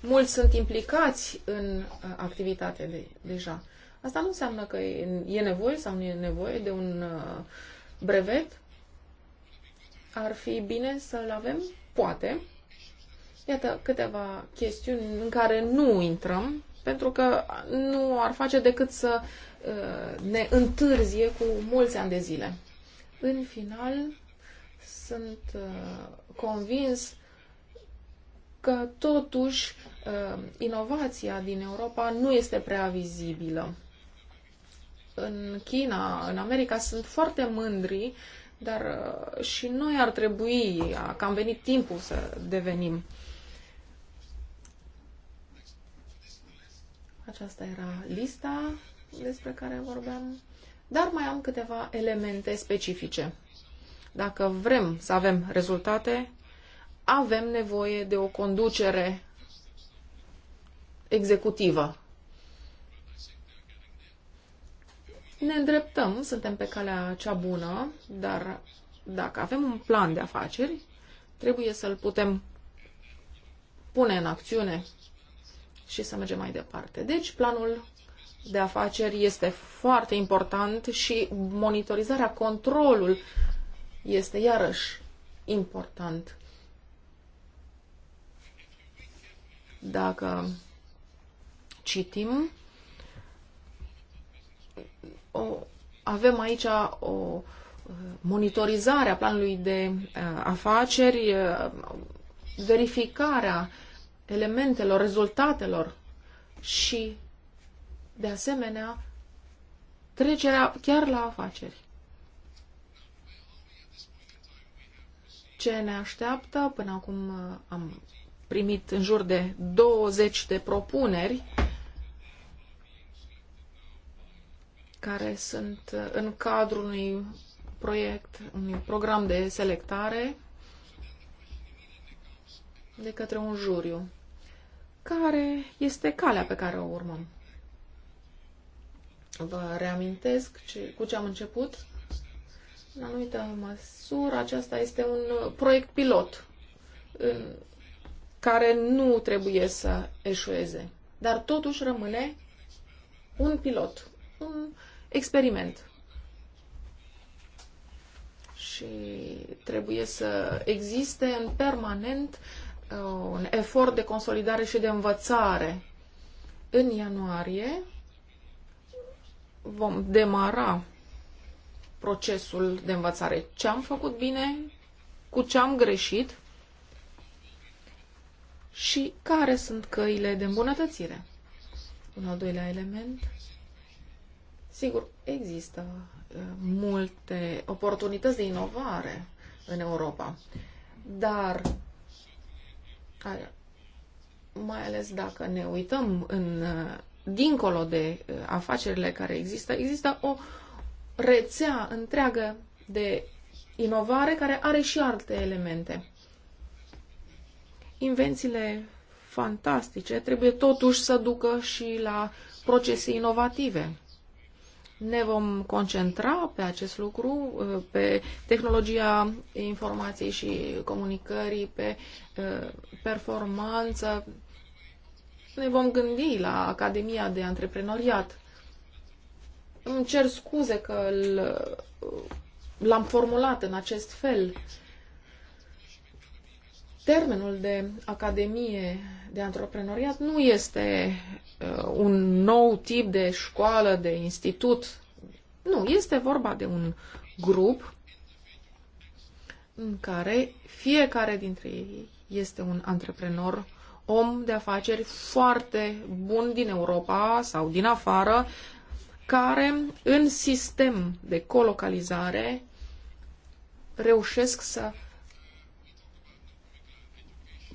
mulți sunt implicați în eh, activitate de, deja. Asta nu înseamnă că e nevoie sau nu e nevoie de un uh, brevet. Ar fi bine să-l avem? Poate. Iată câteva chestiuni în care nu intrăm, pentru că nu ar face decât să uh, ne întârzie cu mulți ani de zile. În final, sunt uh, convins că totuși inovația din Europa nu este prea vizibilă în China, în America, sunt foarte mândri, dar uh, și noi ar trebui, că am venit timpul să devenim. Aceasta era lista despre care vorbeam, dar mai am câteva elemente specifice. Dacă vrem să avem rezultate, avem nevoie de o conducere executivă ne îndreptăm, suntem pe calea cea bună, dar dacă avem un plan de afaceri, trebuie să-l putem pune în acțiune și să mergem mai departe. Deci, planul de afaceri este foarte important și monitorizarea, controlul este iarăși important. Dacă citim o, avem aici o monitorizare a planului de afaceri, verificarea elementelor, rezultatelor și, de asemenea, trecerea chiar la afaceri. Ce ne așteaptă? Până acum am primit în jur de 20 de propuneri care sunt uh, în cadrul unui proiect, unui program de selectare de către un juriu. Care este calea pe care o urmăm? Vă reamintesc ce, cu ce am început? În anumită măsură, aceasta este un uh, proiect pilot în care nu trebuie să eșueze. Dar totuși rămâne un pilot, un experiment. Și trebuie să existe în permanent uh, un efort de consolidare și de învățare. În ianuarie vom demara procesul de învățare. Ce am făcut bine, cu ce am greșit și care sunt căile de îmbunătățire. Un al doilea element Sigur, există multe oportunități de inovare în Europa, dar mai ales dacă ne uităm în, dincolo de afacerile care există, există o rețea întreagă de inovare care are și alte elemente. Invențiile fantastice trebuie totuși să ducă și la procese inovative. Ne vom concentra pe acest lucru, uh, pe tehnologia informației și comunicării, pe uh, performanță. Ne vom gândi la Academia de Antreprenoriat. Îmi cer scuze că uh, l-am formulat în acest fel. Termenul de Academie de Antreprenoriat nu este Uh, un nou tip de școală, de institut. Nu, este vorba de un grup în care fiecare dintre ei este un antreprenor, om de afaceri foarte bun din Europa sau din afară, care în sistem de colocalizare reușesc să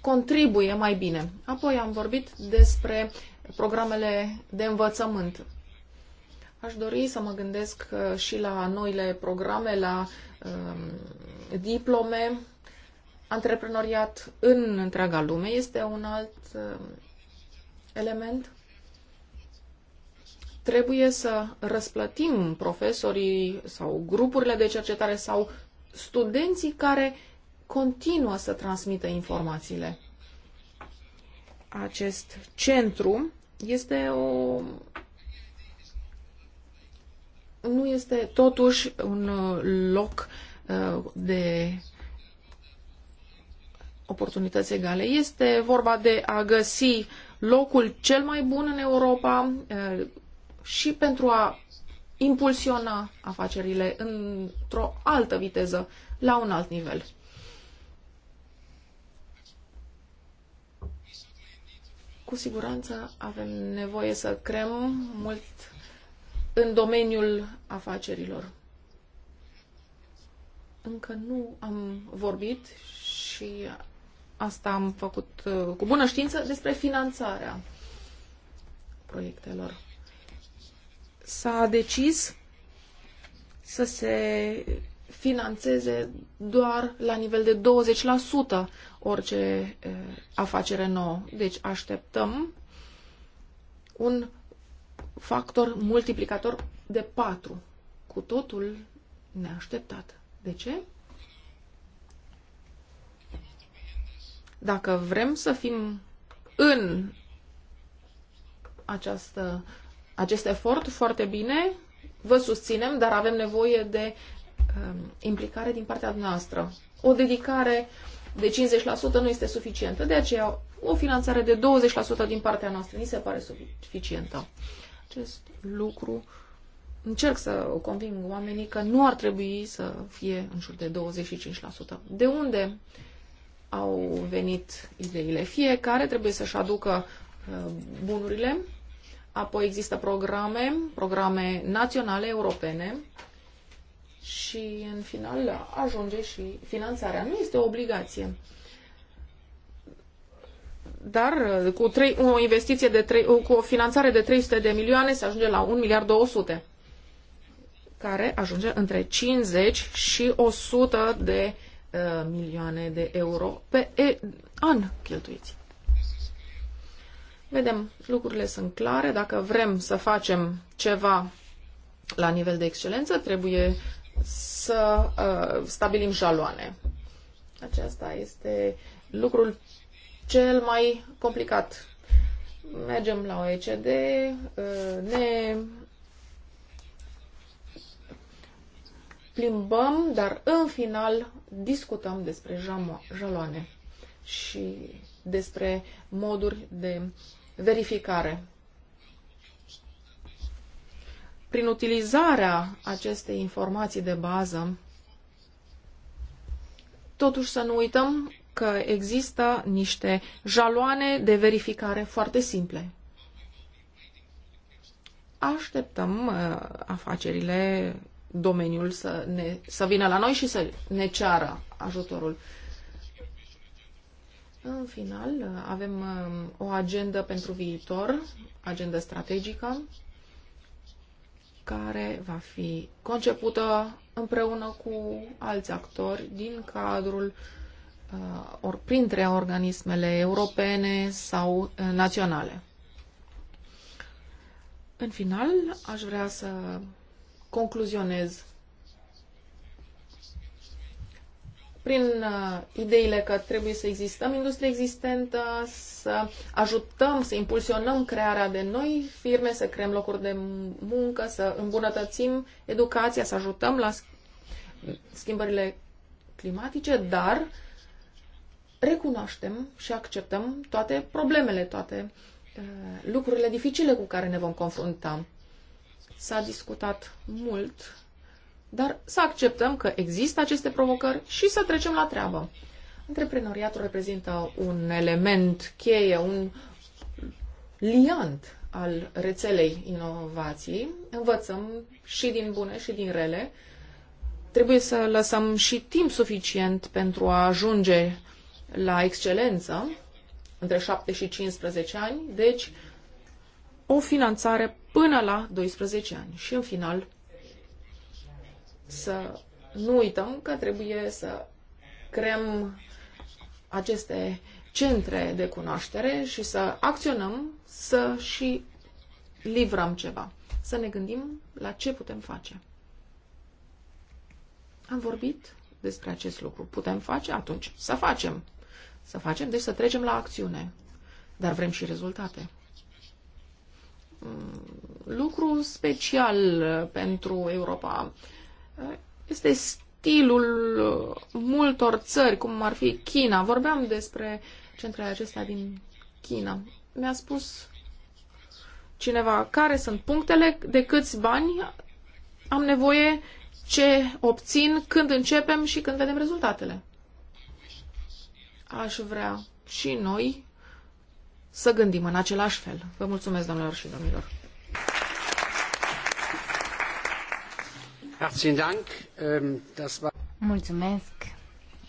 contribuie mai bine. Apoi am vorbit despre programele de învățământ. Aș dori să mă gândesc uh, și la noile programe, la um, diplome. Antreprenoriat în întreaga lume este un alt uh, element. Trebuie să răsplătim profesorii sau grupurile de cercetare sau studenții care continuă să transmită informațiile acest centru este o nu este totuși un uh, loc uh, de oportunități egale. Este vorba de a găsi locul cel mai bun în Europa uh, și pentru a impulsiona afacerile într-o altă viteză, la un alt nivel. cu siguranță avem nevoie să creăm mult în domeniul afacerilor. Încă nu am vorbit și asta am făcut uh, cu bună știință despre finanțarea proiectelor. S-a decis să se financeze doar la nivel de 20% orice eh, afacere nouă. Deci așteptăm un factor multiplicator de 4, cu totul neașteptat. De ce? Dacă vrem să fim în această, acest efort foarte bine, vă susținem, dar avem nevoie de Um, implicare din partea noastră. O dedicare de 50% nu este suficientă, de aceea o finanțare de 20% din partea noastră ni se pare suficientă. Acest lucru încerc să o conving oamenii că nu ar trebui să fie în jur de 25%. De unde au venit ideile? Fiecare trebuie să-și aducă uh, bunurile, apoi există programe, programe naționale, europene, și în final ajunge și finanțarea. Nu este o obligație. Dar uh, cu trei, o investiție de trei, uh, cu o finanțare de 300 de milioane se ajunge la 1 miliard 200 care ajunge între 50 și 100 de uh, milioane de euro pe e- an cheltuiți. Vedem, lucrurile sunt clare. Dacă vrem să facem ceva la nivel de excelență, trebuie să uh, stabilim jaloane. Aceasta este lucrul cel mai complicat. Mergem la OECD, uh, ne plimbăm, dar în final discutăm despre jaloane și despre moduri de verificare prin utilizarea acestei informații de bază, totuși să nu uităm că există niște jaloane de verificare foarte simple. Așteptăm uh, afacerile, domeniul să, ne, să vină la noi și să ne ceară ajutorul. În final, uh, avem uh, o agendă pentru viitor, agendă strategică, care va fi concepută împreună cu alți actori din cadrul uh, ori printre organismele europene sau uh, naționale. În final, aș vrea să concluzionez prin uh, ideile că trebuie să existăm industrie existentă, să ajutăm, să impulsionăm crearea de noi firme, să creăm locuri de muncă, să îmbunătățim educația, să ajutăm la schimbările climatice, dar recunoaștem și acceptăm toate problemele, toate uh, lucrurile dificile cu care ne vom confrunta. S-a discutat mult dar să acceptăm că există aceste provocări și să trecem la treabă. Antreprenoriatul reprezintă un element cheie, un liant al rețelei inovației. Învățăm și din bune și din rele. Trebuie să lăsăm și timp suficient pentru a ajunge la excelență, între 7 și 15 ani, deci o finanțare până la 12 ani și în final să nu uităm că trebuie să creăm aceste centre de cunoaștere și să acționăm, să și livrăm ceva. Să ne gândim la ce putem face. Am vorbit despre acest lucru. Putem face? Atunci să facem. Să facem, deci să trecem la acțiune. Dar vrem și rezultate. Mm, lucru special uh, pentru Europa este stilul uh, multor țări, cum ar fi China. Vorbeam despre centrele acestea din China. Mi-a spus cineva care sunt punctele, de câți bani am nevoie, ce obțin, când începem și când vedem rezultatele. Aș vrea și noi să gândim în același fel. Vă mulțumesc, doamnelor și domnilor. Ähm, Mulțumesc.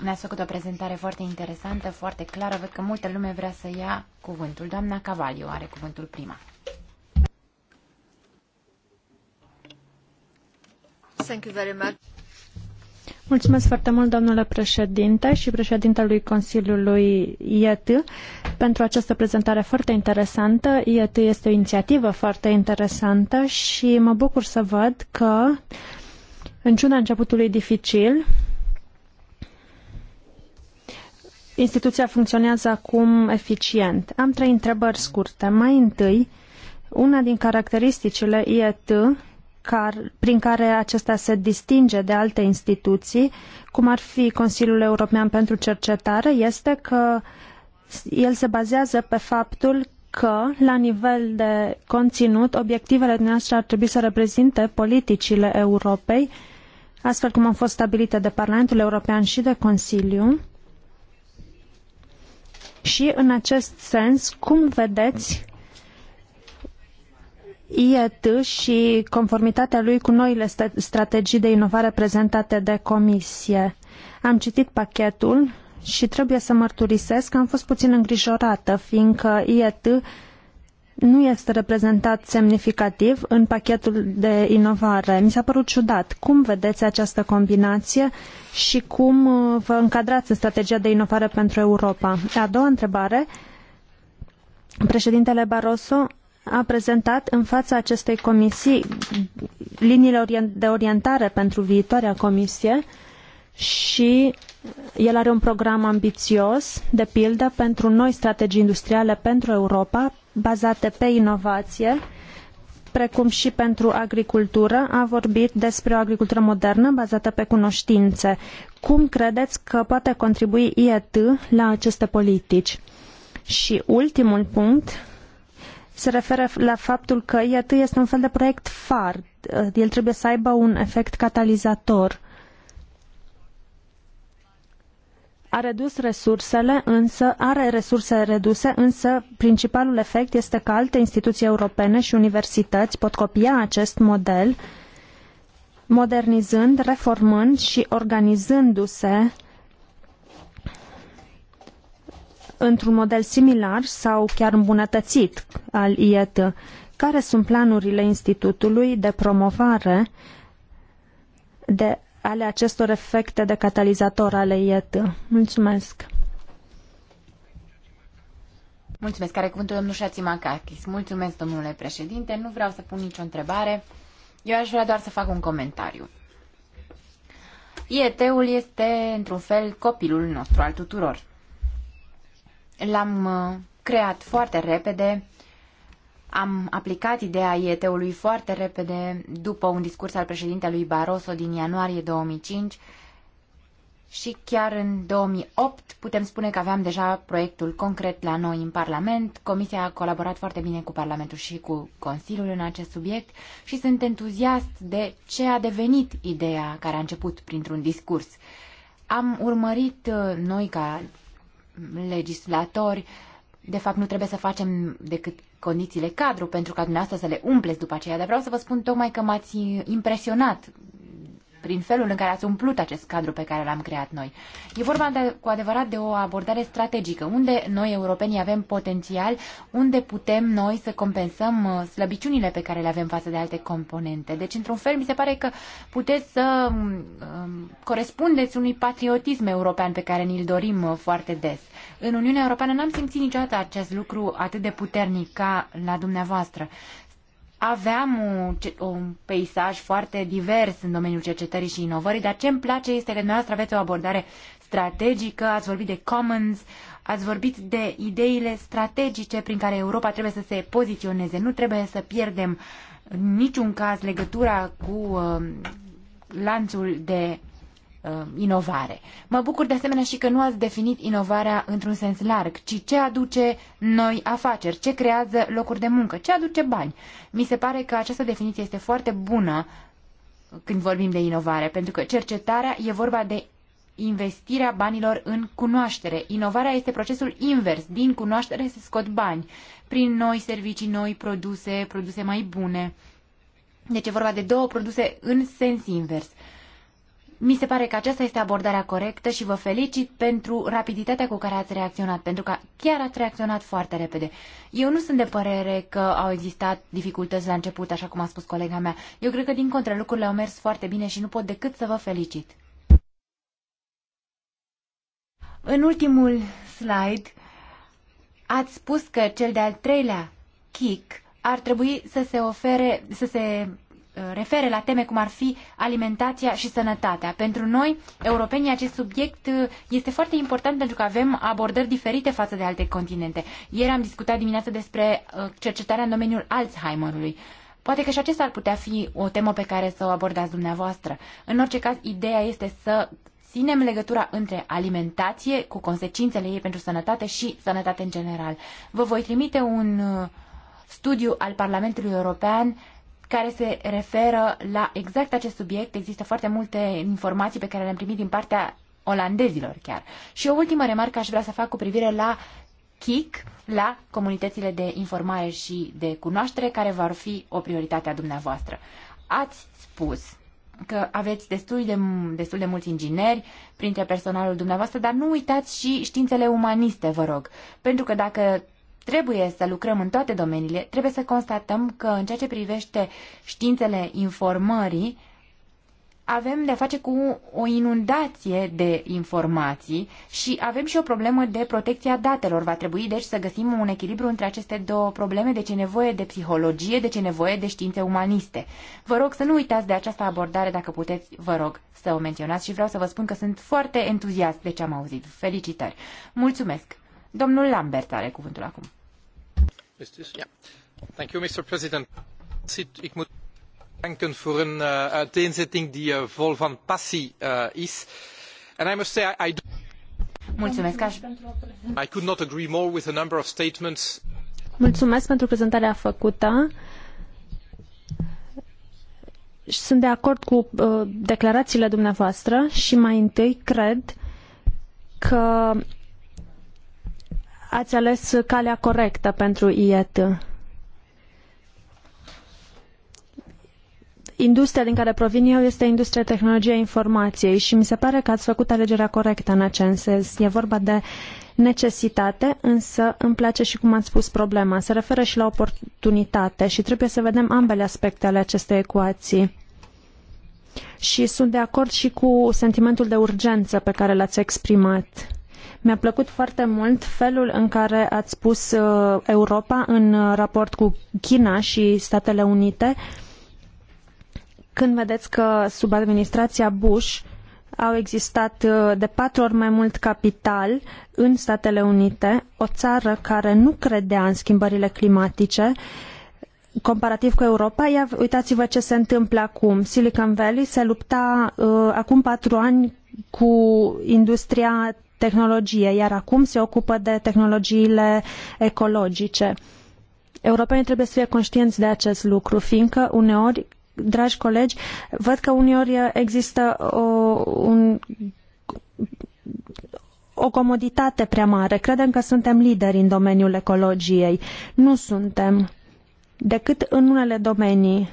Ne-ați făcut o prezentare foarte interesantă, foarte clară. Văd că multă lume vrea să ia cuvântul. Doamna Cavaliu are cuvântul prima. Thank you very much. Mulțumesc foarte mult, domnule președinte și președintelui Consiliului IET pentru această prezentare foarte interesantă. IET este o inițiativă foarte interesantă și mă bucur să văd că uh, în ciuna începutului dificil, instituția funcționează acum eficient. Am trei întrebări scurte. Mai întâi, una din caracteristicile IET car, prin care acesta se distinge de alte instituții, cum ar fi Consiliul European pentru Cercetare, este că el se bazează pe faptul că, la nivel de conținut, obiectivele noastre ar trebui să reprezinte politicile Europei uh, astfel cum au fost stabilite de Parlamentul European și de Consiliu? Și în acest sens, cum vedeți IET și conformitatea lui cu noile strategii de inovare prezentate de Comisie? Am citit pachetul și trebuie să mărturisesc că am fost puțin îngrijorată, fiindcă IET nu este reprezentat semnificativ în pachetul de inovare. Mi s-a părut ciudat. Cum vedeți această combinație și cum uh, vă încadrați în strategia de inovare pentru Europa? A doua întrebare. Președintele Barroso a prezentat în fața acestei comisii liniile de orientare pentru viitoarea comisie uh, și el are un program ambițios, de pildă, pentru noi strategii industriale pentru Europa, bazate pe inovație, precum și pentru agricultură. A vorbit despre o agricultură modernă bazată pe cunoștințe. Cum credeți că poate contribui IET la aceste politici? Și ultimul punct se referă la faptul că IET este un fel de proiect far. El trebuie să aibă un efect catalizator a redus resursele, însă are resurse reduse, însă principalul efect este că alte instituții europene și universități pot copia acest model, modernizând, reformând și organizându-se într-un model similar sau chiar îmbunătățit al IET. Care sunt planurile institutului de promovare de ale acestor efecte de catalizator ale IET. Mulțumesc! Mulțumesc, care cuvântul domnul Șațimacachis. Mulțumesc, domnule președinte. Nu vreau să pun nicio întrebare. Eu aș vrea doar să fac un comentariu. IET-ul este, într-un fel, copilul nostru al tuturor. L-am uh, creat foarte repede am aplicat ideea IET-ului foarte repede după un discurs al președintelui Barroso din ianuarie 2005 și chiar în 2008 putem spune că aveam deja proiectul concret la noi în Parlament. Comisia a colaborat foarte bine cu Parlamentul și cu Consiliul în acest subiect și sunt entuziast de ce a devenit ideea care a început printr-un discurs. Am urmărit uh, noi ca legislatori de fapt, nu trebuie să facem decât condițiile cadru pentru ca dumneavoastră să le umpleți după aceea, dar vreau să vă spun tocmai că m-ați impresionat prin felul în care ați umplut acest cadru pe care l-am creat noi. E vorba de, cu adevărat de o abordare strategică, unde noi europenii avem potențial, unde putem noi să compensăm uh, slăbiciunile pe care le avem față de alte componente. Deci, într-un fel, mi se pare că puteți să um, um corespundeți unui patriotism european pe care ni-l dorim uh, foarte des în Uniunea Europeană n-am simțit niciodată acest lucru atât de puternic ca la dumneavoastră. Aveam un, un peisaj foarte divers în domeniul cercetării și inovării, dar ce îmi place este că dumneavoastră aveți o abordare strategică, ați vorbit de commons, ați vorbit de ideile strategice prin care Europa trebuie să se poziționeze. Nu trebuie să pierdem în niciun caz legătura cu uh, lanțul de uh, inovare. Mă bucur de asemenea și că nu ați definit inovarea într-un sens larg, ci ce aduce noi afaceri, ce creează locuri de muncă, ce aduce bani. Mi se pare că această definiție este foarte bună când vorbim de inovare, pentru că cercetarea e vorba de investirea banilor în cunoaștere. Inovarea este procesul invers. Din cunoaștere se scot bani prin noi servicii, noi produse, produse mai bune. Deci e vorba de două produse în sens invers. Uh, mi se pare că aceasta este abordarea corectă și vă felicit pentru rapiditatea cu care ați reacționat, pentru că chiar ați reacționat foarte repede. Eu nu sunt de părere că au existat dificultăți la început, așa cum a spus colega mea. Eu cred că, din contră, lucrurile au mers foarte bine și nu pot decât să vă felicit. În ultimul slide ați spus că cel de-al treilea kick ar trebui să se ofere, să se refere la teme cum ar fi alimentația și sănătatea. Pentru noi, europenii, acest subiect uh, este foarte important pentru că avem abordări diferite față de alte continente. Ieri am discutat dimineața despre uh, cercetarea în domeniul Alzheimerului. Poate că și acesta ar putea fi o temă pe care să o abordați dumneavoastră. În orice caz, ideea este să ținem legătura între alimentație cu consecințele ei pentru sănătate și sănătate în general. Vă voi trimite un uh, studiu al Parlamentului European care se referă la exact acest subiect. Există foarte multe informații pe care le-am primit din partea olandezilor chiar. Și o ultimă remarcă aș vrea să fac cu privire la KIC, la comunitățile de informare și de cunoaștere, care vor fi o prioritate a dumneavoastră. Ați spus că aveți destul de, destul de mulți ingineri printre personalul dumneavoastră, dar nu uitați și științele umaniste, vă rog. Pentru că dacă trebuie să lucrăm în toate domeniile, trebuie să constatăm că în ceea ce privește științele informării, avem de-a face cu o inundație de informații și avem și o problemă de protecția datelor. Va trebui deci să găsim un echilibru între aceste două probleme, De ce nevoie de psihologie, De ce nevoie de științe umaniste. Vă rog să nu uitați de această abordare, dacă puteți, vă rog să o menționați și vreau să vă spun că sunt foarte entuziast de ce am auzit. Felicitări! Mulțumesc! Domnul Lambert are cuvântul acum. Thank you, Mr. President. Ik moet danken voor een uh, uiteenzetting die uh, vol van passie uh, is. And I must say, I, I do... Mulțumesc. Aș... I could not agree more with a number of statements. Mulțumesc pentru prezentarea făcută. Sunt de acord cu uh, declarațiile dumneavoastră și mai întâi cred că ați ales calea corectă pentru IET. Industria din care provin eu este industria tehnologiei informației și mi se pare că ați făcut alegerea corectă în acest sens. E vorba de necesitate, însă îmi place și cum ați spus problema. Se referă și la oportunitate și trebuie să vedem ambele aspecte ale acestei ecuații. Și sunt de acord și cu sentimentul de urgență pe care l-ați exprimat mi-a plăcut foarte mult felul în care ați spus uh, Europa în uh, raport cu China și Statele Unite când vedeți că sub administrația Bush au existat uh, de patru ori mai mult capital în Statele Unite, o țară care nu credea în schimbările climatice, comparativ cu Europa, ia uitați-vă ce se întâmplă acum. Silicon Valley se lupta uh, acum patru ani cu industria tehnologie, iar acum se ocupă de tehnologiile ecologice. Europenii trebuie să fie conștienți de acest lucru, fiindcă uneori, dragi colegi, văd că uneori există o, un, o comoditate prea mare. Credem că suntem lideri în domeniul ecologiei. Nu suntem, decât în unele domenii.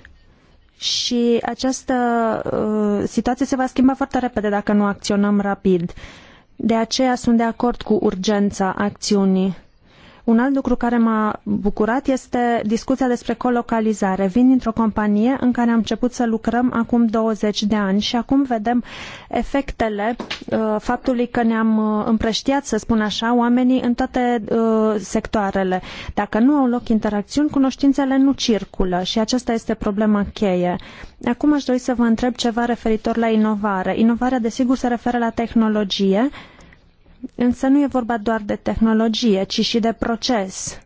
Și această uh, situație se va schimba foarte repede dacă nu acționăm rapid. Uh, de aceea sunt de acord cu urgența acțiunii. Un alt lucru care m-a bucurat este discuția despre colocalizare. Vin dintr-o companie în care am început să lucrăm acum 20 de ani și acum vedem efectele uh, faptului că ne-am uh, împrăștiat, să spun așa, oamenii în toate uh, sectoarele. Dacă nu au loc interacțiuni, cunoștințele nu circulă și aceasta este problema cheie. Acum aș dori să vă întreb ceva referitor la inovare. Inovarea, desigur, se referă la tehnologie, Însă nu e vorba doar de tehnologie, ci și de proces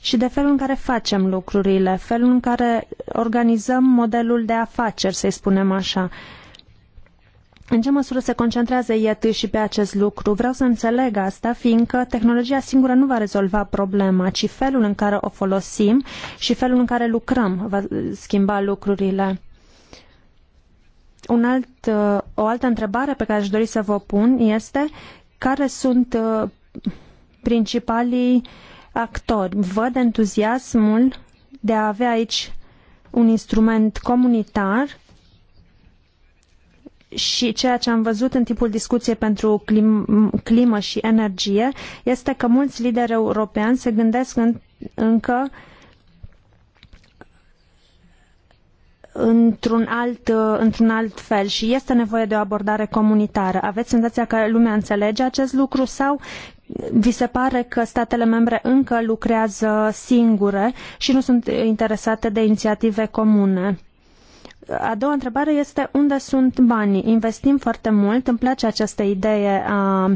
și de felul în care facem lucrurile, felul în care organizăm modelul de afaceri, să-i spunem așa. În ce măsură se concentrează IET și pe acest lucru? Vreau să înțeleg asta, fiindcă tehnologia singură nu va rezolva problema, ci felul în care o folosim și felul în care lucrăm va schimba lucrurile. Un alt, o altă întrebare pe care aș dori să vă pun este care sunt uh, principalii actori. Văd entuziasmul de a avea aici un instrument comunitar și ceea ce am văzut în timpul discuției pentru clim, climă și energie este că mulți lideri europeni se gândesc în, încă uh, într-un alt, într-un alt fel și este nevoie de o abordare comunitară. Aveți senzația că lumea înțelege acest lucru sau vi se pare că statele membre încă lucrează singure și nu sunt interesate de inițiative comune? A doua întrebare este unde sunt banii? Investim foarte mult, îmi place această idee a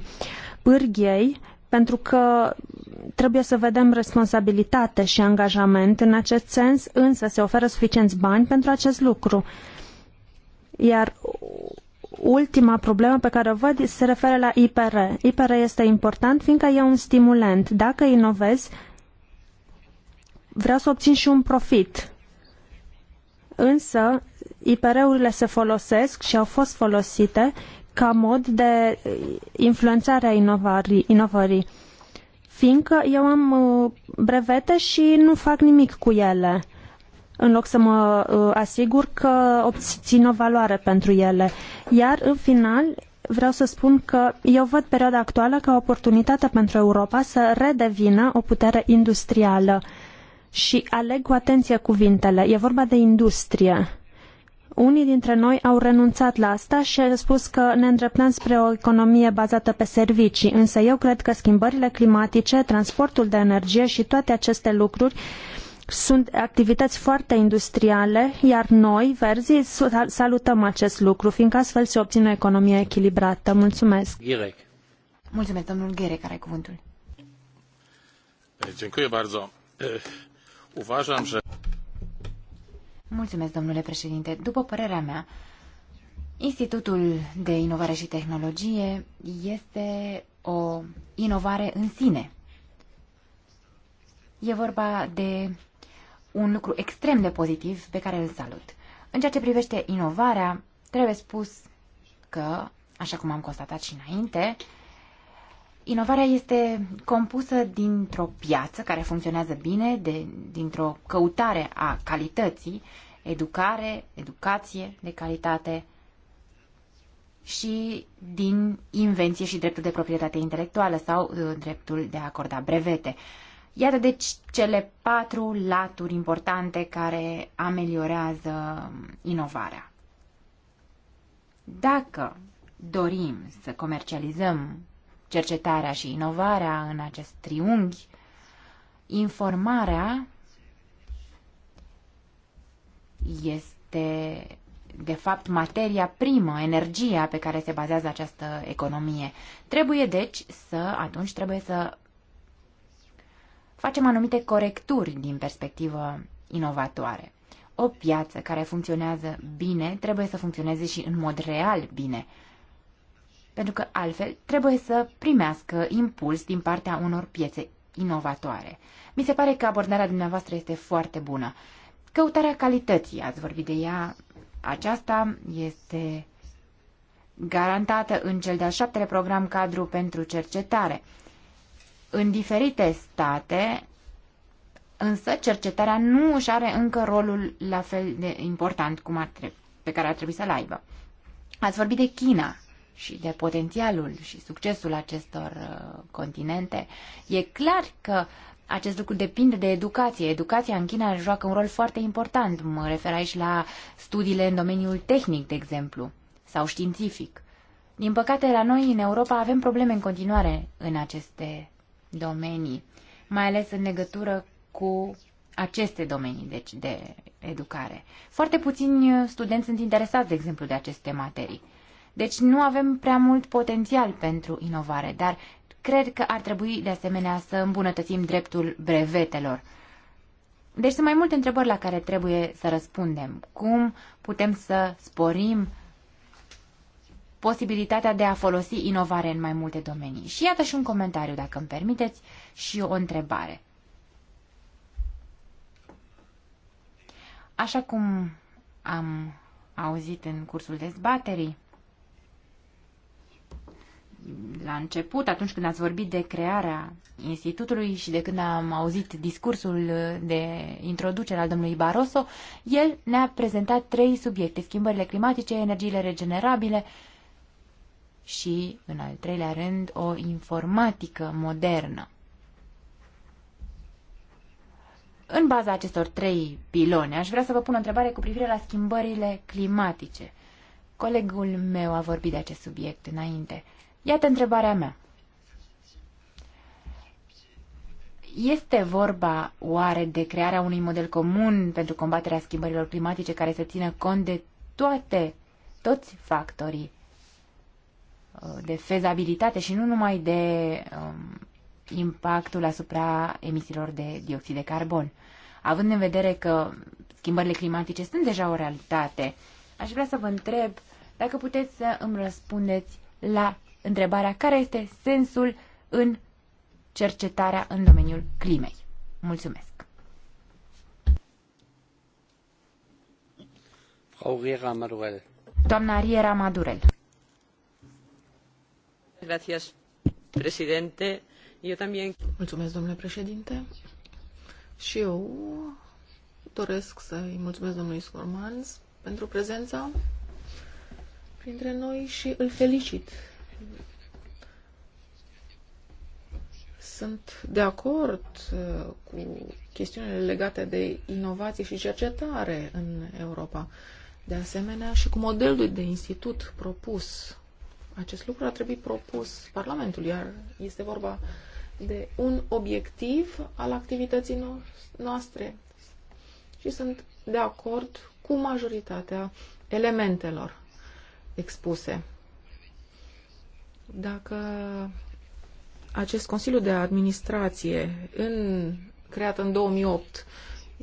pârghiei pentru că trebuie să vedem responsabilitate și angajament în acest sens, însă se oferă suficienți bani pentru acest lucru. Iar ultima problemă pe care o văd se referă la IPR. IPR este important fiindcă e un stimulant. Dacă inovezi, vreau să obțin și un profit. Însă, IPR-urile se folosesc și au fost folosite ca mod de influențare a inovării, inovării fiindcă eu am uh, brevete și nu fac nimic cu ele în loc să mă uh, asigur că obțin o valoare pentru ele. Iar în final vreau să spun că eu văd perioada actuală ca oportunitate pentru Europa să redevină o putere industrială și aleg cu atenție cuvintele. E vorba de industrie. Unii dintre noi au renunțat la asta și au spus că ne îndreptăm spre o economie bazată pe servicii, însă eu cred că schimbările climatice, transportul de energie și toate aceste lucruri sunt activități foarte industriale, iar noi, verzii, salutăm acest lucru, fiindcă astfel se obține o economie echilibrată. Mulțumesc! Ghirec. Mulțumesc, domnul Ghere, care cuvântul. Mulțumesc. bardzo. Uważam, że Mulțumesc, domnule președinte. După părerea mea, Institutul de Inovare și Tehnologie este o inovare în sine. E vorba de un lucru extrem de pozitiv pe care îl salut. În ceea ce privește inovarea, trebuie spus că, așa cum am constatat și înainte, uh, Inovarea este compusă dintr-o piață care funcționează bine, de, dintr-o căutare a calității, educare, educație de calitate și din invenție și dreptul de proprietate intelectuală sau uh, dreptul de a acorda brevete. Iată deci cele patru laturi importante care ameliorează um, inovarea. Dacă dorim să comercializăm cercetarea și inovarea în acest triunghi, informarea este de fapt materia primă, energia pe care se bazează această economie. Trebuie deci să, atunci trebuie să facem anumite corecturi din perspectivă inovatoare. O piață care funcționează bine trebuie să funcționeze și în mod real bine pentru că altfel trebuie să primească impuls din partea unor piețe inovatoare. Mi se pare că abordarea dumneavoastră este foarte bună. Căutarea calității, ați vorbit de ea, aceasta este garantată în cel de-al șaptele program cadru pentru cercetare. În diferite state, însă, cercetarea nu își are încă rolul la fel de important cum ar trebui, pe care ar trebui să-l aibă. Ați vorbit de China și de potențialul și succesul acestor uh, continente, e clar că acest lucru depinde de educație. Educația în China joacă un rol foarte important. Mă refer aici la studiile în domeniul tehnic, de exemplu, sau științific. Din păcate, la noi, în Europa, avem probleme în continuare în aceste domenii, mai ales în legătură cu aceste domenii deci, de educare. Foarte puțini studenți sunt interesați, de exemplu, de aceste materii. Deci nu avem prea mult potențial pentru inovare, dar cred că ar trebui de asemenea să îmbunătățim dreptul brevetelor. Deci sunt mai multe întrebări la care trebuie să răspundem. Cum putem să sporim posibilitatea de a folosi inovare în mai multe domenii? Și iată și un comentariu, dacă îmi permiteți, și o întrebare. Așa cum am auzit în cursul dezbaterii, la început, atunci când ați vorbit de crearea institutului și de când am auzit discursul de introducere al domnului Barroso, el ne-a prezentat trei subiecte, schimbările climatice, energiile regenerabile și, în al treilea rând, o informatică modernă. În baza acestor trei piloni, aș vrea să vă pun o întrebare cu privire la schimbările climatice. Colegul meu a vorbit de acest subiect înainte. Iată întrebarea mea. Este vorba oare de crearea unui model comun pentru combaterea schimbărilor climatice care să țină cont de toate, toți factorii uh, de fezabilitate și nu numai de um, impactul asupra emisiilor de dioxid de carbon. Având în vedere că schimbările climatice sunt deja o realitate, aș vrea să vă întreb dacă puteți să îmi răspundeți la întrebarea care este sensul în cercetarea în domeniul climei. Mulțumesc! Madurel. Doamna Riera Madurel. Gracias, presidente. Eu también... Mulțumesc, domnule președinte. Și eu doresc să-i mulțumesc domnului Scormans pentru prezența printre noi și îl felicit sunt de acord uh, cu chestiunile legate de inovație și cercetare în Europa. De asemenea, și cu modelul de institut propus. Acest lucru ar trebui propus Parlamentului, iar este vorba de un obiectiv al activității noastre. Și sunt de acord cu majoritatea elementelor expuse. Dacă acest Consiliu de Administrație, în, creat în 2008,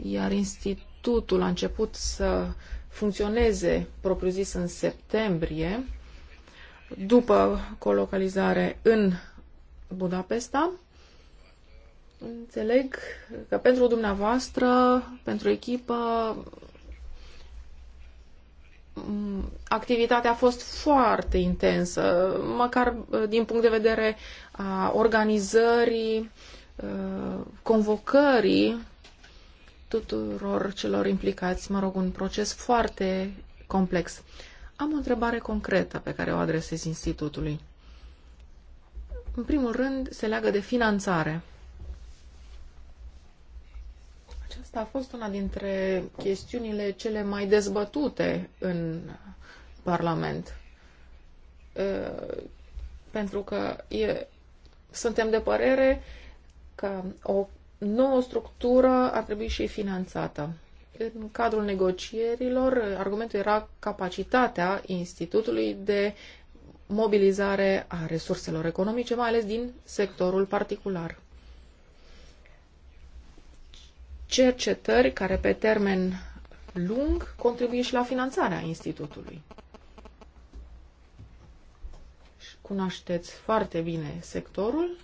iar institutul a început să funcționeze propriu-zis în septembrie, după colocalizare în Budapesta, înțeleg că pentru dumneavoastră, pentru echipă, Mm, activitatea a fost foarte intensă, măcar uh, din punct de vedere a organizării, uh, convocării tuturor celor implicați, mă rog, un proces foarte complex. Am o întrebare concretă pe care o adresez Institutului. În primul rând, se leagă de finanțare. Aceasta a fost una dintre chestiunile cele mai dezbătute în Parlament. Ă, pentru că e, suntem de părere că o nouă structură ar trebui și finanțată. În cadrul negocierilor, argumentul era capacitatea institutului de mobilizare a resurselor economice, mai ales din sectorul particular cercetări care pe termen lung contribuie și la finanțarea institutului. Cunoașteți foarte bine sectorul,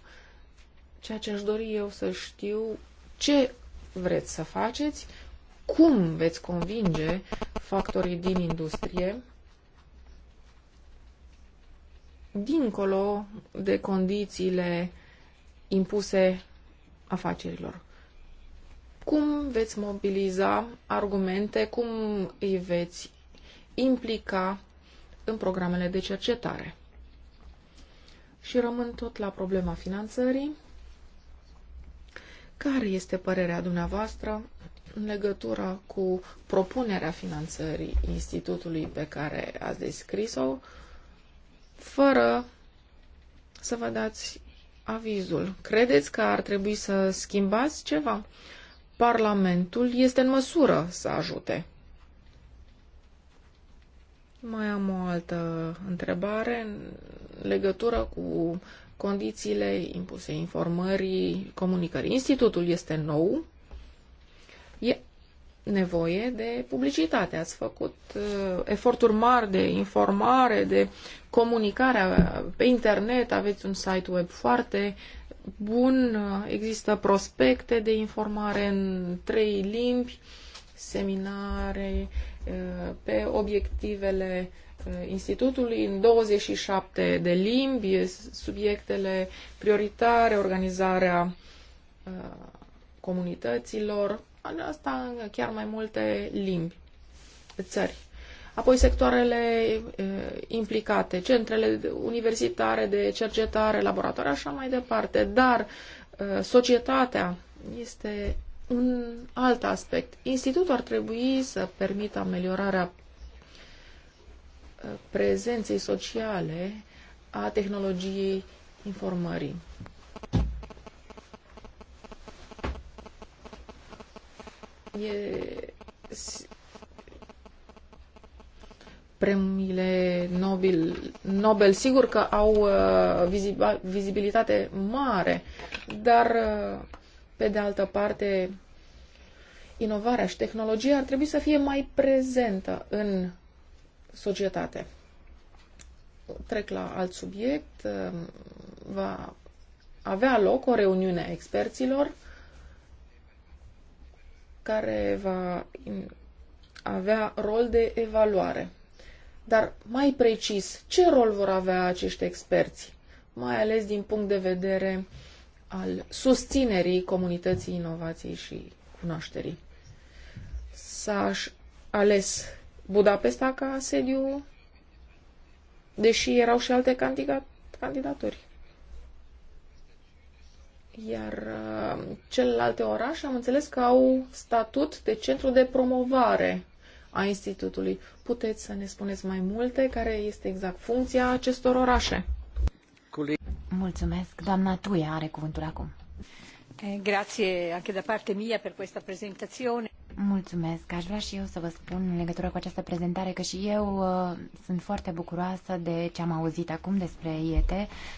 ceea ce aș dori eu să știu ce vreți să faceți, cum veți convinge factorii din industrie dincolo de condițiile impuse afacerilor. Cum veți mobiliza argumente, cum îi veți implica în programele de cercetare? Și rămân tot la problema finanțării. Care este părerea dumneavoastră în legătură cu propunerea finanțării institutului pe care ați descris-o, fără să vă dați avizul? Credeți că ar trebui să schimbați ceva? Parlamentul este în măsură să ajute. Mai am o altă întrebare în legătură cu condițiile impuse informării, comunicării. Institutul este nou, e nevoie de publicitate. Ați făcut uh, eforturi mari de informare, de comunicare uh, pe internet, aveți un site web foarte bun, există prospecte de informare în trei limbi, seminare uh, pe obiectivele uh, institutului în 27 de limbi, subiectele prioritare, organizarea uh, comunităților, asta în chiar mai multe limbi, țări apoi sectoarele implicate, centrele universitare de cercetare, laboratoare, așa mai departe. Dar societatea este un alt aspect. Institutul ar trebui să permită ameliorarea prezenței sociale a tehnologiei informării. E premiile Nobel, Nobel sigur că au uh, vizibilitate mare, dar uh, pe de altă parte inovarea și tehnologia ar trebui să fie mai prezentă în societate. Trec la alt subiect. Uh, va avea loc o reuniune a experților care va avea rol de evaluare. Dar mai precis, ce rol vor avea acești experți, mai ales din punct de vedere al susținerii comunității inovației și cunoașterii? S-a ales Budapesta ca sediu, deși erau și alte candidatori. Iar uh, celelalte orașe am înțeles că au statut de centru de promovare a Institutului. Puteți să ne spuneți mai multe? Care este exact funcția acestor orașe? Mulțumesc. Doamna Tuia are cuvântul acum. Eh, grazie anche da parte mia per questa presentazione. Mulțumesc. Aș vrea și eu să vă spun în legătură cu această prezentare că și eu uh, sunt foarte bucuroasă de ce am auzit acum despre IET.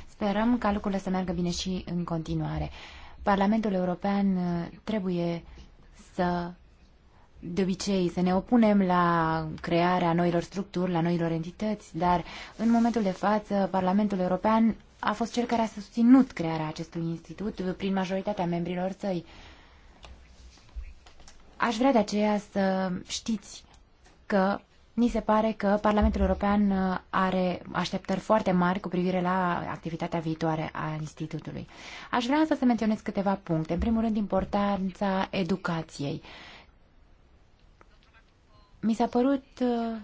Sperăm ca lucrurile să meargă bine și în continuare. Parlamentul European uh, trebuie să de obicei să ne opunem la crearea noilor structuri, la noilor entități, dar în momentul de față Parlamentul European a fost cel care a susținut crearea acestui institut prin majoritatea membrilor săi. Aș vrea de aceea să știți că ni se pare că Parlamentul European uh, are așteptări foarte mari cu privire la activitatea viitoare a Institutului. Aș vrea să menționez câteva puncte. În primul rând, importanța educației. Uh, mi s-a părut uh,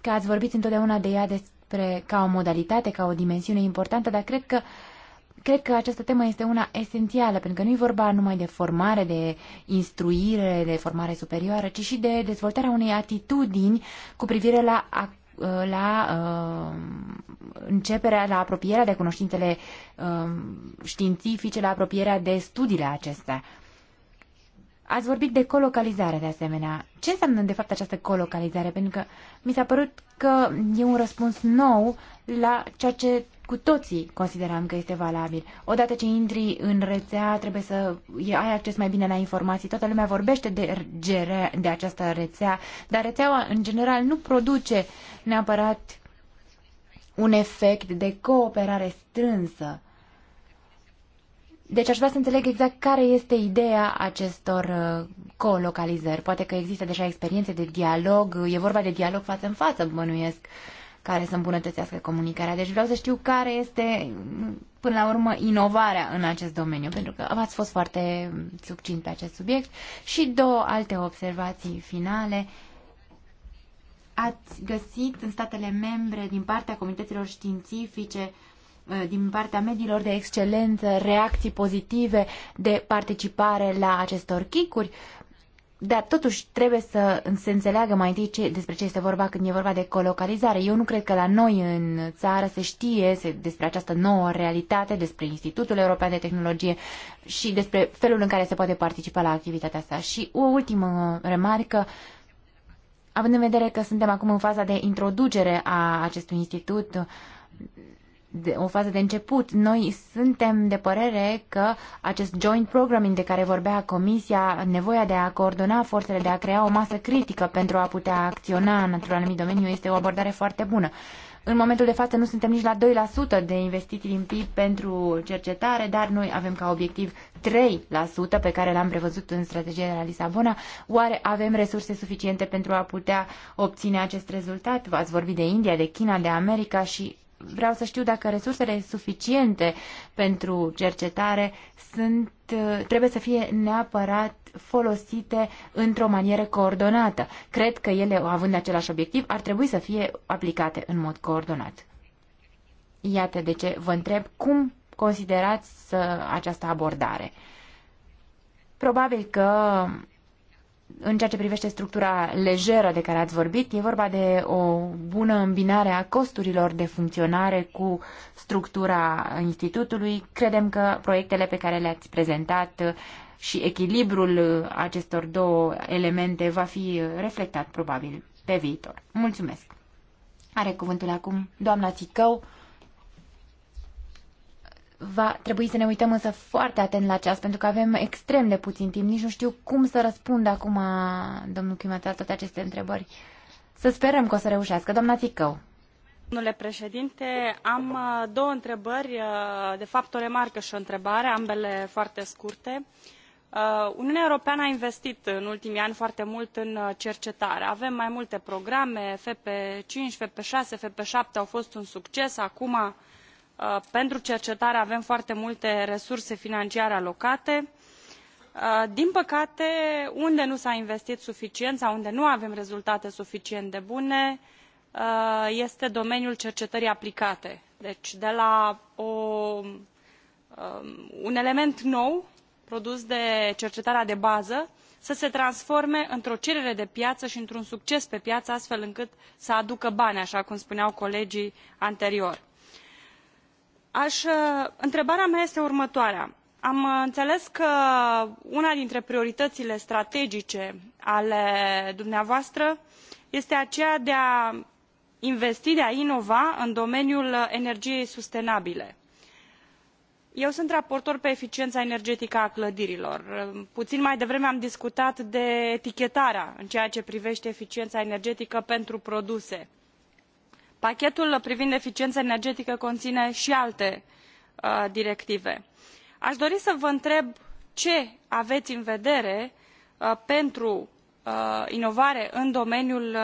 că ați vorbit întotdeauna de ea despre ca o modalitate, ca o dimensiune importantă, dar cred că cred că această temă este una esențială, pentru că nu e vorba numai de formare, de instruire, de formare superioară, ci și de dezvoltarea unei atitudini cu privire la uh, la uh, începerea, la apropierea de cunoștințele uh, științifice, la apropierea de studiile acestea. Uh, Ați vorbit de colocalizare, de asemenea. Ce înseamnă, de fapt, această colocalizare? Pentru că mi s-a părut că e un răspuns nou la ceea ce cu toții consideram că este valabil. Odată ce intri în rețea, trebuie să ai acces mai bine la informații. Toată lumea vorbește de, gere, de această rețea, dar rețeaua, în general, nu produce neapărat un efect de cooperare strânsă deci aș vrea să înțeleg exact care este ideea acestor uh, colocalizări. Poate că există deja experiențe de dialog, uh, e vorba de dialog față în față, bănuiesc, care să îmbunătățească comunicarea. Deci vreau să știu care este, până la urmă, inovarea în acest domeniu, pentru că ați fost foarte mm, succint pe acest subiect. Și două alte observații finale. Ați găsit în statele membre, din partea comunităților științifice, Eh, din partea mediilor de excelență, reacții pozitive de participare la acestor chicuri, dar totuși trebuie să se înțeleagă mai întâi ce, despre ce este vorba când e vorba de colocalizare. Eu nu cred că la noi în țară se știe se, despre această nouă realitate, despre Institutul European de Tehnologie și despre felul în care se poate participa la activitatea asta. Și o ultimă remarcă, având în vedere că suntem acum în faza de introducere a acestui institut, de, o fază de început. Noi suntem de părere că acest joint programming de care vorbea Comisia, nevoia de a coordona forțele, de a crea o masă critică pentru a putea acționa într-un anumit domeniu, este o abordare foarte bună. În momentul de față nu suntem nici la 2% de investiții din PIB pentru cercetare, dar noi avem ca obiectiv 3% pe care l-am prevăzut în strategia de la Lisabona. Oare avem resurse suficiente pentru a putea obține acest rezultat? V-ați vorbit de India, de China, de America și vreau să știu dacă resursele suficiente pentru cercetare sunt, uh, trebuie să fie neapărat folosite într-o manieră coordonată. Cred că ele, având același obiectiv, ar trebui să fie aplicate în mod coordonat. Iată de ce vă întreb cum considerați această abordare. Probabil că în ceea ce privește structura lejeră de care ați vorbit, e vorba de o bună îmbinare a costurilor de funcționare cu structura institutului. Credem că proiectele pe care le-ați prezentat și echilibrul acestor două elemente va fi reflectat probabil pe viitor. Mulțumesc! Are cuvântul acum doamna Țicău Va trebui să ne uităm însă foarte atent la ceas, pentru că avem extrem de puțin timp. Nici nu știu cum să răspund acum, domnul Chimatea, toate aceste întrebări. Să sperăm că o să reușească. Doamna Ticău. Domnule președinte, am uh, două întrebări, uh, de fapt o remarcă și o întrebare, ambele foarte scurte. Uh, Uniunea Europeană a investit în ultimii ani foarte mult în cercetare. Avem mai multe programe, FP5, FP6, FP7 au fost un succes. Acum Uh, pentru cercetare avem foarte multe resurse financiare alocate uh, din păcate unde nu s a investit suficient sau unde nu avem rezultate suficient de bune uh, este domeniul cercetării aplicate deci de la um, un element nou produs de cercetarea de bază să se transforme într o cerere de piaă i într un succes pe piaă astfel încât să aducă bani aa cum spuneau colegii anterior. Uh, întrebarea mea este următoarea am uh, înțeles că una dintre prioritățile strategice ale dumneavoastră este aceea de a investi de a inova în domeniul energiei sustenabile. eu sunt raportor pe eficiența energetică a clădirilor. Uh, puțin mai devreme am discutat de etichetarea în ceea ce privește eficiența energetică pentru produse pachetul privind eficiena energetică conine i alte uh, directive. a dori să vă întreb ce avei în vedere uh, pentru uh, inovare în domeniul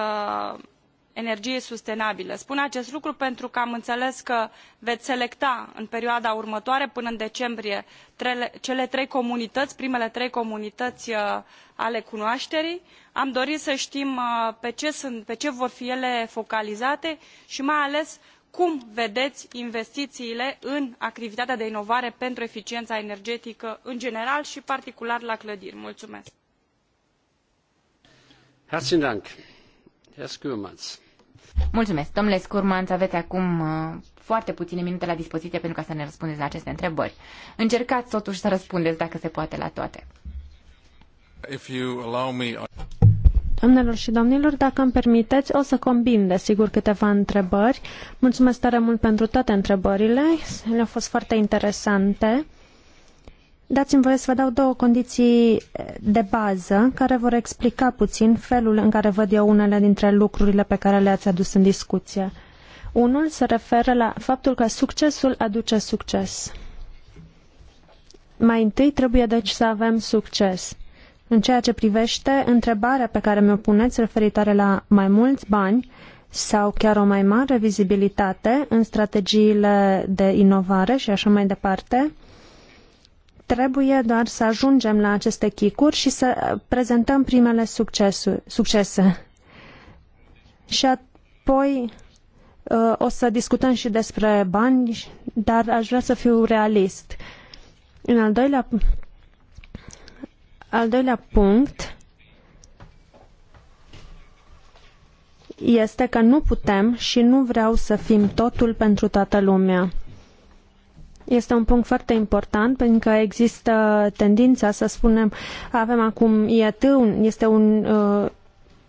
energie sustenabilă. spun acest lucru pentru că am îneles că vei selecta în perioada următoare până în decembrie cele trei comunităi primele trei comunităi uh, ale cunoaterii. am dori să tim uh, pe ce, sunt, pe ce vor fi ele focalizate i mai ales cum vedei investiiile în activitatea de inovare pentru eficiena energetică în general i particular la clădiri. mulumesc. Mulțumesc. Domnule schurman aveți acum uh, foarte puține minute la dispoziție pentru ca să ne răspundeți la aceste întrebări. Încercați totuși să răspundeți dacă se poate la toate. If și domnilor, dacă îmi permiteți, o să combin, desigur, câteva întrebări. Mulțumesc tare mult pentru toate întrebările. Le-au fost foarte interesante. Dați-mi voie să vă dau două condiții eh, de bază care vor explica puțin felul în care văd eu unele dintre lucrurile pe care le-ați adus în discuție. Unul se referă la faptul că succesul aduce succes. Mai întâi trebuie deci să avem succes. În ceea ce privește întrebarea pe care mi-o puneți referitoare la mai mulți bani sau chiar o mai mare vizibilitate în strategiile de inovare și așa mai departe, Trebuie doar să ajungem la aceste chicuri și să prezentăm primele succese. Și apoi uh, o să discutăm și despre bani, dar aș vrea să fiu realist. În al doilea, al doilea punct este că nu putem și nu vreau să fim totul pentru toată lumea este un punct foarte important pentru că există tendința să spunem avem acum IAT, este un uh,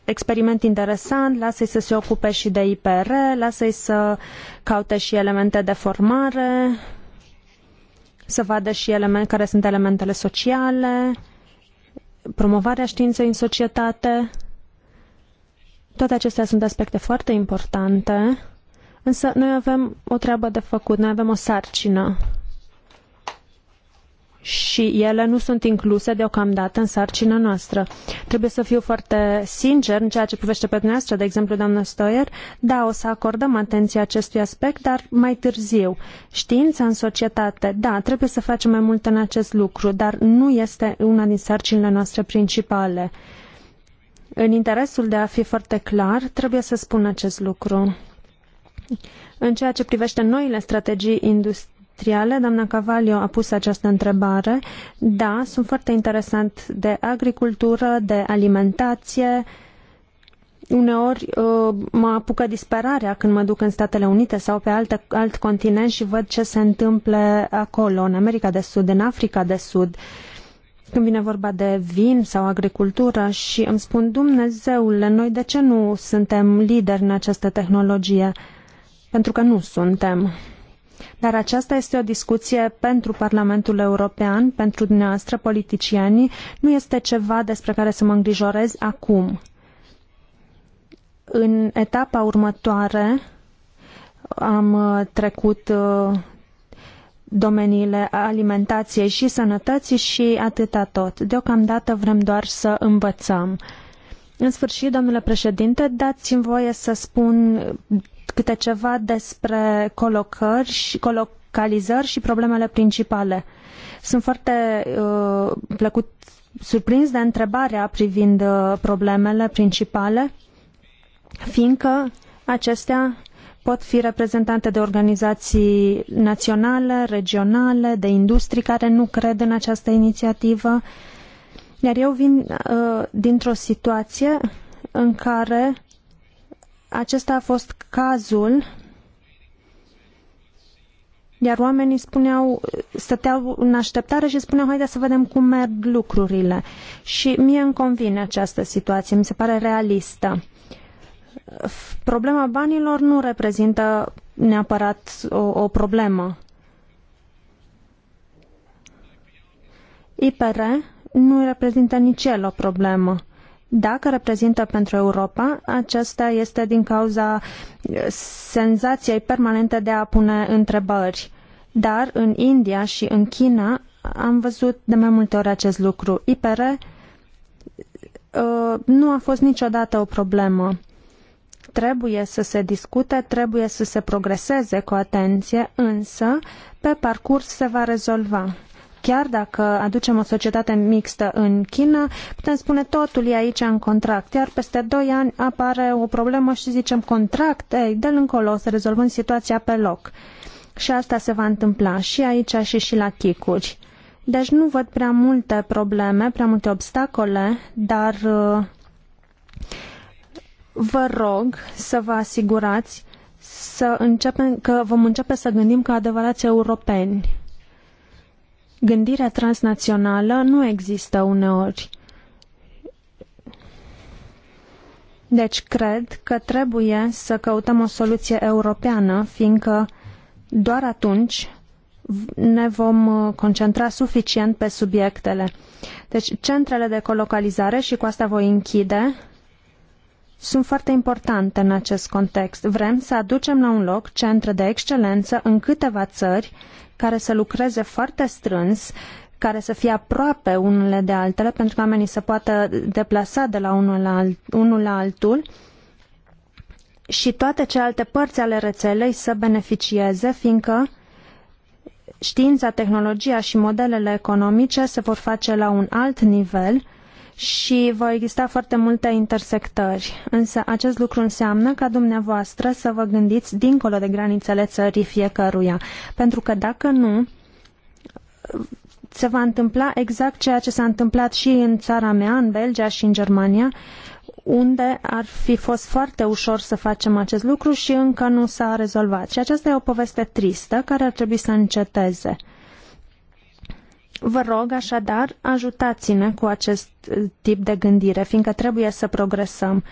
experiment interesant, lasă-i să se ocupe și de IPR, lasă-i să caute și elemente de formare, să vadă și elemente, care sunt elementele sociale, promovarea științei în societate. Toate acestea sunt aspecte foarte importante Însă noi avem o treabă de făcut, noi avem o sarcină. Și ele nu sunt incluse deocamdată în sarcina noastră. Trebuie să fiu foarte sincer în ceea ce privește pe dumneavoastră, de exemplu, doamnă Stoier. Da, o să acordăm atenție acestui aspect, dar mai târziu. Știința în societate, da, trebuie să facem mai mult în acest lucru, dar nu este una din sarcinile noastre principale. În interesul de a fi foarte clar, trebuie să spun acest lucru. În ceea ce privește noile strategii industriale, doamna Cavalio a pus această întrebare. Da, sunt foarte interesant de agricultură, de alimentație. Uneori uh, mă apucă disperarea când mă duc în Statele Unite sau pe alt, alt continent și văd ce se întâmplă acolo, în America de Sud, în Africa de Sud când vine vorba de vin sau agricultură și îmi spun, Dumnezeule, noi de ce nu suntem lideri în această tehnologie? pentru că nu suntem. Dar aceasta este o discuție pentru Parlamentul European, pentru dumneavoastră, politicienii. Nu este ceva despre care să mă îngrijorez acum. În etapa următoare am uh, trecut uh, domeniile alimentației și sănătății și atâta tot. Deocamdată vrem doar să învățăm. În sfârșit, domnule președinte, dați-mi voie să spun câte ceva despre colocări și colocalizări și problemele principale. Sunt foarte uh, plăcut surprins de întrebarea privind uh, problemele principale, fiindcă acestea pot fi reprezentante de organizații naționale, regionale, de industrii care nu cred în această inițiativă. Iar eu vin uh, dintr-o situație în care acesta a fost cazul iar oamenii spuneau, stăteau în așteptare și spuneau, haide să vedem cum merg lucrurile. Și mie îmi convine această situație, mi se pare realistă. Problema banilor nu reprezintă neapărat o, o problemă. IPR nu reprezintă nici el o problemă dacă reprezintă pentru Europa, aceasta este din cauza eh, senzației permanente de a pune întrebări. Dar în India și în China am văzut de mai multe ori acest lucru. IPR eh, nu a fost niciodată o problemă. Trebuie să se discute, trebuie să se progreseze cu atenție, însă pe parcurs se va rezolva. Chiar dacă aducem o societate mixtă în China, putem spune totul e aici în contract. Iar peste 2 ani apare o problemă și zicem contract, ei, de încolo să rezolvăm situația pe loc. Și asta se va întâmpla și aici și și la chicuri. Deci nu văd prea multe probleme, prea multe obstacole, dar uh, vă rog să vă asigurați să începem, că vom începe să gândim ca adevărați europeni gândirea transnațională nu există uneori. Deci cred că trebuie să căutăm o soluție europeană, fiindcă doar atunci ne vom uh, concentra suficient pe subiectele. Deci centrele de colocalizare, și cu asta voi închide, sunt foarte importante în acest context. Vrem să aducem la un loc centre de excelență în câteva țări care să lucreze foarte strâns care să fie aproape unele de altele, pentru că oamenii să poată deplasa de la unul la, alt, unul la altul și toate celelalte părți ale rețelei să beneficieze, fiindcă știința, tehnologia și modelele economice se vor face la un alt nivel și vor exista foarte multe intersectări. Însă acest lucru înseamnă ca dumneavoastră să vă gândiți dincolo de granițele țării fiecăruia. Pentru că dacă nu, se va întâmpla exact ceea ce s-a întâmplat și în țara mea, în Belgia și în Germania, unde ar fi fost foarte ușor să facem acest lucru și încă nu s-a rezolvat. Și aceasta e o poveste tristă care ar trebui să înceteze. Vă rog așadar, ajutați-ne cu acest uh, tip de gândire, fiindcă trebuie să progresăm.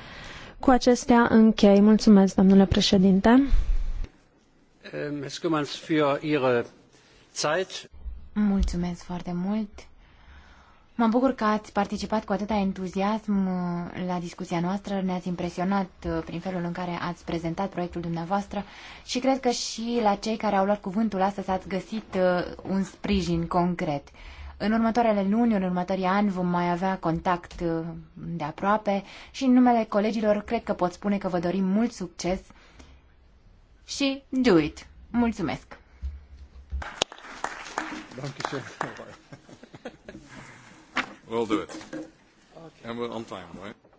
Cu acestea închei. Mulțumesc, domnule președinte. Äh, Mulțumesc foarte mult Mă bucur că ați participat cu atâta entuziasm uh, la discuția noastră, ne-ați impresionat uh, prin felul în care ați prezentat proiectul dumneavoastră și cred că și la cei care au luat cuvântul astăzi ați găsit uh, un sprijin concret. În următoarele luni, în următorii ani vom mai avea contact de aproape și în numele colegilor cred că pot spune că vă dorim mult succes și do it! Mulțumesc! Danke We'll do it. Okay. And we're on time, right?